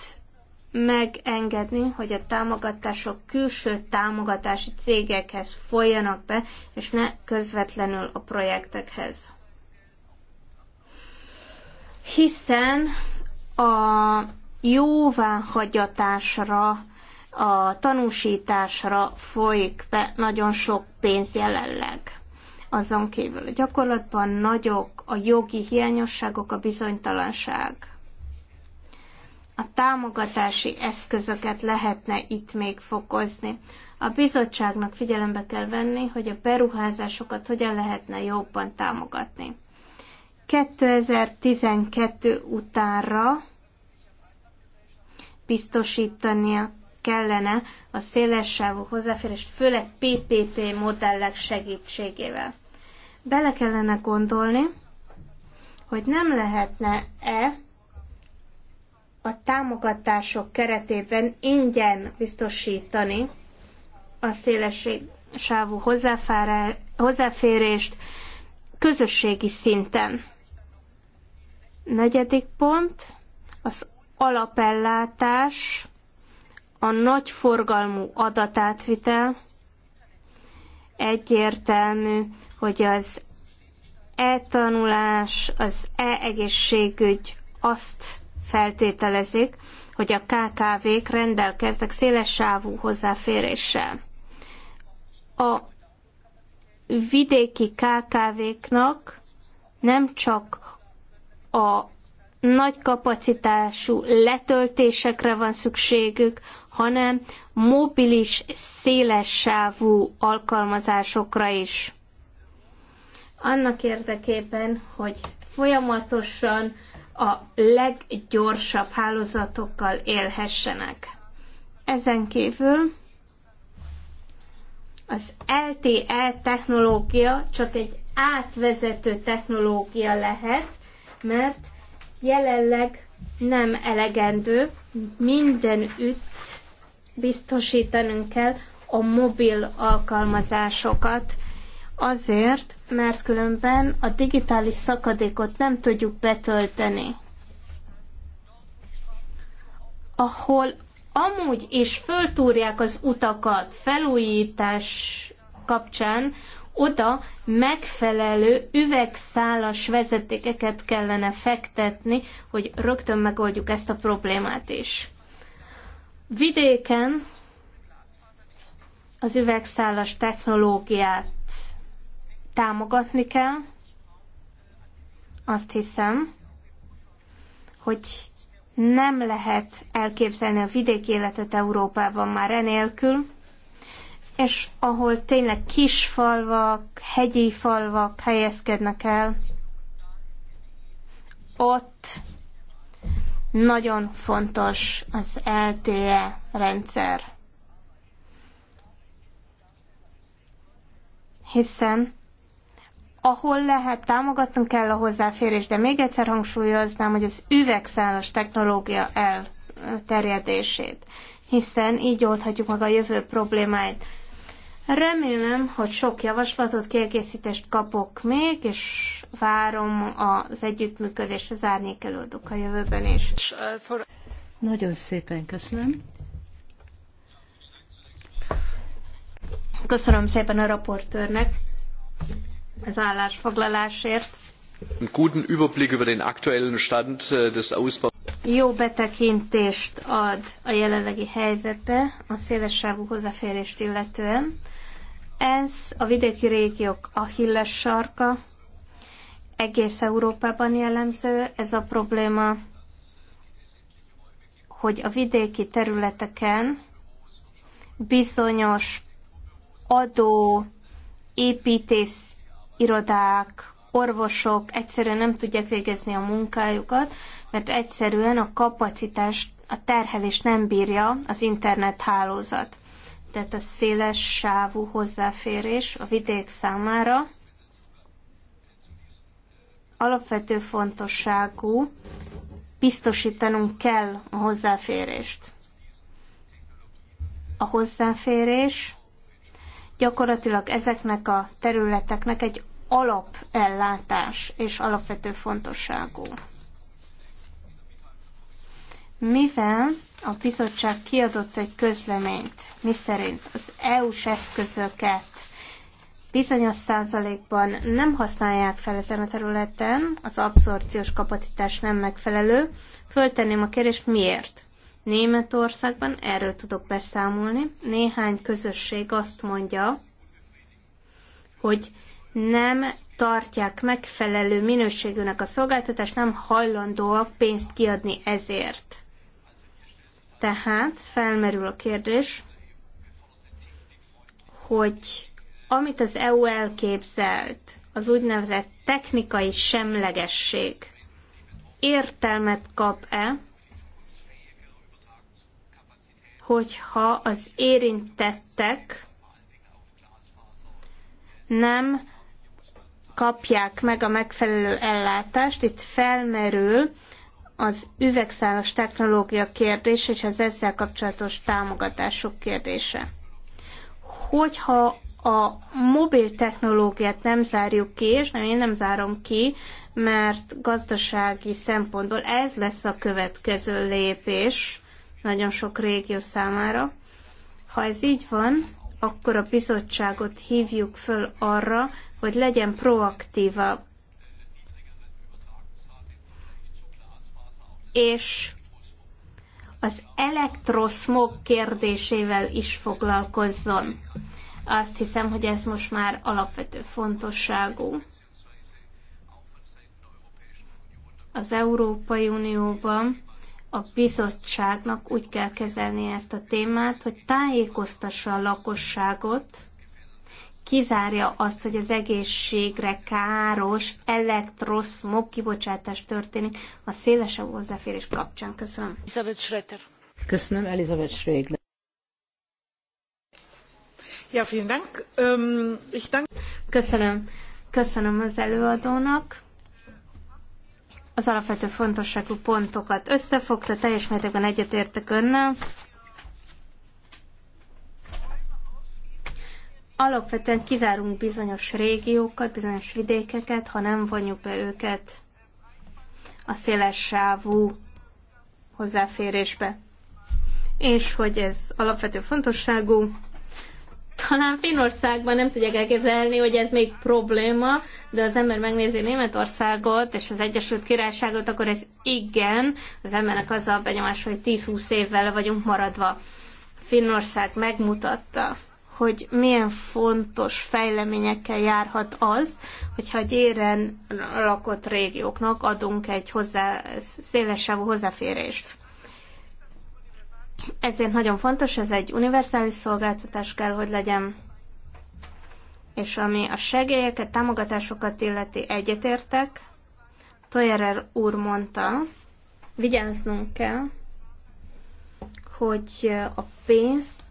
megengedni, hogy a támogatások külső támogatási cégekhez folyjanak be, és ne közvetlenül a projektekhez. Hiszen a jóváhagyatásra, a tanúsításra folyik be nagyon sok pénz jelenleg. Azon kívül a gyakorlatban nagyok a jogi hiányosságok, a bizonytalanság. A támogatási eszközöket lehetne itt még fokozni. A bizottságnak figyelembe kell venni, hogy a beruházásokat hogyan lehetne jobban támogatni. 2012 utánra biztosítania kellene a szélessávú hozzáférést, főleg PPP modellek segítségével bele kellene gondolni, hogy nem lehetne-e a támogatások keretében ingyen biztosítani a szélességsávú hozzáférést közösségi szinten. Negyedik pont, az alapellátás, a nagy forgalmú adatátvitel, egyértelmű hogy az e-tanulás, az e-egészségügy azt feltételezik, hogy a KKV-k rendelkeznek széles sávú hozzáféréssel. A vidéki KKV-knak nem csak a nagy kapacitású letöltésekre van szükségük, hanem mobilis, sávú alkalmazásokra is annak érdekében, hogy folyamatosan a leggyorsabb hálózatokkal élhessenek. Ezen kívül az LTE technológia csak egy átvezető technológia lehet, mert jelenleg nem elegendő, mindenütt biztosítanunk kell a mobil alkalmazásokat, Azért, mert különben a digitális szakadékot nem tudjuk betölteni, ahol amúgy is föltúrják az utakat felújítás kapcsán, oda megfelelő üvegszálas vezetékeket kellene fektetni, hogy rögtön megoldjuk ezt a problémát is. Vidéken az üvegszálas technológiát támogatni kell. Azt hiszem, hogy nem lehet elképzelni a vidéki életet Európában már enélkül, és ahol tényleg kis falvak, hegyi falvak helyezkednek el, ott nagyon fontos az LTE rendszer. Hiszen ahol lehet, támogatnunk kell a hozzáférés, de még egyszer hangsúlyoznám, hogy az üvegszálas technológia elterjedését, hiszen így oldhatjuk meg a jövő problémáit. Remélem, hogy sok javaslatot, kiegészítést kapok még, és várom az együttműködést az árnyékelődők a jövőben is. Nagyon szépen köszönöm. Köszönöm szépen a raportőrnek az állásfoglalásért. Guten Überblick über den aktuellen Stand äh, des Ausbaus. Jó betekintést ad a jelenlegi helyzetbe a széles hozzáférést illetően. Ez a vidéki régiók a hilles sarka, egész Európában jellemző ez a probléma, hogy a vidéki területeken bizonyos adó építés irodák, orvosok egyszerűen nem tudják végezni a munkájukat, mert egyszerűen a kapacitás, a terhelés nem bírja az internet hálózat. Tehát a széles sávú hozzáférés a vidék számára alapvető fontosságú, biztosítanunk kell a hozzáférést. A hozzáférés gyakorlatilag ezeknek a területeknek egy alapellátás és alapvető fontosságú. Mivel a bizottság kiadott egy közleményt, miszerint az EU-s eszközöket bizonyos százalékban nem használják fel ezen a területen, az abszorciós kapacitás nem megfelelő, föltenném a kérdést, miért? Németországban, erről tudok beszámolni, néhány közösség azt mondja, hogy nem tartják megfelelő minőségűnek a szolgáltatást, nem hajlandóak pénzt kiadni ezért. Tehát felmerül a kérdés, hogy amit az EU elképzelt, az úgynevezett technikai semlegesség értelmet kap-e hogyha az érintettek nem kapják meg a megfelelő ellátást. Itt felmerül az üvegszálas technológia kérdése, és az ezzel kapcsolatos támogatások kérdése. Hogyha a mobil technológiát nem zárjuk ki, és nem én nem zárom ki, mert gazdasági szempontból ez lesz a következő lépés, nagyon sok régió számára. Ha ez így van, akkor a bizottságot hívjuk föl arra, hogy legyen proaktívabb. És az elektroszmog kérdésével is foglalkozzon. Azt hiszem, hogy ez most már alapvető fontosságú. Az Európai Unióban a bizottságnak úgy kell kezelni ezt a témát, hogy tájékoztassa a lakosságot, kizárja azt, hogy az egészségre káros elektroszmog kibocsátás történik a szélesebb hozzáférés kapcsán. Köszönöm. Elizabeth Schröter. Köszönöm, Elizabeth Schröter. Ja, vielen Dank. Um, ich dank... Köszönöm. Köszönöm az előadónak az alapvető fontosságú pontokat összefogta, teljes mértékben egyetértek önnel. Alapvetően kizárunk bizonyos régiókat, bizonyos vidékeket, ha nem vonjuk be őket a széles sávú hozzáférésbe. És hogy ez alapvető fontosságú, talán Finországban nem tudják elképzelni, hogy ez még probléma, de az ember megnézi Németországot és az Egyesült Királyságot, akkor ez igen, az embernek az a benyomás, hogy 10-20 évvel vagyunk maradva. Finnország megmutatta, hogy milyen fontos fejleményekkel járhat az, hogyha egy éren lakott régióknak adunk egy hozzá, szélesebb hozzáférést. Ezért nagyon fontos, ez egy univerzális szolgáltatás kell, hogy legyen. És ami a segélyeket, támogatásokat illeti, egyetértek. Toyerer úr mondta, vigyáznunk kell, hogy a pénzt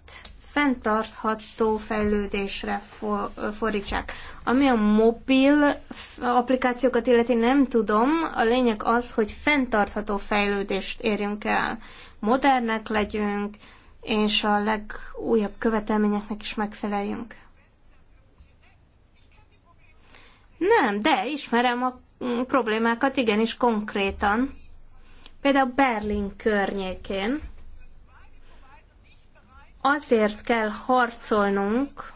fenntartható fejlődésre for, fordítsák. Ami a mobil applikációkat illeti, nem tudom. A lényeg az, hogy fenntartható fejlődést érjünk el modernek legyünk, és a legújabb követelményeknek is megfeleljünk. Nem, de ismerem a problémákat igenis konkrétan. Például Berlin környékén azért kell harcolnunk,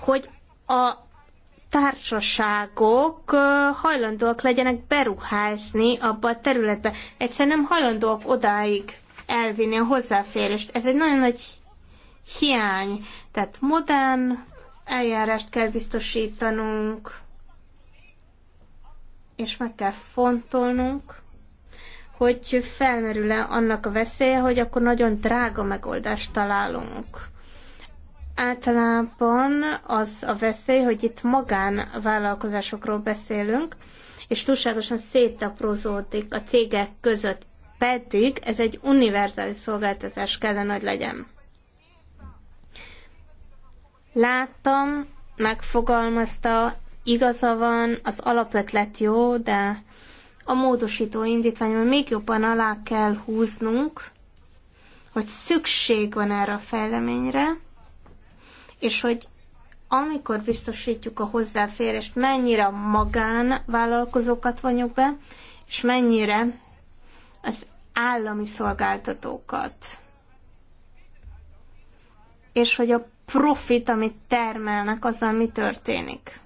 hogy a társaságok hajlandóak legyenek beruházni abba a területbe. Egyszerűen nem hajlandóak odáig elvinni a hozzáférést. Ez egy nagyon nagy hiány. Tehát modern eljárást kell biztosítanunk, és meg kell fontolnunk, hogy felmerül-e annak a veszélye, hogy akkor nagyon drága megoldást találunk általában az a veszély, hogy itt magánvállalkozásokról beszélünk, és túlságosan széttaprózódik a cégek között, pedig ez egy univerzális szolgáltatás kellene, hogy legyen. Láttam, megfogalmazta, igaza van, az alapötlet jó, de a módosító indítványban még jobban alá kell húznunk, hogy szükség van erre a fejleményre, és hogy amikor biztosítjuk a hozzáférést, mennyire magánvállalkozókat vonjuk be, és mennyire az állami szolgáltatókat. És hogy a profit, amit termelnek, az, ami történik.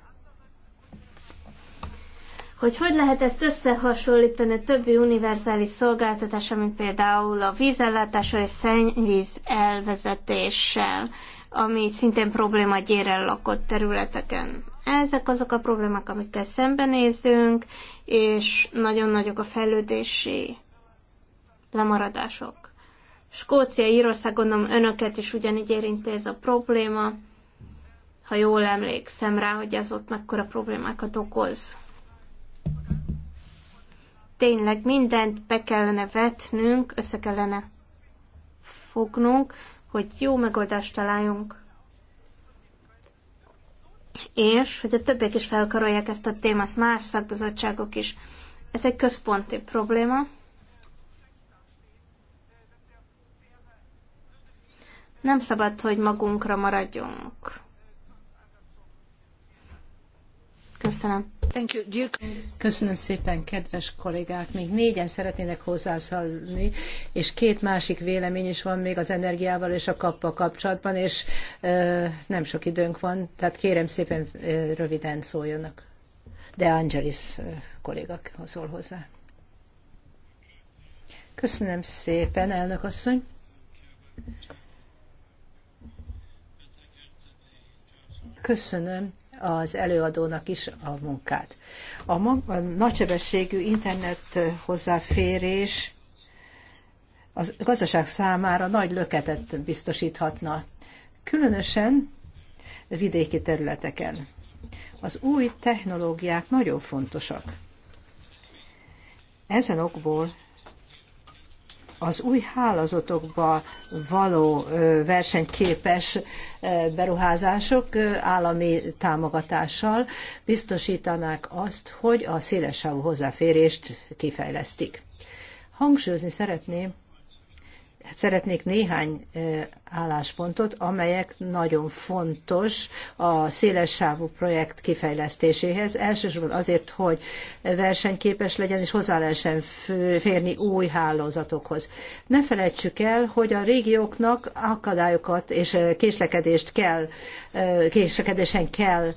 Hogy hogy lehet ezt összehasonlítani a többi univerzális szolgáltatás, mint például a vízellátással és szennyvíz elvezetéssel ami szintén probléma gyéren lakott területeken. Ezek azok a problémák, amikkel szembenézünk, és nagyon nagyok a fejlődési lemaradások. Skócia, Írország, gondolom önöket is ugyanígy érinti ez a probléma, ha jól emlékszem rá, hogy ez ott mekkora problémákat okoz. Tényleg mindent be kellene vetnünk, össze kellene fognunk, hogy jó megoldást találjunk, és hogy a többiek is felkarolják ezt a témát, más szakbizottságok is. Ez egy központi probléma. Nem szabad, hogy magunkra maradjunk. Köszönöm. Köszönöm szépen, kedves kollégák! Még négyen szeretnének hozzászólni, és két másik vélemény is van még az energiával és a kappa kapcsolatban, és ö, nem sok időnk van, tehát kérem szépen ö, röviden szóljanak. De Angelis kolléga szól hozzá. Köszönöm szépen, elnök asszony! Köszönöm az előadónak is a munkát. A, mag- a nagysebességű internet hozzáférés a gazdaság számára nagy löketet biztosíthatna, különösen vidéki területeken. Az új technológiák nagyon fontosak. Ezen okból az új hálózatokba való versenyképes beruházások állami támogatással biztosítanák azt, hogy a szélesávú hozzáférést kifejlesztik. Hangsúlyozni szeretném, szeretnék néhány álláspontot, amelyek nagyon fontos a széles sávú projekt kifejlesztéséhez. Elsősorban azért, hogy versenyképes legyen és hozzá lehessen férni új hálózatokhoz. Ne felejtsük el, hogy a régióknak akadályokat és késlekedést kell, késlekedésen kell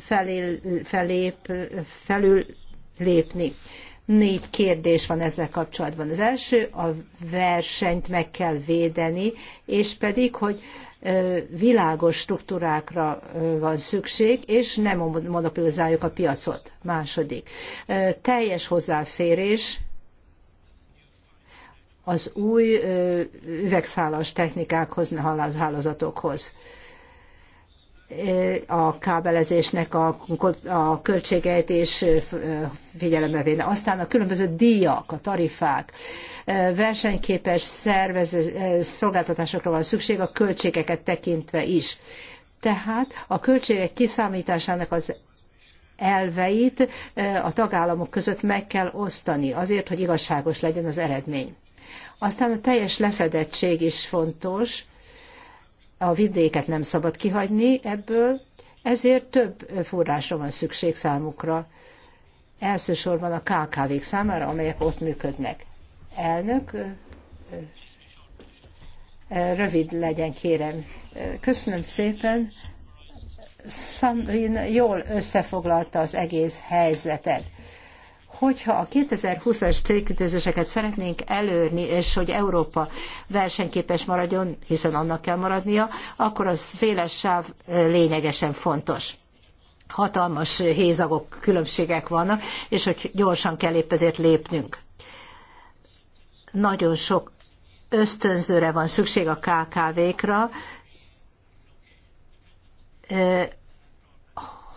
felé, felép, felül lépni Négy kérdés van ezzel kapcsolatban. Az első, a versenyt meg kell védeni, és pedig, hogy világos struktúrákra van szükség, és nem monopolizáljuk a piacot. Második, teljes hozzáférés az új üvegszálas technikákhoz, hálózatokhoz a kábelezésnek a, a költségeit és figyelembe véne. Aztán a különböző díjak, a tarifák, versenyképes szervez, szolgáltatásokra van szükség a költségeket tekintve is. Tehát a költségek kiszámításának az elveit a tagállamok között meg kell osztani, azért, hogy igazságos legyen az eredmény. Aztán a teljes lefedettség is fontos, a vidéket nem szabad kihagyni ebből, ezért több forrásra van szükség számukra, elsősorban a KKV-k számára, amelyek ott működnek. Elnök, rövid legyen, kérem. Köszönöm szépen. Szám, jól összefoglalta az egész helyzetet hogyha a 2020-as célkütőzéseket szeretnénk előrni, és hogy Európa versenyképes maradjon, hiszen annak kell maradnia, akkor a széles sáv lényegesen fontos hatalmas hézagok, különbségek vannak, és hogy gyorsan kell épp ezért lépnünk. Nagyon sok ösztönzőre van szükség a KKV-kra,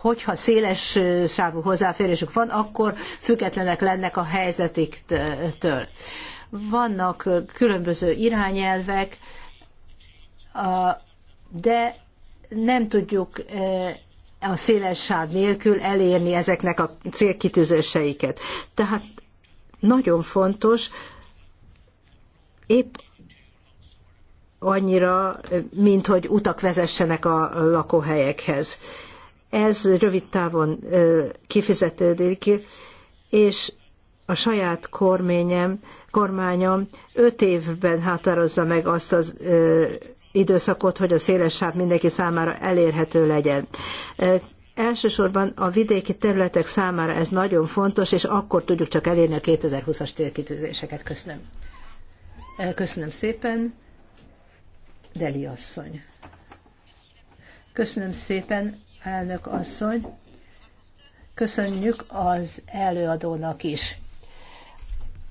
hogyha széles sávú hozzáférésük van, akkor függetlenek lennek a helyzetiktől. Vannak különböző irányelvek, de nem tudjuk a széles sáv nélkül elérni ezeknek a célkitűzéseiket. Tehát nagyon fontos, épp annyira, mint hogy utak vezessenek a lakóhelyekhez ez rövid távon kifizetődik, és a saját kormányom, kormányom öt évben határozza meg azt az időszakot, hogy a széles sáv mindenki számára elérhető legyen. Elsősorban a vidéki területek számára ez nagyon fontos, és akkor tudjuk csak elérni a 2020-as célkitűzéseket. Köszönöm. Köszönöm szépen. Deli asszony. Köszönöm szépen, elnök asszony. Köszönjük az előadónak is.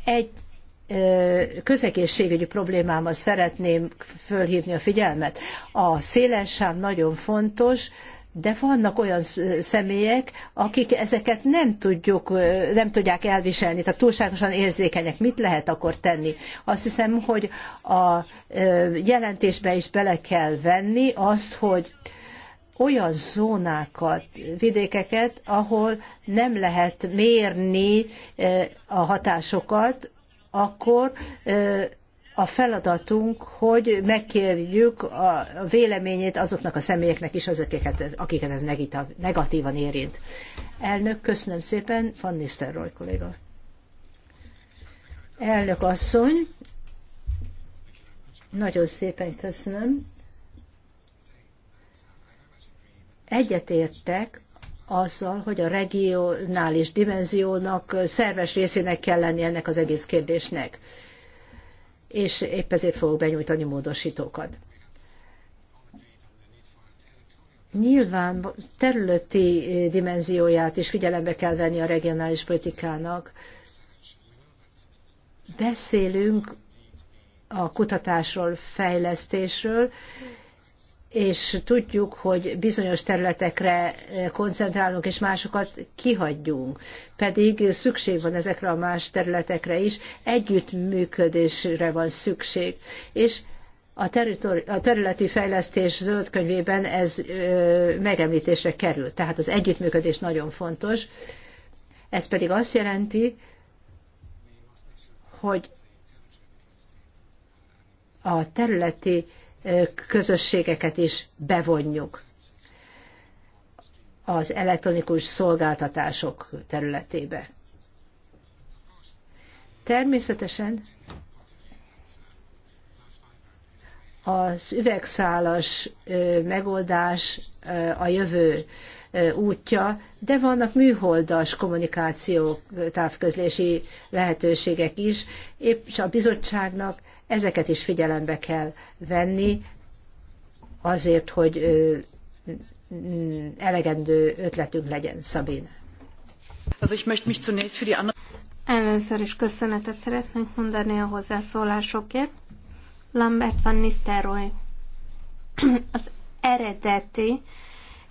Egy közegészségügyi problémámmal szeretném fölhívni a figyelmet. A szélensám nagyon fontos, de vannak olyan személyek, akik ezeket nem, tudjuk, nem tudják elviselni, tehát túlságosan érzékenyek. Mit lehet akkor tenni? Azt hiszem, hogy a jelentésbe is bele kell venni azt, hogy olyan zónákat, vidékeket, ahol nem lehet mérni e, a hatásokat, akkor e, a feladatunk, hogy megkérjük a véleményét azoknak a személyeknek is, azokiket, akiket ez negatívan érint. Elnök, köszönöm szépen, Van Nisterroy kolléga. Elnök asszony, nagyon szépen köszönöm. Egyetértek azzal, hogy a regionális dimenziónak szerves részének kell lennie ennek az egész kérdésnek. És épp ezért fogok benyújtani módosítókat. Nyilván területi dimenzióját is figyelembe kell venni a regionális politikának. Beszélünk a kutatásról, fejlesztésről, és tudjuk, hogy bizonyos területekre eh, koncentrálunk, és másokat kihagyjuk. Pedig szükség van ezekre a más területekre is, együttműködésre van szükség. És a, a területi fejlesztés zöld könyvében ez ö, eh, megemlítésre kerül. Tehát az együttműködés nagyon fontos. Ez pedig azt jelenti, hogy a területi közösségeket is bevonjuk az elektronikus szolgáltatások területébe. Természetesen az üvegszálas megoldás a jövő útja, de vannak műholdas kommunikáció távközlési lehetőségek is, és a bizottságnak Ezeket is figyelembe kell venni azért, hogy elegendő ötletünk legyen, Szabine. Also ich möchte mich zunächst für die andere Először is köszönetet szeretnénk mondani a hozzászólásokért. Lambert van Nisztelrooy. Az eredeti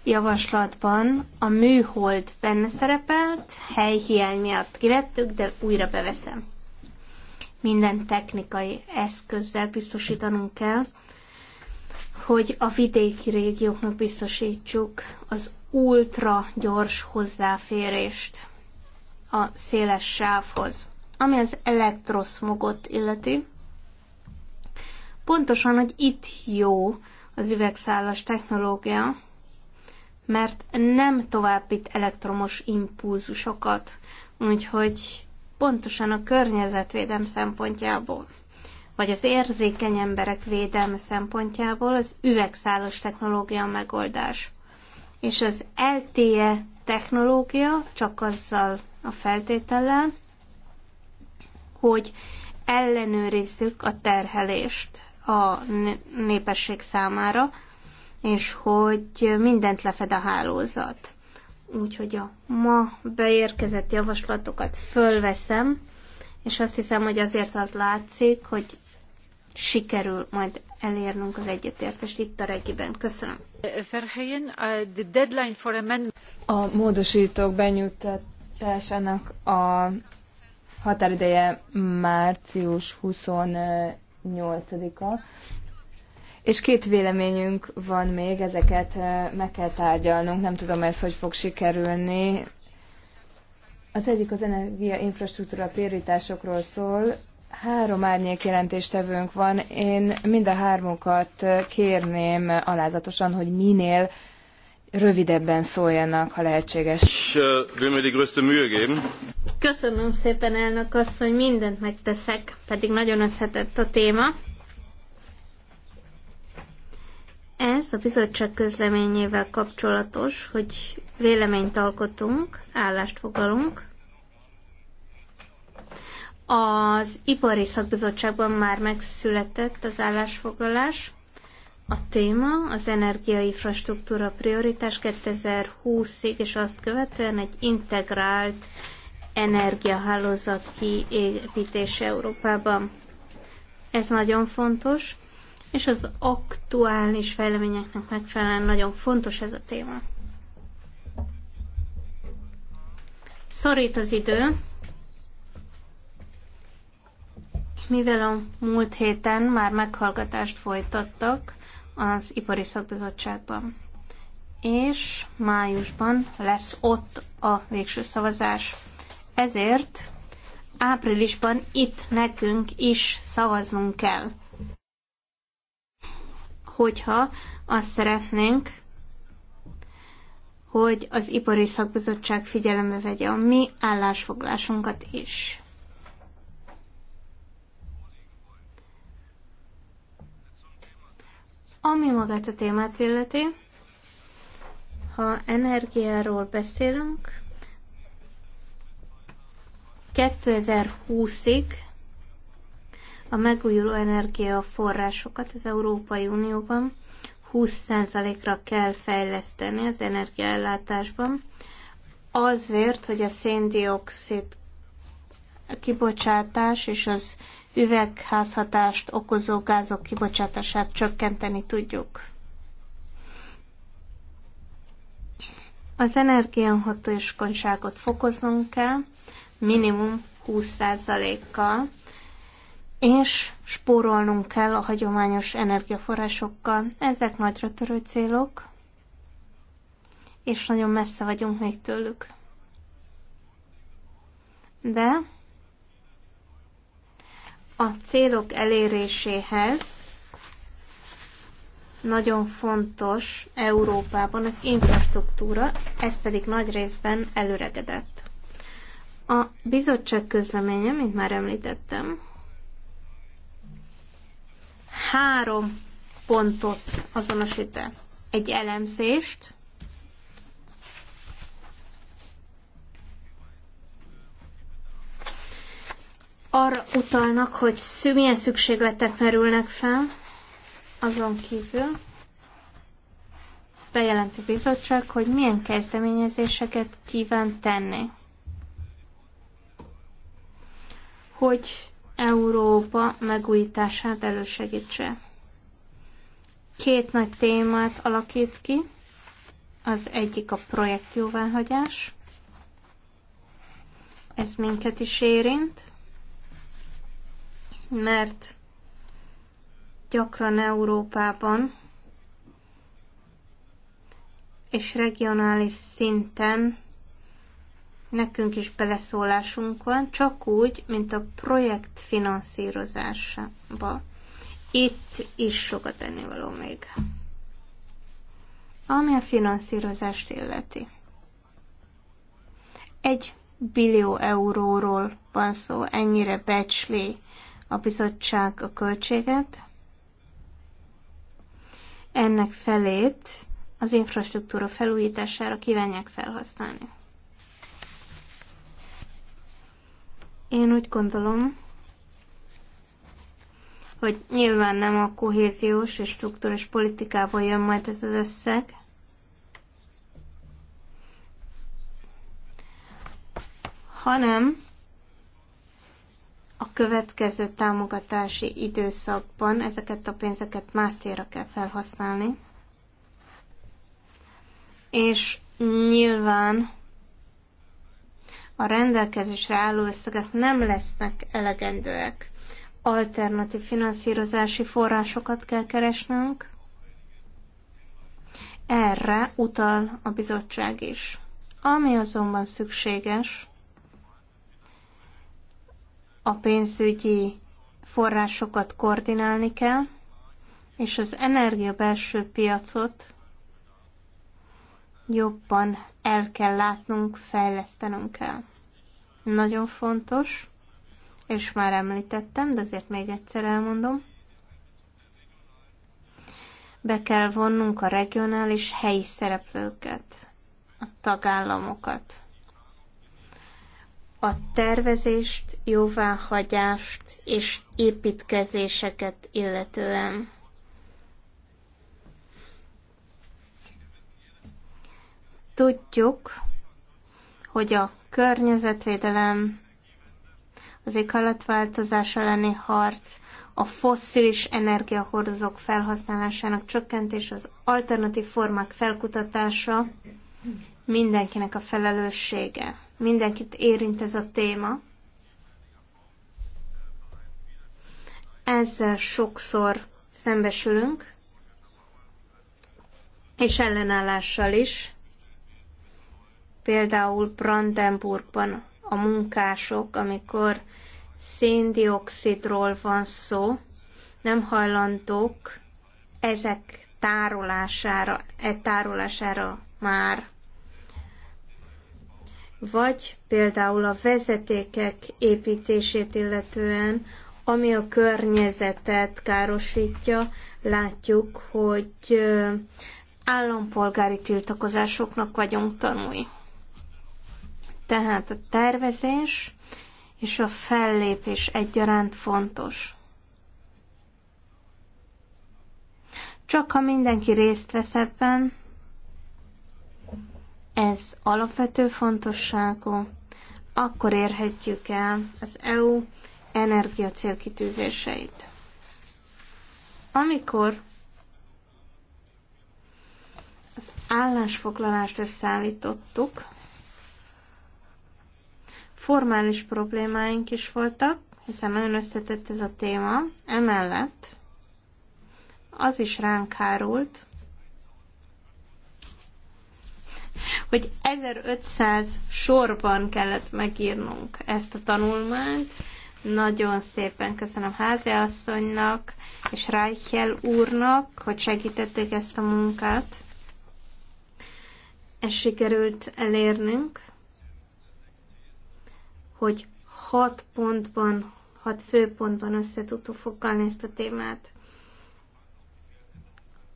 javaslatban a műhold benne szerepelt, helyhiány miatt kivettük, de újra beveszem minden technikai eszközzel biztosítanunk kell, hogy a vidéki régióknak biztosítsuk az ultra gyors hozzáférést a széles sávhoz. Ami az elektroszmogot illeti, pontosan, hogy itt jó az üvegszálas technológia, mert nem továbbít elektromos impulzusokat, úgyhogy pontosan a környezetvédelm szempontjából, vagy az érzékeny emberek védelme szempontjából az üvegszálas technológia a megoldás. És az LTE technológia csak azzal a feltétellel, hogy ellenőrizzük a terhelést a népesség számára, és hogy mindent lefed a hálózat. Úgyhogy a ma beérkezett javaslatokat fölveszem, és azt hiszem, hogy azért az látszik, hogy sikerül majd elérnünk az egyetértést itt a regiben. Köszönöm. A módosítók benyújtásának a határideje március 28-a és két véleményünk van még, ezeket meg kell tárgyalnunk, nem tudom ez, hogy fog sikerülni. Az egyik az energia infrastruktúra prioritásokról szól, Három árnyék jelentéstevőnk van. Én mind a hármukat kérném alázatosan, hogy minél rövidebben szóljanak, ha lehetséges. Köszönöm szépen, elnök asszony, mindent megteszek, pedig nagyon összetett a téma. Ez a bizottság közleményével kapcsolatos, hogy véleményt alkotunk, állást foglalunk. Az Ipari Szakbizottságban már megszületett az állásfoglalás. A téma az energiainfrastruktúra prioritás 2020-ig, és azt követően egy integrált energiahálózat kiépítése Európában. Ez nagyon fontos, és az aktuális fejleményeknek megfelelően nagyon fontos ez a téma. Szorít az idő, mivel a múlt héten már meghallgatást folytattak az Ipari Szakbizottságban, és májusban lesz ott a végső szavazás. Ezért áprilisban itt nekünk is szavaznunk kell hogyha azt szeretnénk, hogy az Ipari Szakbizottság figyelembe vegye a mi állásfoglásunkat is. Ami magát a témát illeti, ha energiáról beszélünk, 2020-ig a megújuló energiaforrásokat az Európai Unióban 20%-ra kell fejleszteni az energiaellátásban, azért, hogy a széndiokszid kibocsátás és az üvegházhatást okozó gázok kibocsátását csökkenteni tudjuk. Az energiahatékonyságot fokoznunk kell minimum 20%-kal, és spórolnunk kell a hagyományos energiaforrásokkal. Ezek nagyra törő célok, és nagyon messze vagyunk még tőlük. De a célok eléréséhez nagyon fontos Európában az infrastruktúra, ez pedig nagy részben előregedett. A bizottság közleménye, mint már említettem, három pontot azonosít el. Egy elemzést, arra utalnak, hogy milyen szükségletek merülnek fel, azon kívül bejelenti bizottság, hogy milyen kezdeményezéseket kíván tenni. Hogy Európa megújítását elősegítse. Két nagy témát alakít ki. Az egyik a projekt jóváhagyás. Ez minket is érint, mert gyakran Európában és regionális szinten nekünk is beleszólásunk van, csak úgy, mint a projekt finanszírozásába. Itt is sokat tennivaló még. Ami a finanszírozást illeti. Egy billió euróról van szó, ennyire becsli a bizottság a költséget. Ennek felét az infrastruktúra felújítására kívánják felhasználni. Én úgy gondolom, hogy nyilván nem a kohéziós és struktúrás politikából jön majd ez az összeg. hanem a következő támogatási időszakban ezeket a pénzeket más célra kell felhasználni. És nyilván a rendelkezésre álló összegek nem lesznek elegendőek. Alternatív finanszírozási forrásokat kell keresnünk. Erre utal a bizottság is. Ami azonban szükséges, a pénzügyi forrásokat koordinálni kell, és az energia belső piacot jobban el kell látnunk, fejlesztenünk kell. Nagyon fontos, és már említettem, de azért még egyszer elmondom. Be kell vonnunk a regionális helyi szereplőket, a tagállamokat. A tervezést, jóváhagyást és építkezéseket illetően. Tudjuk, hogy a környezetvédelem, az éghajlatváltozás elleni harc, a fosszilis energiahordozók felhasználásának csökkentése, az alternatív formák felkutatása mindenkinek a felelőssége. Mindenkit érint ez a téma. Ezzel sokszor szembesülünk, és ellenállással is. Például Brandenburgban a munkások, amikor széndiokszidról van szó, nem hajlandók ezek tárolására, e tárolására már. Vagy például a vezetékek építését illetően, ami a környezetet károsítja, látjuk, hogy állampolgári tiltakozásoknak vagyunk tanulni. Tehát a tervezés és a fellépés egyaránt fontos. Csak ha mindenki részt vesz ebben, ez alapvető fontosságú, akkor érhetjük el az EU energia célkitűzéseit. Amikor az állásfoglalást összeállítottuk, Formális problémáink is voltak, hiszen nagyon összetett ez a téma. Emellett az is ránk hárult, hogy 1500 sorban kellett megírnunk ezt a tanulmányt. Nagyon szépen köszönöm háziasszonynak és Reichel úrnak, hogy segítették ezt a munkát, és sikerült elérnünk hogy hat pontban, hat főpontban össze tudtuk foglalni ezt a témát.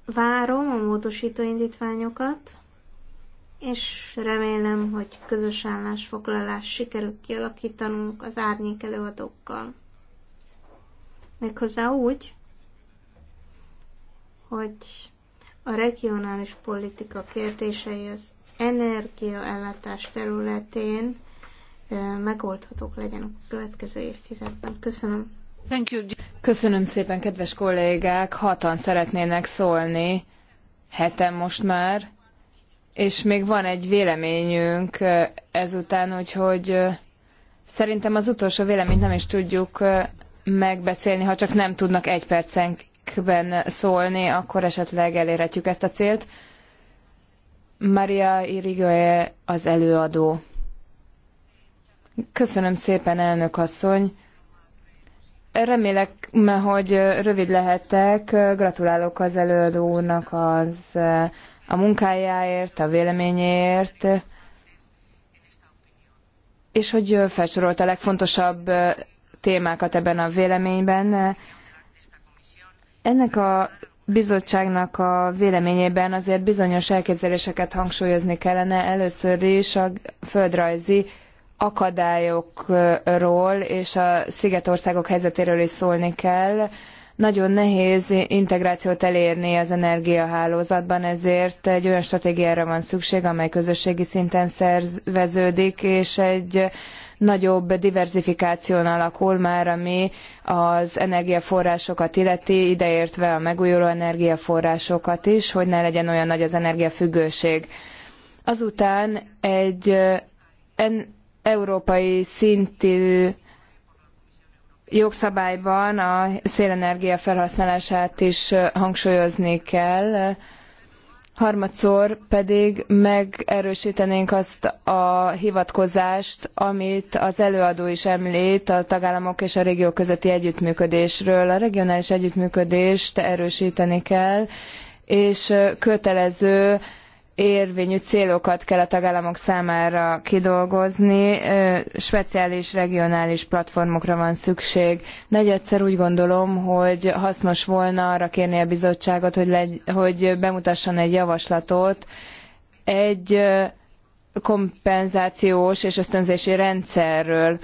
Várom a módosító indítványokat, és remélem, hogy közös állásfoglalás sikerül kialakítanunk az árnyék előadókkal. Méghozzá úgy, hogy a regionális politika kérdései az energiaellátás területén megoldhatók legyenek a következő évtizedben. Köszönöm. Thank you. Köszönöm szépen, kedves kollégák! Hatan szeretnének szólni, heten most már, és még van egy véleményünk ezután, úgyhogy szerintem az utolsó véleményt nem is tudjuk megbeszélni, ha csak nem tudnak egy percenkben szólni, akkor esetleg elérhetjük ezt a célt. Maria Irigoye az előadó. Köszönöm szépen, elnök asszony. Remélek, hogy rövid lehetek. Gratulálok az előadó úrnak az, a munkájáért, a véleményéért, és hogy felsorolt a legfontosabb témákat ebben a véleményben. Ennek a bizottságnak a véleményében azért bizonyos elképzeléseket hangsúlyozni kellene először is a földrajzi akadályokról és a szigetországok helyzetéről is szólni kell. Nagyon nehéz integrációt elérni az energiahálózatban, ezért egy olyan stratégiára van szükség, amely közösségi szinten szerveződik, és egy nagyobb diverzifikáción alakul már, ami az energiaforrásokat illeti, ideértve a megújuló energiaforrásokat is, hogy ne legyen olyan nagy az energiafüggőség. Azután egy en, európai szintű jogszabályban a szélenergia felhasználását is hangsúlyozni kell. Harmadszor pedig megerősítenénk azt a hivatkozást, amit az előadó is említ a tagállamok és a régiók közötti együttműködésről. A regionális együttműködést erősíteni kell, és kötelező érvényű célokat kell a tagállamok számára kidolgozni, speciális regionális platformokra van szükség. Negyedszer úgy gondolom, hogy hasznos volna arra kérni a bizottságot, hogy, legy, hogy bemutasson egy javaslatot, egy kompenzációs és ösztönzési rendszerről.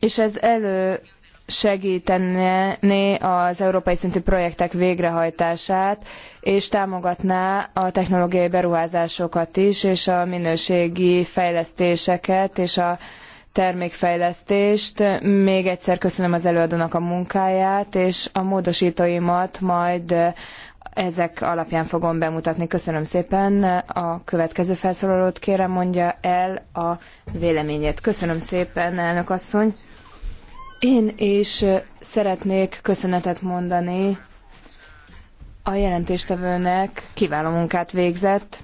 És ez elő segítené az európai szintű projektek végrehajtását, és támogatná a technológiai beruházásokat is, és a minőségi fejlesztéseket, és a termékfejlesztést. Még egyszer köszönöm az előadónak a munkáját, és a módosítóimat majd ezek alapján fogom bemutatni. Köszönöm szépen. A következő felszólalót kérem mondja el a véleményét. Köszönöm szépen, elnök asszony. Én is szeretnék köszönetet mondani a jelentéstevőnek, kiváló munkát végzett.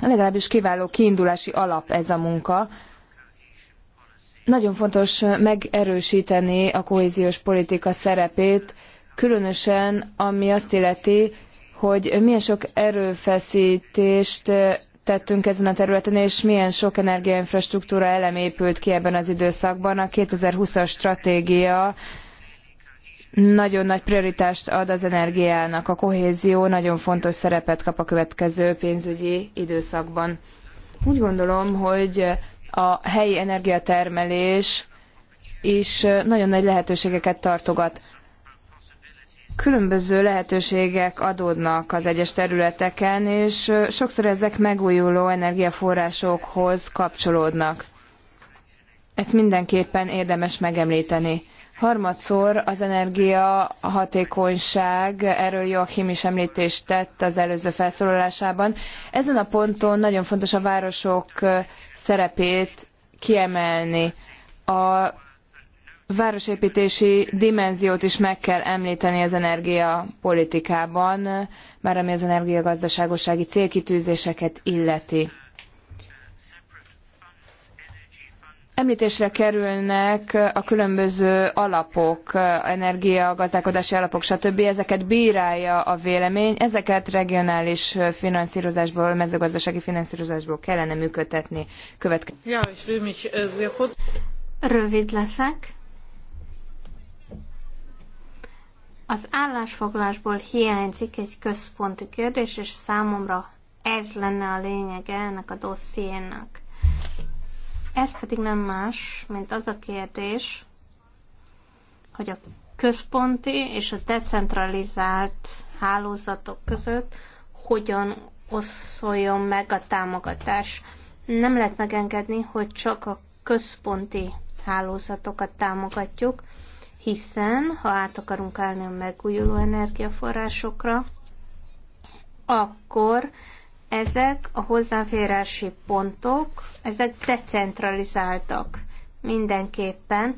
Legalábbis kiváló kiindulási alap ez a munka. Nagyon fontos megerősíteni a kohéziós politika szerepét, különösen ami azt illeti, hogy milyen sok erőfeszítést tettünk ezen a területen, és milyen sok energiainfrastruktúra elem épült ki ebben az időszakban. A 2020-as stratégia nagyon nagy prioritást ad az energiának. A kohézió nagyon fontos szerepet kap a következő pénzügyi időszakban. Úgy gondolom, hogy a helyi energiatermelés is nagyon nagy lehetőségeket tartogat különböző lehetőségek adódnak az egyes területeken, és sokszor ezek megújuló energiaforrásokhoz kapcsolódnak. Ezt mindenképpen érdemes megemlíteni. Harmadszor az energia hatékonyság, erről Joachim is említést tett az előző felszólalásában. Ezen a ponton nagyon fontos a városok szerepét kiemelni. A városépítési dimenziót is meg kell említeni az energiapolitikában, már ami az energiagazdaságosági célkitűzéseket illeti. Említésre kerülnek a különböző alapok, energia, gazdálkodási alapok, stb. Ezeket bírálja a vélemény, ezeket regionális finanszírozásból, mezőgazdasági finanszírozásból kellene működtetni. Következő. Ja, Rövid leszek. Az állásfoglásból hiányzik egy központi kérdés, és számomra ez lenne a lényege ennek a dossziénak. Ez pedig nem más, mint az a kérdés, hogy a központi és a decentralizált hálózatok között hogyan oszoljon meg a támogatás. Nem lehet megengedni, hogy csak a központi hálózatokat támogatjuk, hiszen ha át akarunk állni a megújuló energiaforrásokra, akkor ezek a hozzáférési pontok, ezek decentralizáltak mindenképpen,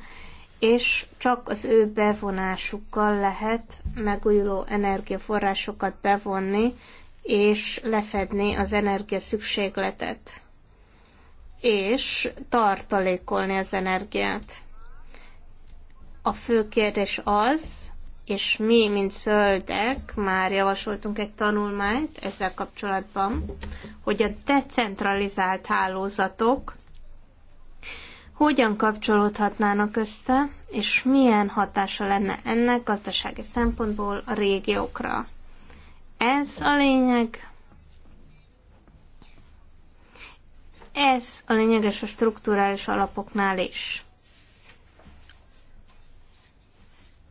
és csak az ő bevonásukkal lehet megújuló energiaforrásokat bevonni, és lefedni az energia szükségletet, és tartalékolni az energiát. A fő kérdés az, és mi, mint zöldek, már javasoltunk egy tanulmányt ezzel kapcsolatban, hogy a decentralizált hálózatok hogyan kapcsolódhatnának össze, és milyen hatása lenne ennek gazdasági szempontból a régiókra. Ez a lényeg. Ez a lényeges a strukturális alapoknál is.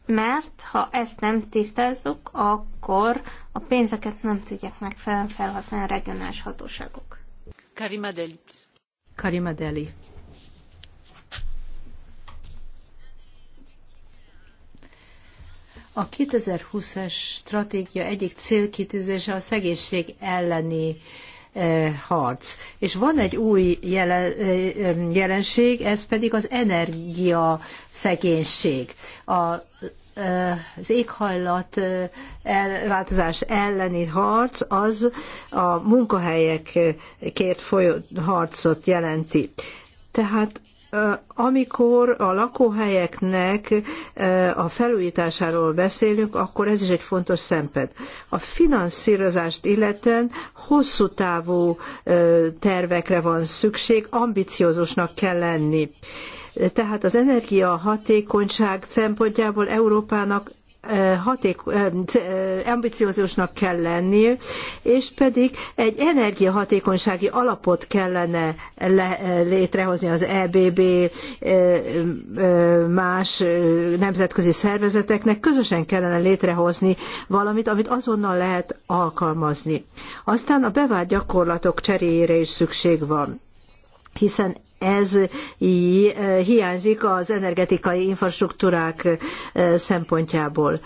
mert ha ezt nem tisztázzuk, akkor a pénzeket nem tudják megfelelően felhasználni a regionális hatóságok. Karima Deli. Karima Deli. A 2020-es stratégia egyik célkitűzése a szegénység elleni Eh, harc. És van egy új eh, jelenség, ez pedig az energia szegénység. A eh, az éghajlat elleni harc az a munkahelyekért folyó harcot jelenti. Tehát amikor a lakóhelyeknek a felújításáról beszélünk, akkor ez is egy fontos szempont. A finanszírozást illetően hosszú távú tervekre van szükség, ambiciózusnak kell lenni. Tehát az energiahatékonyság szempontjából Európának haték, ambiciózusnak kell lenni, és pedig egy energiahatékonysági alapot kellene létrehozni az EBB más nemzetközi szervezeteknek, közösen kellene létrehozni valamit, amit azonnal lehet alkalmazni. Aztán a bevált gyakorlatok cseréjére is szükség van hiszen ez eh, hiányzik az energetikai infrastruktúrák eh, szempontjából.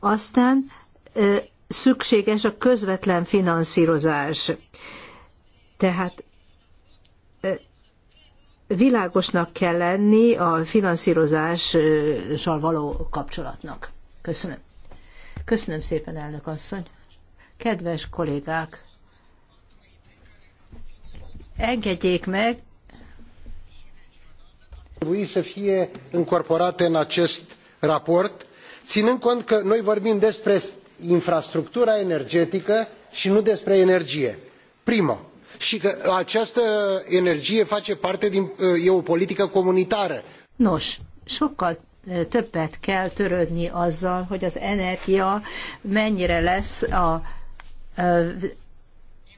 Aztán eh, szükséges a közvetlen finanszírozás. Tehát világosnak kell lenni a finanszírozással való kapcsolatnak. Köszönöm. Köszönöm szépen, elnök asszony. Kedves kollégák, engedjék meg, trebui să fie încorporate în acest raport inând cont că noi vorbim despre infrastructura energetică i nu despre energie primă i că această energie face parte din e o politică comunitară. Nos, sokkal e, többet kell törődni azzal, hogy az energia mennyire lesz a, a e,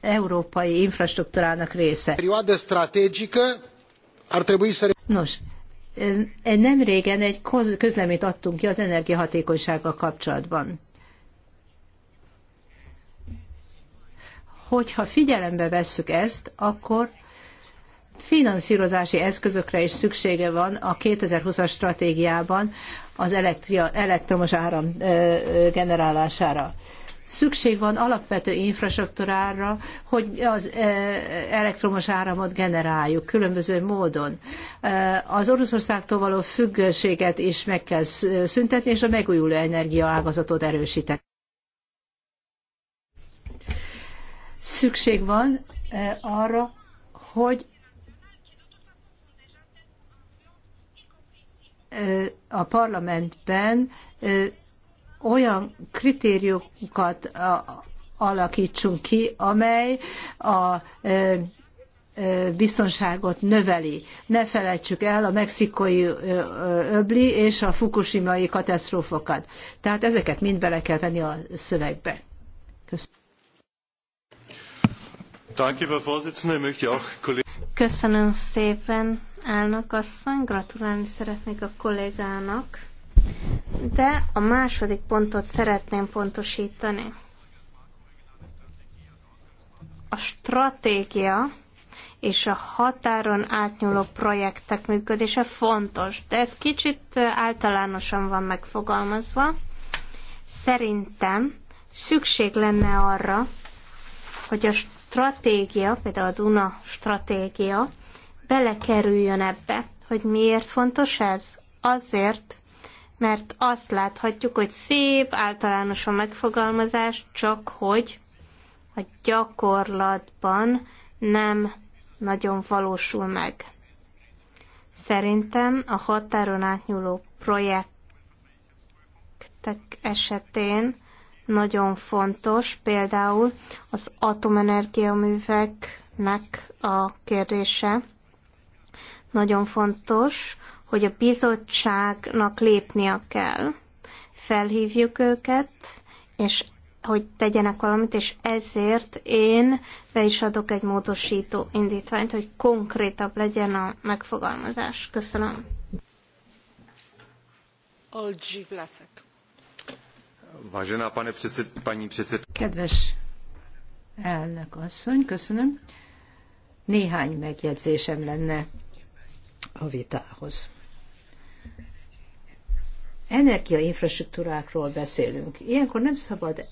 európai infrastruktúrának része. Perioadă strategică ar trebui să... Nos, nem régen egy közleményt adtunk ki az energiahatékonysággal kapcsolatban. Hogyha figyelembe vesszük ezt, akkor finanszírozási eszközökre is szüksége van a 2020-as stratégiában az elektromos áram generálására. Szükség van alapvető infrastruktúrára, hogy az e, elektromos áramot generáljuk különböző módon. E, az Oroszországtól való függőséget is meg kell szüntetni, és a megújuló energia ágazatot erősíteni. Szükség van e, arra, hogy a parlamentben olyan kritériumokat alakítsunk ki, amely a biztonságot növeli. Ne felejtsük el a mexikói öbli és a fukushimai katasztrófokat. Tehát ezeket mind bele kell venni a szövegbe. Köszönöm. Köszönöm szépen, elnök asszony. Gratulálni szeretnék a kollégának de a második pontot szeretném pontosítani. A stratégia és a határon átnyúló projektek működése fontos, de ez kicsit általánosan van megfogalmazva. Szerintem szükség lenne arra, hogy a stratégia, például a Duna stratégia belekerüljön ebbe. Hogy miért fontos ez? Azért, mert azt láthatjuk, hogy szép általános a megfogalmazás, csak hogy a gyakorlatban nem nagyon valósul meg. Szerintem a határon átnyúló projektek esetén nagyon fontos például az atomenergiaműveknek a kérdése. Nagyon fontos, hogy a bizottságnak lépnia kell. Felhívjuk őket, és hogy tegyenek valamit, és ezért én be is adok egy módosító indítványt, hogy konkrétabb legyen a megfogalmazás. Köszönöm. Olgyi Vážená pane předsed, paní předsed... Kedves elnök asszony, köszönöm. Néhány megjegyzésem lenne a vitához energiainfrastruktúrákról beszélünk. Ilyenkor nem szabad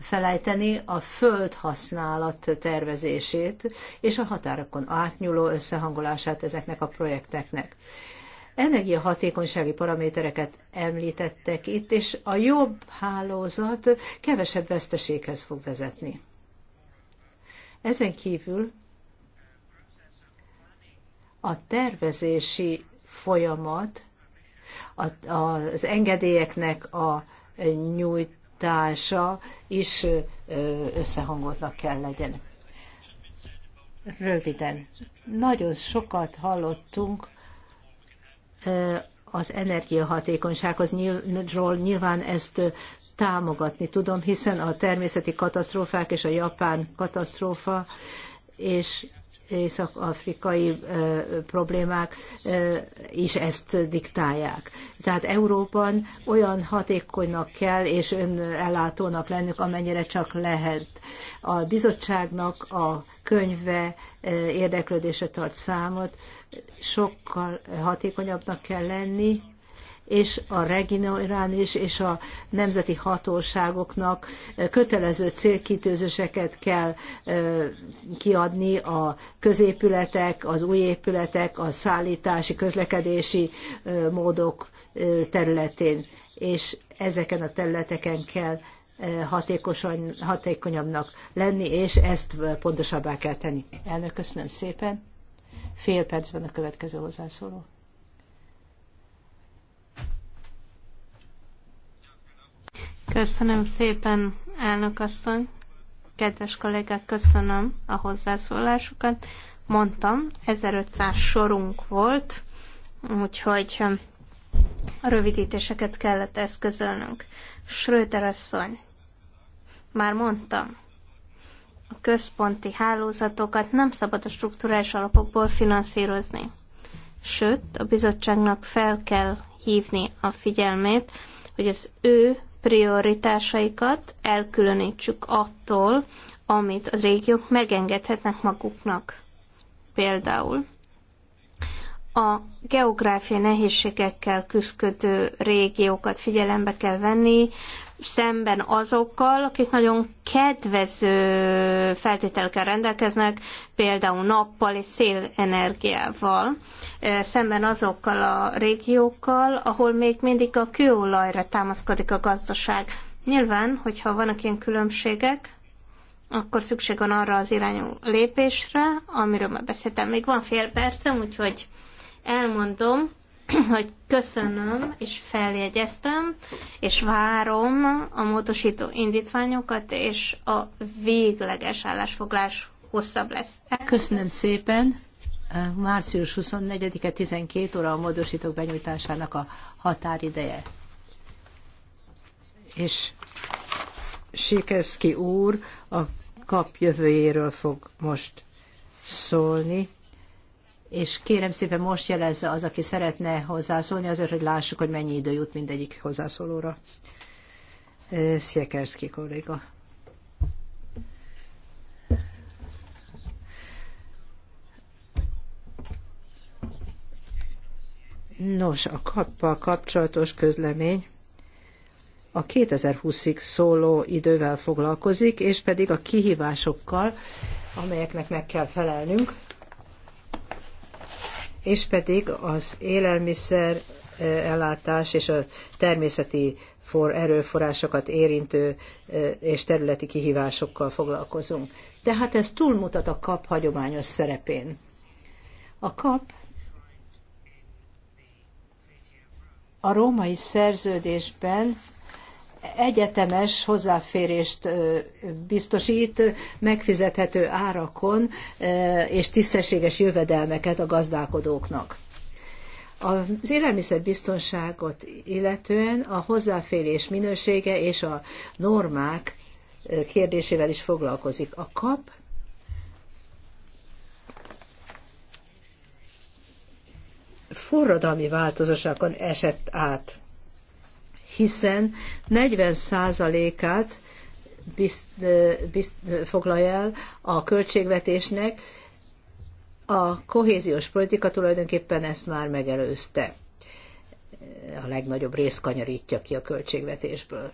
elfelejteni a földhasználat tervezését és a határokon átnyúló összehangolását ezeknek a projekteknek. Energiahatékonysági paramétereket említettek itt, és a jobb hálózat kevesebb veszteséghez fog vezetni. Ezen kívül a tervezési folyamat, az engedélyeknek a nyújtása is összehangoltnak kell legyen. Röviden. Nagyon sokat hallottunk az energiahatékonysághoz nyilván, nyilván ezt támogatni tudom, hiszen a természeti katasztrófák és a japán katasztrófa és észak-afrikai problémák is ezt diktálják. Tehát Európán olyan hatékonynak kell és önellátónak lennünk, amennyire csak lehet. A bizottságnak a könyve érdeklődése tart számot, sokkal hatékonyabbnak kell lenni, és a regionális és a nemzeti hatóságoknak kötelező célkitőzéseket kell kiadni a középületek, az új épületek, a szállítási, közlekedési módok területén, és ezeken a területeken kell hatékonyabbnak lenni, és ezt pontosabbá kell tenni. Elnök, köszönöm szépen. Fél percben a következő hozzászóló. Köszönöm szépen, elnök asszony. Kedves kollégák, köszönöm a hozzászólásukat. Mondtam, 1500 sorunk volt, úgyhogy a um, rövidítéseket kellett eszközölnünk. Schröder asszony, már mondtam, a központi hálózatokat nem szabad a struktúrás alapokból finanszírozni. Sőt, a bizottságnak fel kell hívni a figyelmét, hogy az ő prioritásaikat elkülönítsük attól, amit a régiók megengedhetnek maguknak. Például a geográfiai nehézségekkel küzdködő régiókat figyelembe kell venni, szemben azokkal, akik nagyon kedvező feltételkel rendelkeznek, például nappal és szélenergiával, szemben azokkal a régiókkal, ahol még mindig a kőolajra támaszkodik a gazdaság. Nyilván, hogyha vannak ilyen különbségek, akkor szükség van arra az irányú lépésre, amiről már beszéltem. Még van fél percem, úgyhogy elmondom, hogy köszönöm, és feljegyeztem, és várom a módosító indítványokat, és a végleges állásfoglás hosszabb lesz. Köszönöm szépen. Március 24-e 12 óra a módosítók benyújtásának a határideje. És Sikerszki úr a kap jövőjéről fog most szólni és kérem szépen most jelezze az, aki szeretne hozzászólni, azért, hogy lássuk, hogy mennyi idő jut mindegyik hozzászólóra. Sziekerszki kolléga. Nos, a kappal kapcsolatos közlemény a 2020-ig szóló idővel foglalkozik, és pedig a kihívásokkal, amelyeknek meg kell felelnünk és pedig az élelmiszer eh, ellátás és a természeti for erőforrásokat érintő eh, és területi kihívásokkal foglalkozunk. Tehát ez túlmutat a kap hagyományos szerepén. A kap a római szerződésben egyetemes hozzáférést biztosít megfizethető árakon és tisztességes jövedelmeket a gazdálkodóknak. Az élelmiszerbiztonságot illetően a hozzáférés minősége és a normák kérdésével is foglalkozik. A kap forradalmi változásokon esett át hiszen 40%-át bizt, bizt, foglalja el a költségvetésnek, a kohéziós politika tulajdonképpen ezt már megelőzte. A legnagyobb rész kanyarítja ki a költségvetésből.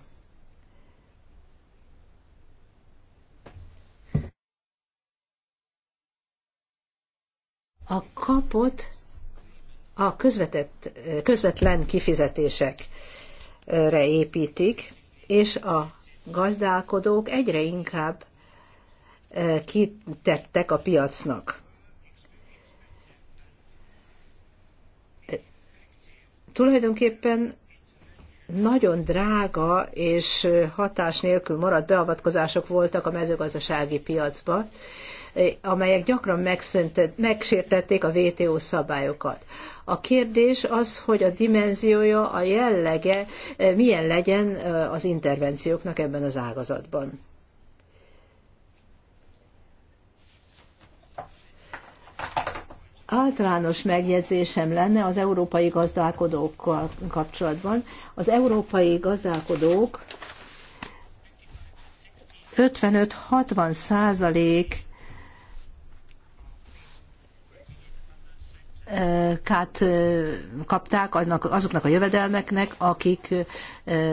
A kapot a közvetett, közvetlen kifizetések re építik, és a gazdálkodók egyre inkább e, kitettek a piacnak. Tulajdonképpen nagyon drága és hatás nélkül maradt beavatkozások voltak a mezőgazdasági piacba, amelyek gyakran megsértették a WTO szabályokat. A kérdés az, hogy a dimenziója, a jellege eh, milyen legyen eh, az intervencióknak ebben az ágazatban. általános megjegyzésem lenne az európai gazdálkodókkal kapcsolatban. Az európai gazdálkodók 55-60 százalék kát kapták azoknak a jövedelmeknek, akik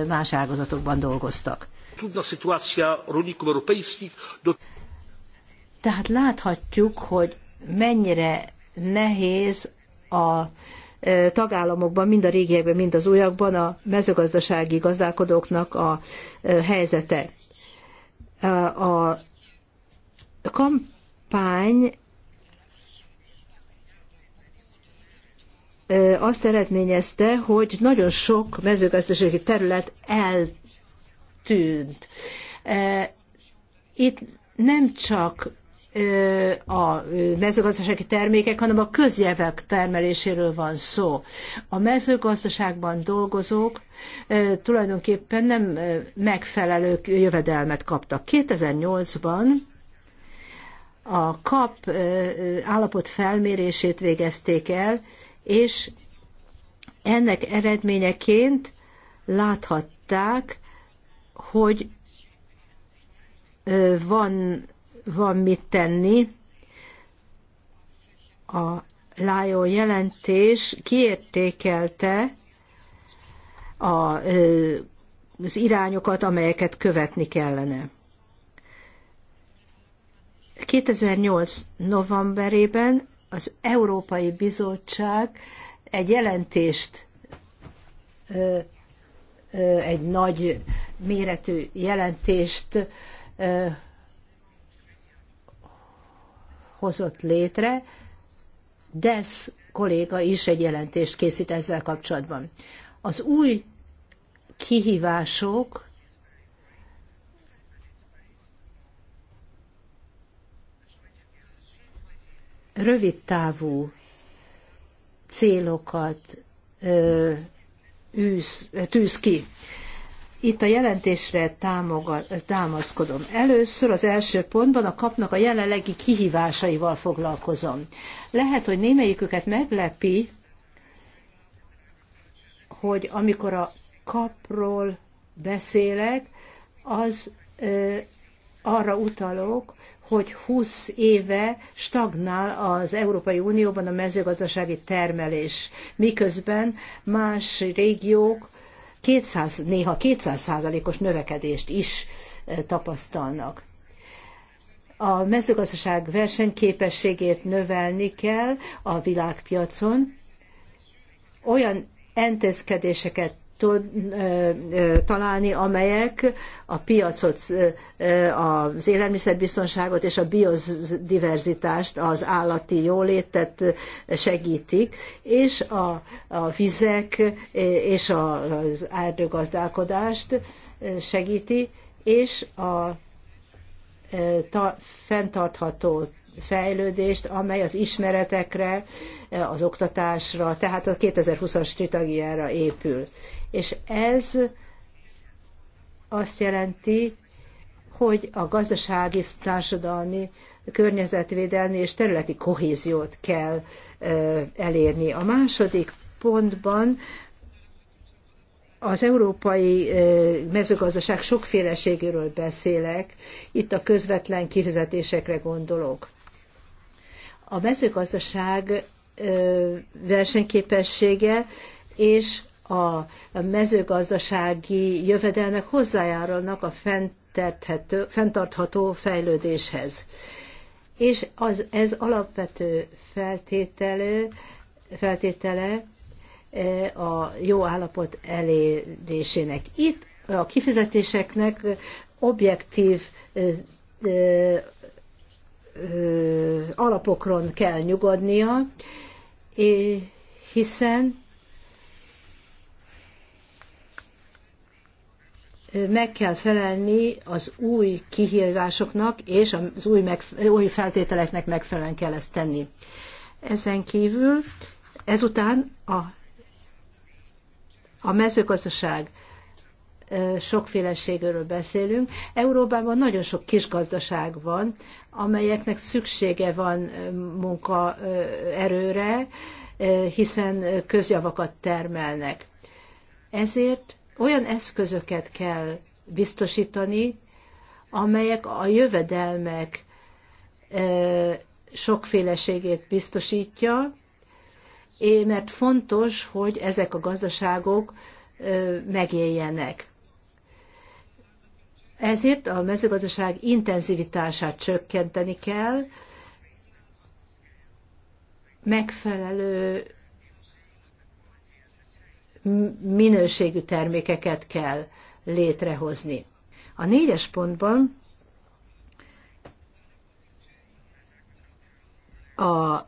más ágazatokban dolgoztak. Tehát láthatjuk, hogy mennyire nehéz a tagállamokban, mind a régiekben, mind az újakban a mezőgazdasági gazdálkodóknak a helyzete. A kampány azt eredményezte, hogy nagyon sok mezőgazdasági terület eltűnt. Itt nem csak a mezőgazdasági termékek, hanem a közjevek termeléséről van szó. A mezőgazdaságban dolgozók tulajdonképpen nem megfelelő jövedelmet kaptak. 2008-ban a KAP állapot felmérését végezték el, és ennek eredményeként láthatták, hogy van, van mit tenni. A Lájó jelentés kiértékelte a, az irányokat, amelyeket követni kellene. 2008. novemberében az Európai Bizottság egy jelentést, egy nagy méretű jelentést hozott létre. Desz kolléga is egy jelentést készít ezzel kapcsolatban. Az új kihívások rövid távú célokat ö, űz, tűz ki. Itt a jelentésre támogat, támaszkodom. Először az első pontban a kapnak a jelenlegi kihívásaival foglalkozom. Lehet, hogy némelyiküket meglepi, hogy amikor a kapról beszélek, az ö, arra utalok, hogy 20 éve stagnál az Európai Unióban a mezőgazdasági termelés, miközben más régiók 200, néha 200 százalékos növekedést is eh, tapasztalnak. A mezőgazdaság versenyképességét növelni kell a világpiacon, olyan intézkedéseket találni, amelyek a piacot, az élelmiszerbiztonságot és a biodiverzitást, az állati jólétet segítik, és a, a vizek és az erdőgazdálkodást segíti, és a fenntartható fejlődést, amely az ismeretekre, az oktatásra, tehát a 2020-as stratégiára épül. És ez azt jelenti, hogy a gazdasági, társadalmi, környezetvédelmi és területi kohéziót kell elérni. A második pontban az európai mezőgazdaság sokféleségéről beszélek, itt a közvetlen kifizetésekre gondolok a mezőgazdaság versenyképessége és a mezőgazdasági jövedelmek hozzájárulnak a fenntartható fejlődéshez. És az, ez alapvető feltétele, feltétele a jó állapot elérésének. Itt a kifizetéseknek objektív alapokron kell nyugodnia, hiszen meg kell felelni az új kihívásoknak, és az új, új feltételeknek megfelelően kell ezt tenni. Ezen kívül ezután a, a mezőgazdaság sokféleségről beszélünk. Európában nagyon sok kis gazdaság van, amelyeknek szüksége van munkaerőre, hiszen közjavakat termelnek. Ezért olyan eszközöket kell biztosítani, amelyek a jövedelmek sokféleségét biztosítja, mert fontos, hogy ezek a gazdaságok megéljenek. Ezért a mezőgazdaság intenzivitását csökkenteni kell, megfelelő minőségű termékeket kell létrehozni. A négyes pontban a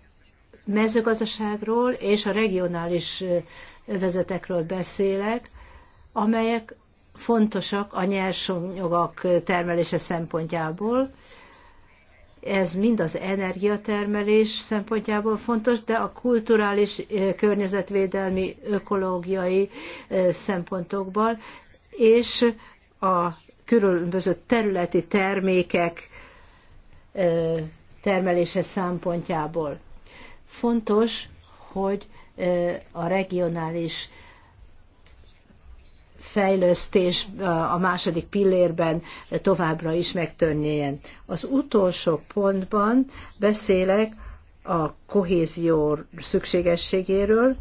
mezőgazdaságról és a regionális övezetekről beszélek, amelyek fontosak a nyersanyagok termelése szempontjából. Ez mind az energiatermelés szempontjából fontos, de a kulturális, környezetvédelmi, ökológiai szempontokban, és a különböző területi termékek termelése szempontjából. Fontos, hogy a regionális fejlesztés a második pillérben továbbra is megtörnjen. Az utolsó pontban beszélek a kohézió szükségességéről.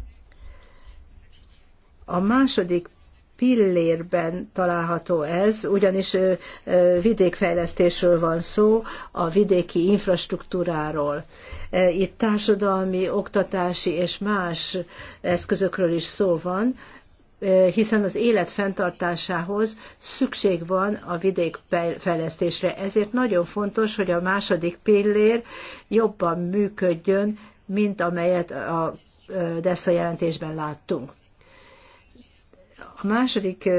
A második pillérben található ez, ugyanis vidékfejlesztésről van szó, a vidéki infrastruktúráról. Itt társadalmi, oktatási és más eszközökről is szó van, hiszen az élet fenntartásához szükség van a vidékfejlesztésre. Ezért nagyon fontos, hogy a második pillér jobban működjön, mint amelyet a DESZA jelentésben láttunk. A második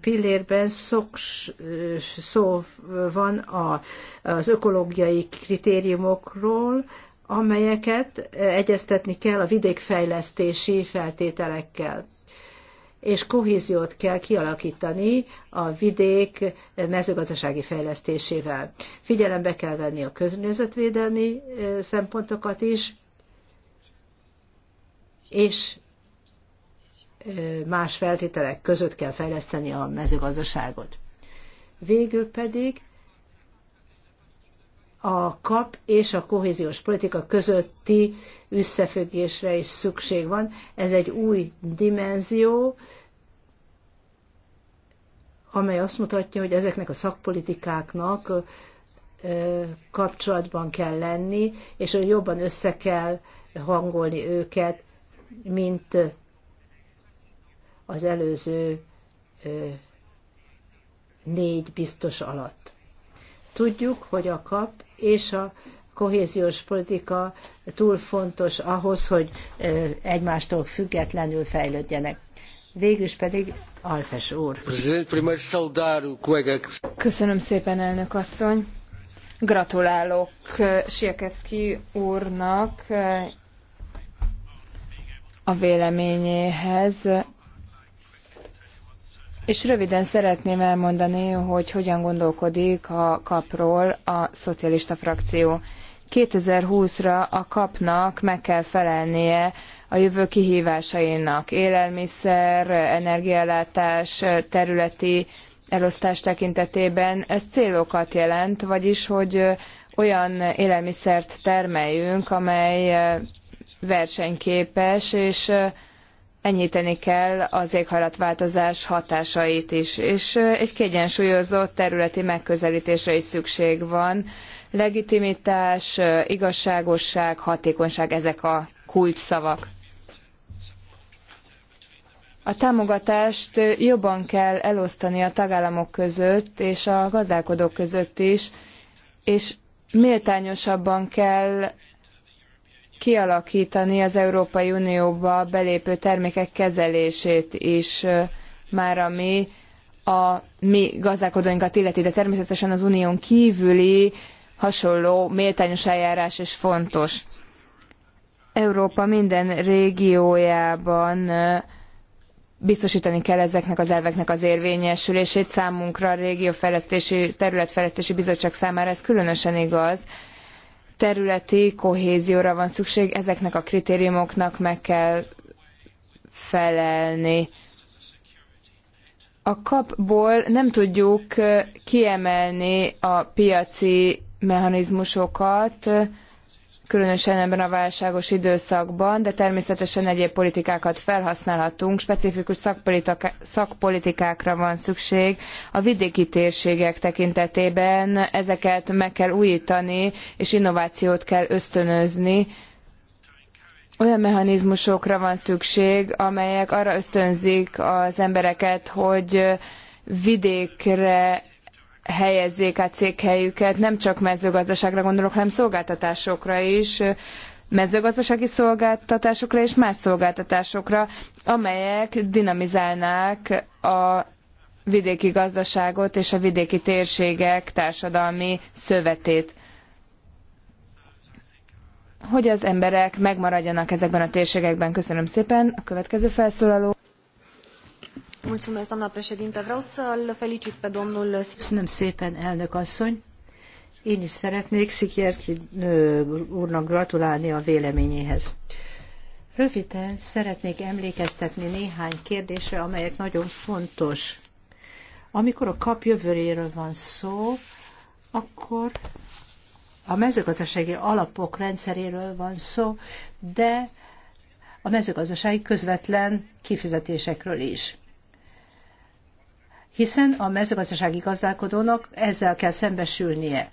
pillérben szok, szó van az ökológiai kritériumokról, amelyeket egyeztetni kell a vidékfejlesztési feltételekkel és kohéziót kell kialakítani a vidék mezőgazdasági fejlesztésével. Figyelembe kell venni a környezetvédelmi szempontokat is, és más feltételek között kell fejleszteni a mezőgazdaságot. Végül pedig a kap és a kohéziós politika közötti összefüggésre is szükség van. Ez egy új dimenzió, amely azt mutatja, hogy ezeknek a szakpolitikáknak kapcsolatban kell lenni, és hogy jobban össze kell hangolni őket, mint az előző négy biztos alatt. Tudjuk, hogy a kap és a kohéziós politika túl fontos ahhoz, hogy egymástól függetlenül fejlődjenek. Végül pedig Alfes úr. Köszönöm szépen, elnök asszony. Gratulálok Sierkevszki úrnak a véleményéhez. És röviden szeretném elmondani, hogy hogyan gondolkodik a kapról a szocialista frakció. 2020-ra a kapnak meg kell felelnie a jövő kihívásainak. Élelmiszer, energiállátás, területi elosztás tekintetében ez célokat jelent, vagyis hogy olyan élelmiszert termeljünk, amely versenyképes, és enyhíteni kell az éghajlatváltozás hatásait is, és egy kiegyensúlyozott területi megközelítésre is szükség van. Legitimitás, igazságosság, hatékonyság, ezek a kulcsszavak. A támogatást jobban kell elosztani a tagállamok között és a gazdálkodók között is, és méltányosabban kell kialakítani az Európai Unióba belépő termékek kezelését is, már ami a mi gazdálkodóinkat illeti, de természetesen az unión kívüli hasonló méltányos eljárás is fontos. Európa minden régiójában biztosítani kell ezeknek az elveknek az érvényesülését számunkra, a régiófejlesztési, területfejlesztési bizottság számára ez különösen igaz, területi kohézióra van szükség, ezeknek a kritériumoknak meg kell felelni. A kapból nem tudjuk kiemelni a piaci mechanizmusokat, különösen ebben a válságos időszakban, de természetesen egyéb politikákat felhasználhatunk, specifikus szakpolitikákra van szükség. A vidéki térségek tekintetében ezeket meg kell újítani, és innovációt kell ösztönözni. Olyan mechanizmusokra van szükség, amelyek arra ösztönzik az embereket, hogy vidékre helyezzék át székhelyüket, nem csak mezőgazdaságra gondolok, hanem szolgáltatásokra is, mezőgazdasági szolgáltatásokra és más szolgáltatásokra, amelyek dinamizálnák a vidéki gazdaságot és a vidéki térségek társadalmi szövetét. Hogy az emberek megmaradjanak ezekben a térségekben. Köszönöm szépen. A következő felszólaló. Mulțumesc, doamna președinte. Vreau să felicit pe domnul... szépen, elnök asszony. Én is szeretnék Szikierszki úrnak gratulálni a véleményéhez. Röviden szeretnék emlékeztetni néhány kérdésre, amelyek nagyon fontos. Amikor a kap jövőjéről van szó, akkor a mezőgazdasági alapok rendszeréről van szó, de a mezőgazdasági közvetlen kifizetésekről is hiszen a mezőgazdasági gazdálkodónak ezzel kell szembesülnie.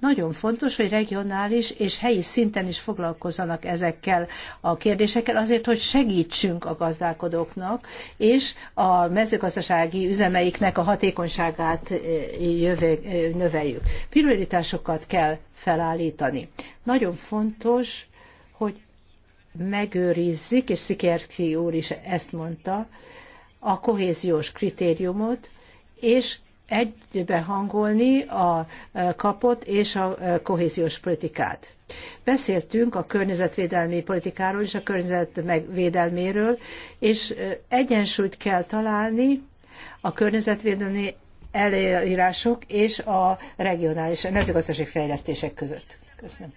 Nagyon fontos, hogy regionális és helyi szinten is foglalkozzanak ezekkel a kérdésekkel, azért, hogy segítsünk a gazdálkodóknak, és a mezőgazdasági üzemeiknek a hatékonyságát e, jövő, e, növeljük. Prioritásokat kell felállítani. Nagyon fontos, hogy megőrizzik és Szikerki úr is ezt mondta, a kohéziós kritériumot, és egybehangolni a e, kapot és a e, kohéziós politikát. Beszéltünk a környezetvédelmi politikáról és a környezet megvédelméről, és e, egyensúlyt kell találni a környezetvédelmi elírások és a regionális mezőgazdasági fejlesztések között. Köszönöm.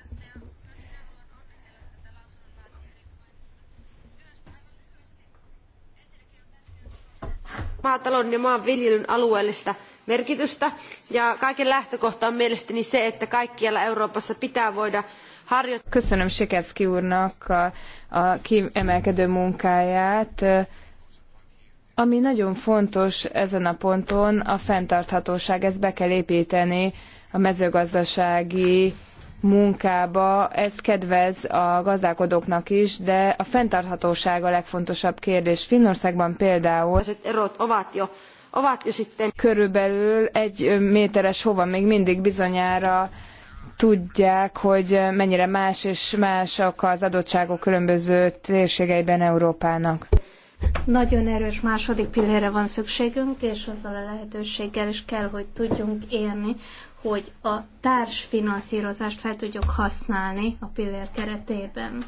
maatalouden ja maanviljelyn alueellista merkitystä ja kaiken lähtökohta on mielestäni se, että kaikkialla Euroopassa pitää voida harjoittaa. Köszönöm Sikerszki úrnak a, a kiemelkedő munkáját. Ami nagyon fontos ezen a ponton, a fenntarthatóság, ezt be kell építeni a mezőgazdasági munkába. Ez kedvez a gazdálkodóknak is, de a fenntarthatóság a legfontosabb kérdés. Finnországban például körülbelül egy méteres hova még mindig bizonyára tudják, hogy mennyire más és másak az adottságok különböző térségeiben Európának. Nagyon erős második pillére van szükségünk, és azzal a lehetőséggel is kell, hogy tudjunk élni, hogy a társfinanszírozást fel tudjuk használni a pillér keretében.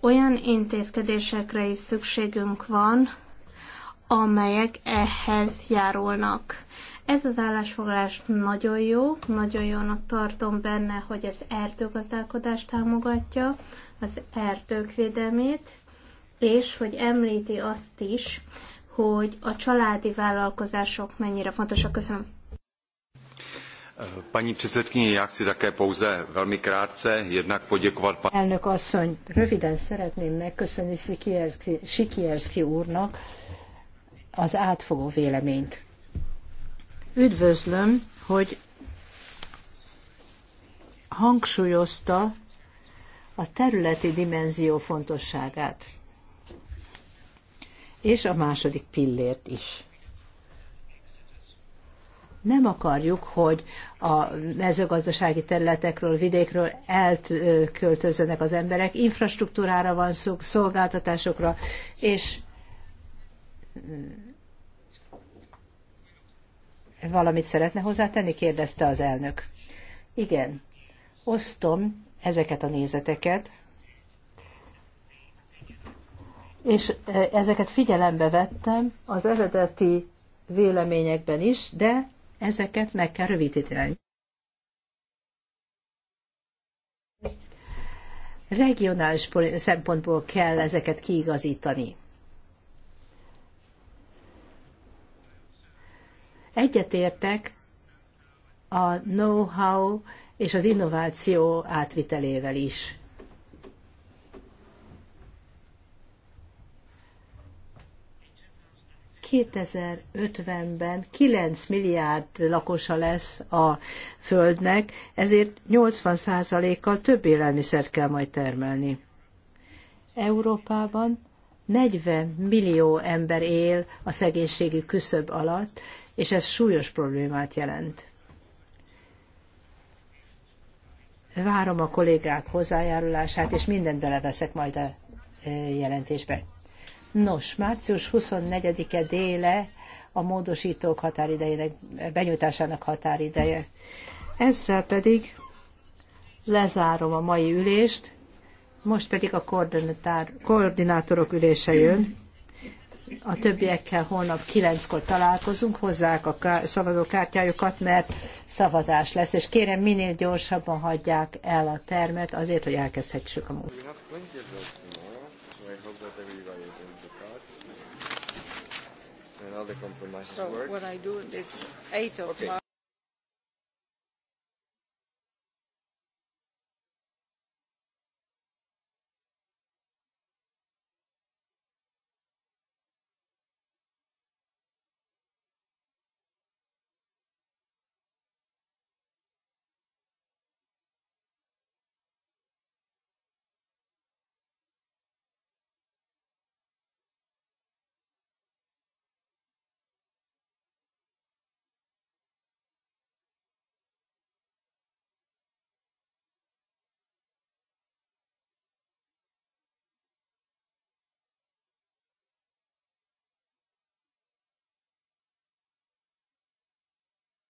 Olyan intézkedésekre is szükségünk van, amelyek ehhez járulnak. Ez az állásfoglalás nagyon jó, nagyon jónak tartom benne, hogy az erdőgazdálkodást támogatja, az erdők védelmét, és hogy említi azt is, hogy a családi vállalkozások mennyire fontosak. Köszönöm. Paní předsedkyně, já chci také pouze velmi krátce jednak poděkovat pan... Elnök asszony, röviden szeretném megköszönni Sikierski, Sikierski úrnak az átfogó véleményt. Üdvözlöm, hogy hangsúlyozta a területi dimenzió fontosságát, és a második pillért is. Nem akarjuk, hogy a mezőgazdasági területekről, vidékről elköltözzenek az emberek. Infrastruktúrára van szó, szolgáltatásokra, és valamit szeretne hozzátenni? kérdezte az elnök. Igen, osztom ezeket a nézeteket, és eh, ezeket figyelembe vettem az eredeti véleményekben is, de ezeket meg kell rövidíteni. Regionális szempontból kell ezeket kiigazítani. Egyetértek a know-how és az innováció átvitelével is. 2050-ben 9 milliárd lakosa lesz a Földnek, ezért 80%-kal több élelmiszert kell majd termelni. Európában 40 millió ember él a szegénységi küszöb alatt, és ez súlyos problémát jelent. Várom a kollégák hozzájárulását, és mindent beleveszek majd a e, jelentésbe. Nos, március 24-e déle a módosítók határidejének, benyújtásának határideje. Ezzel pedig lezárom a mai ülést, most pedig a koordinátorok ülése jön. A többiekkel holnap kilenckor találkozunk, hozzák a szavazókártyájukat, mert szavazás lesz, és kérem minél gyorsabban hagyják el a termet azért, hogy elkezdhessük a munkát. how the compromises so work. What I do, it's 8 of okay. March.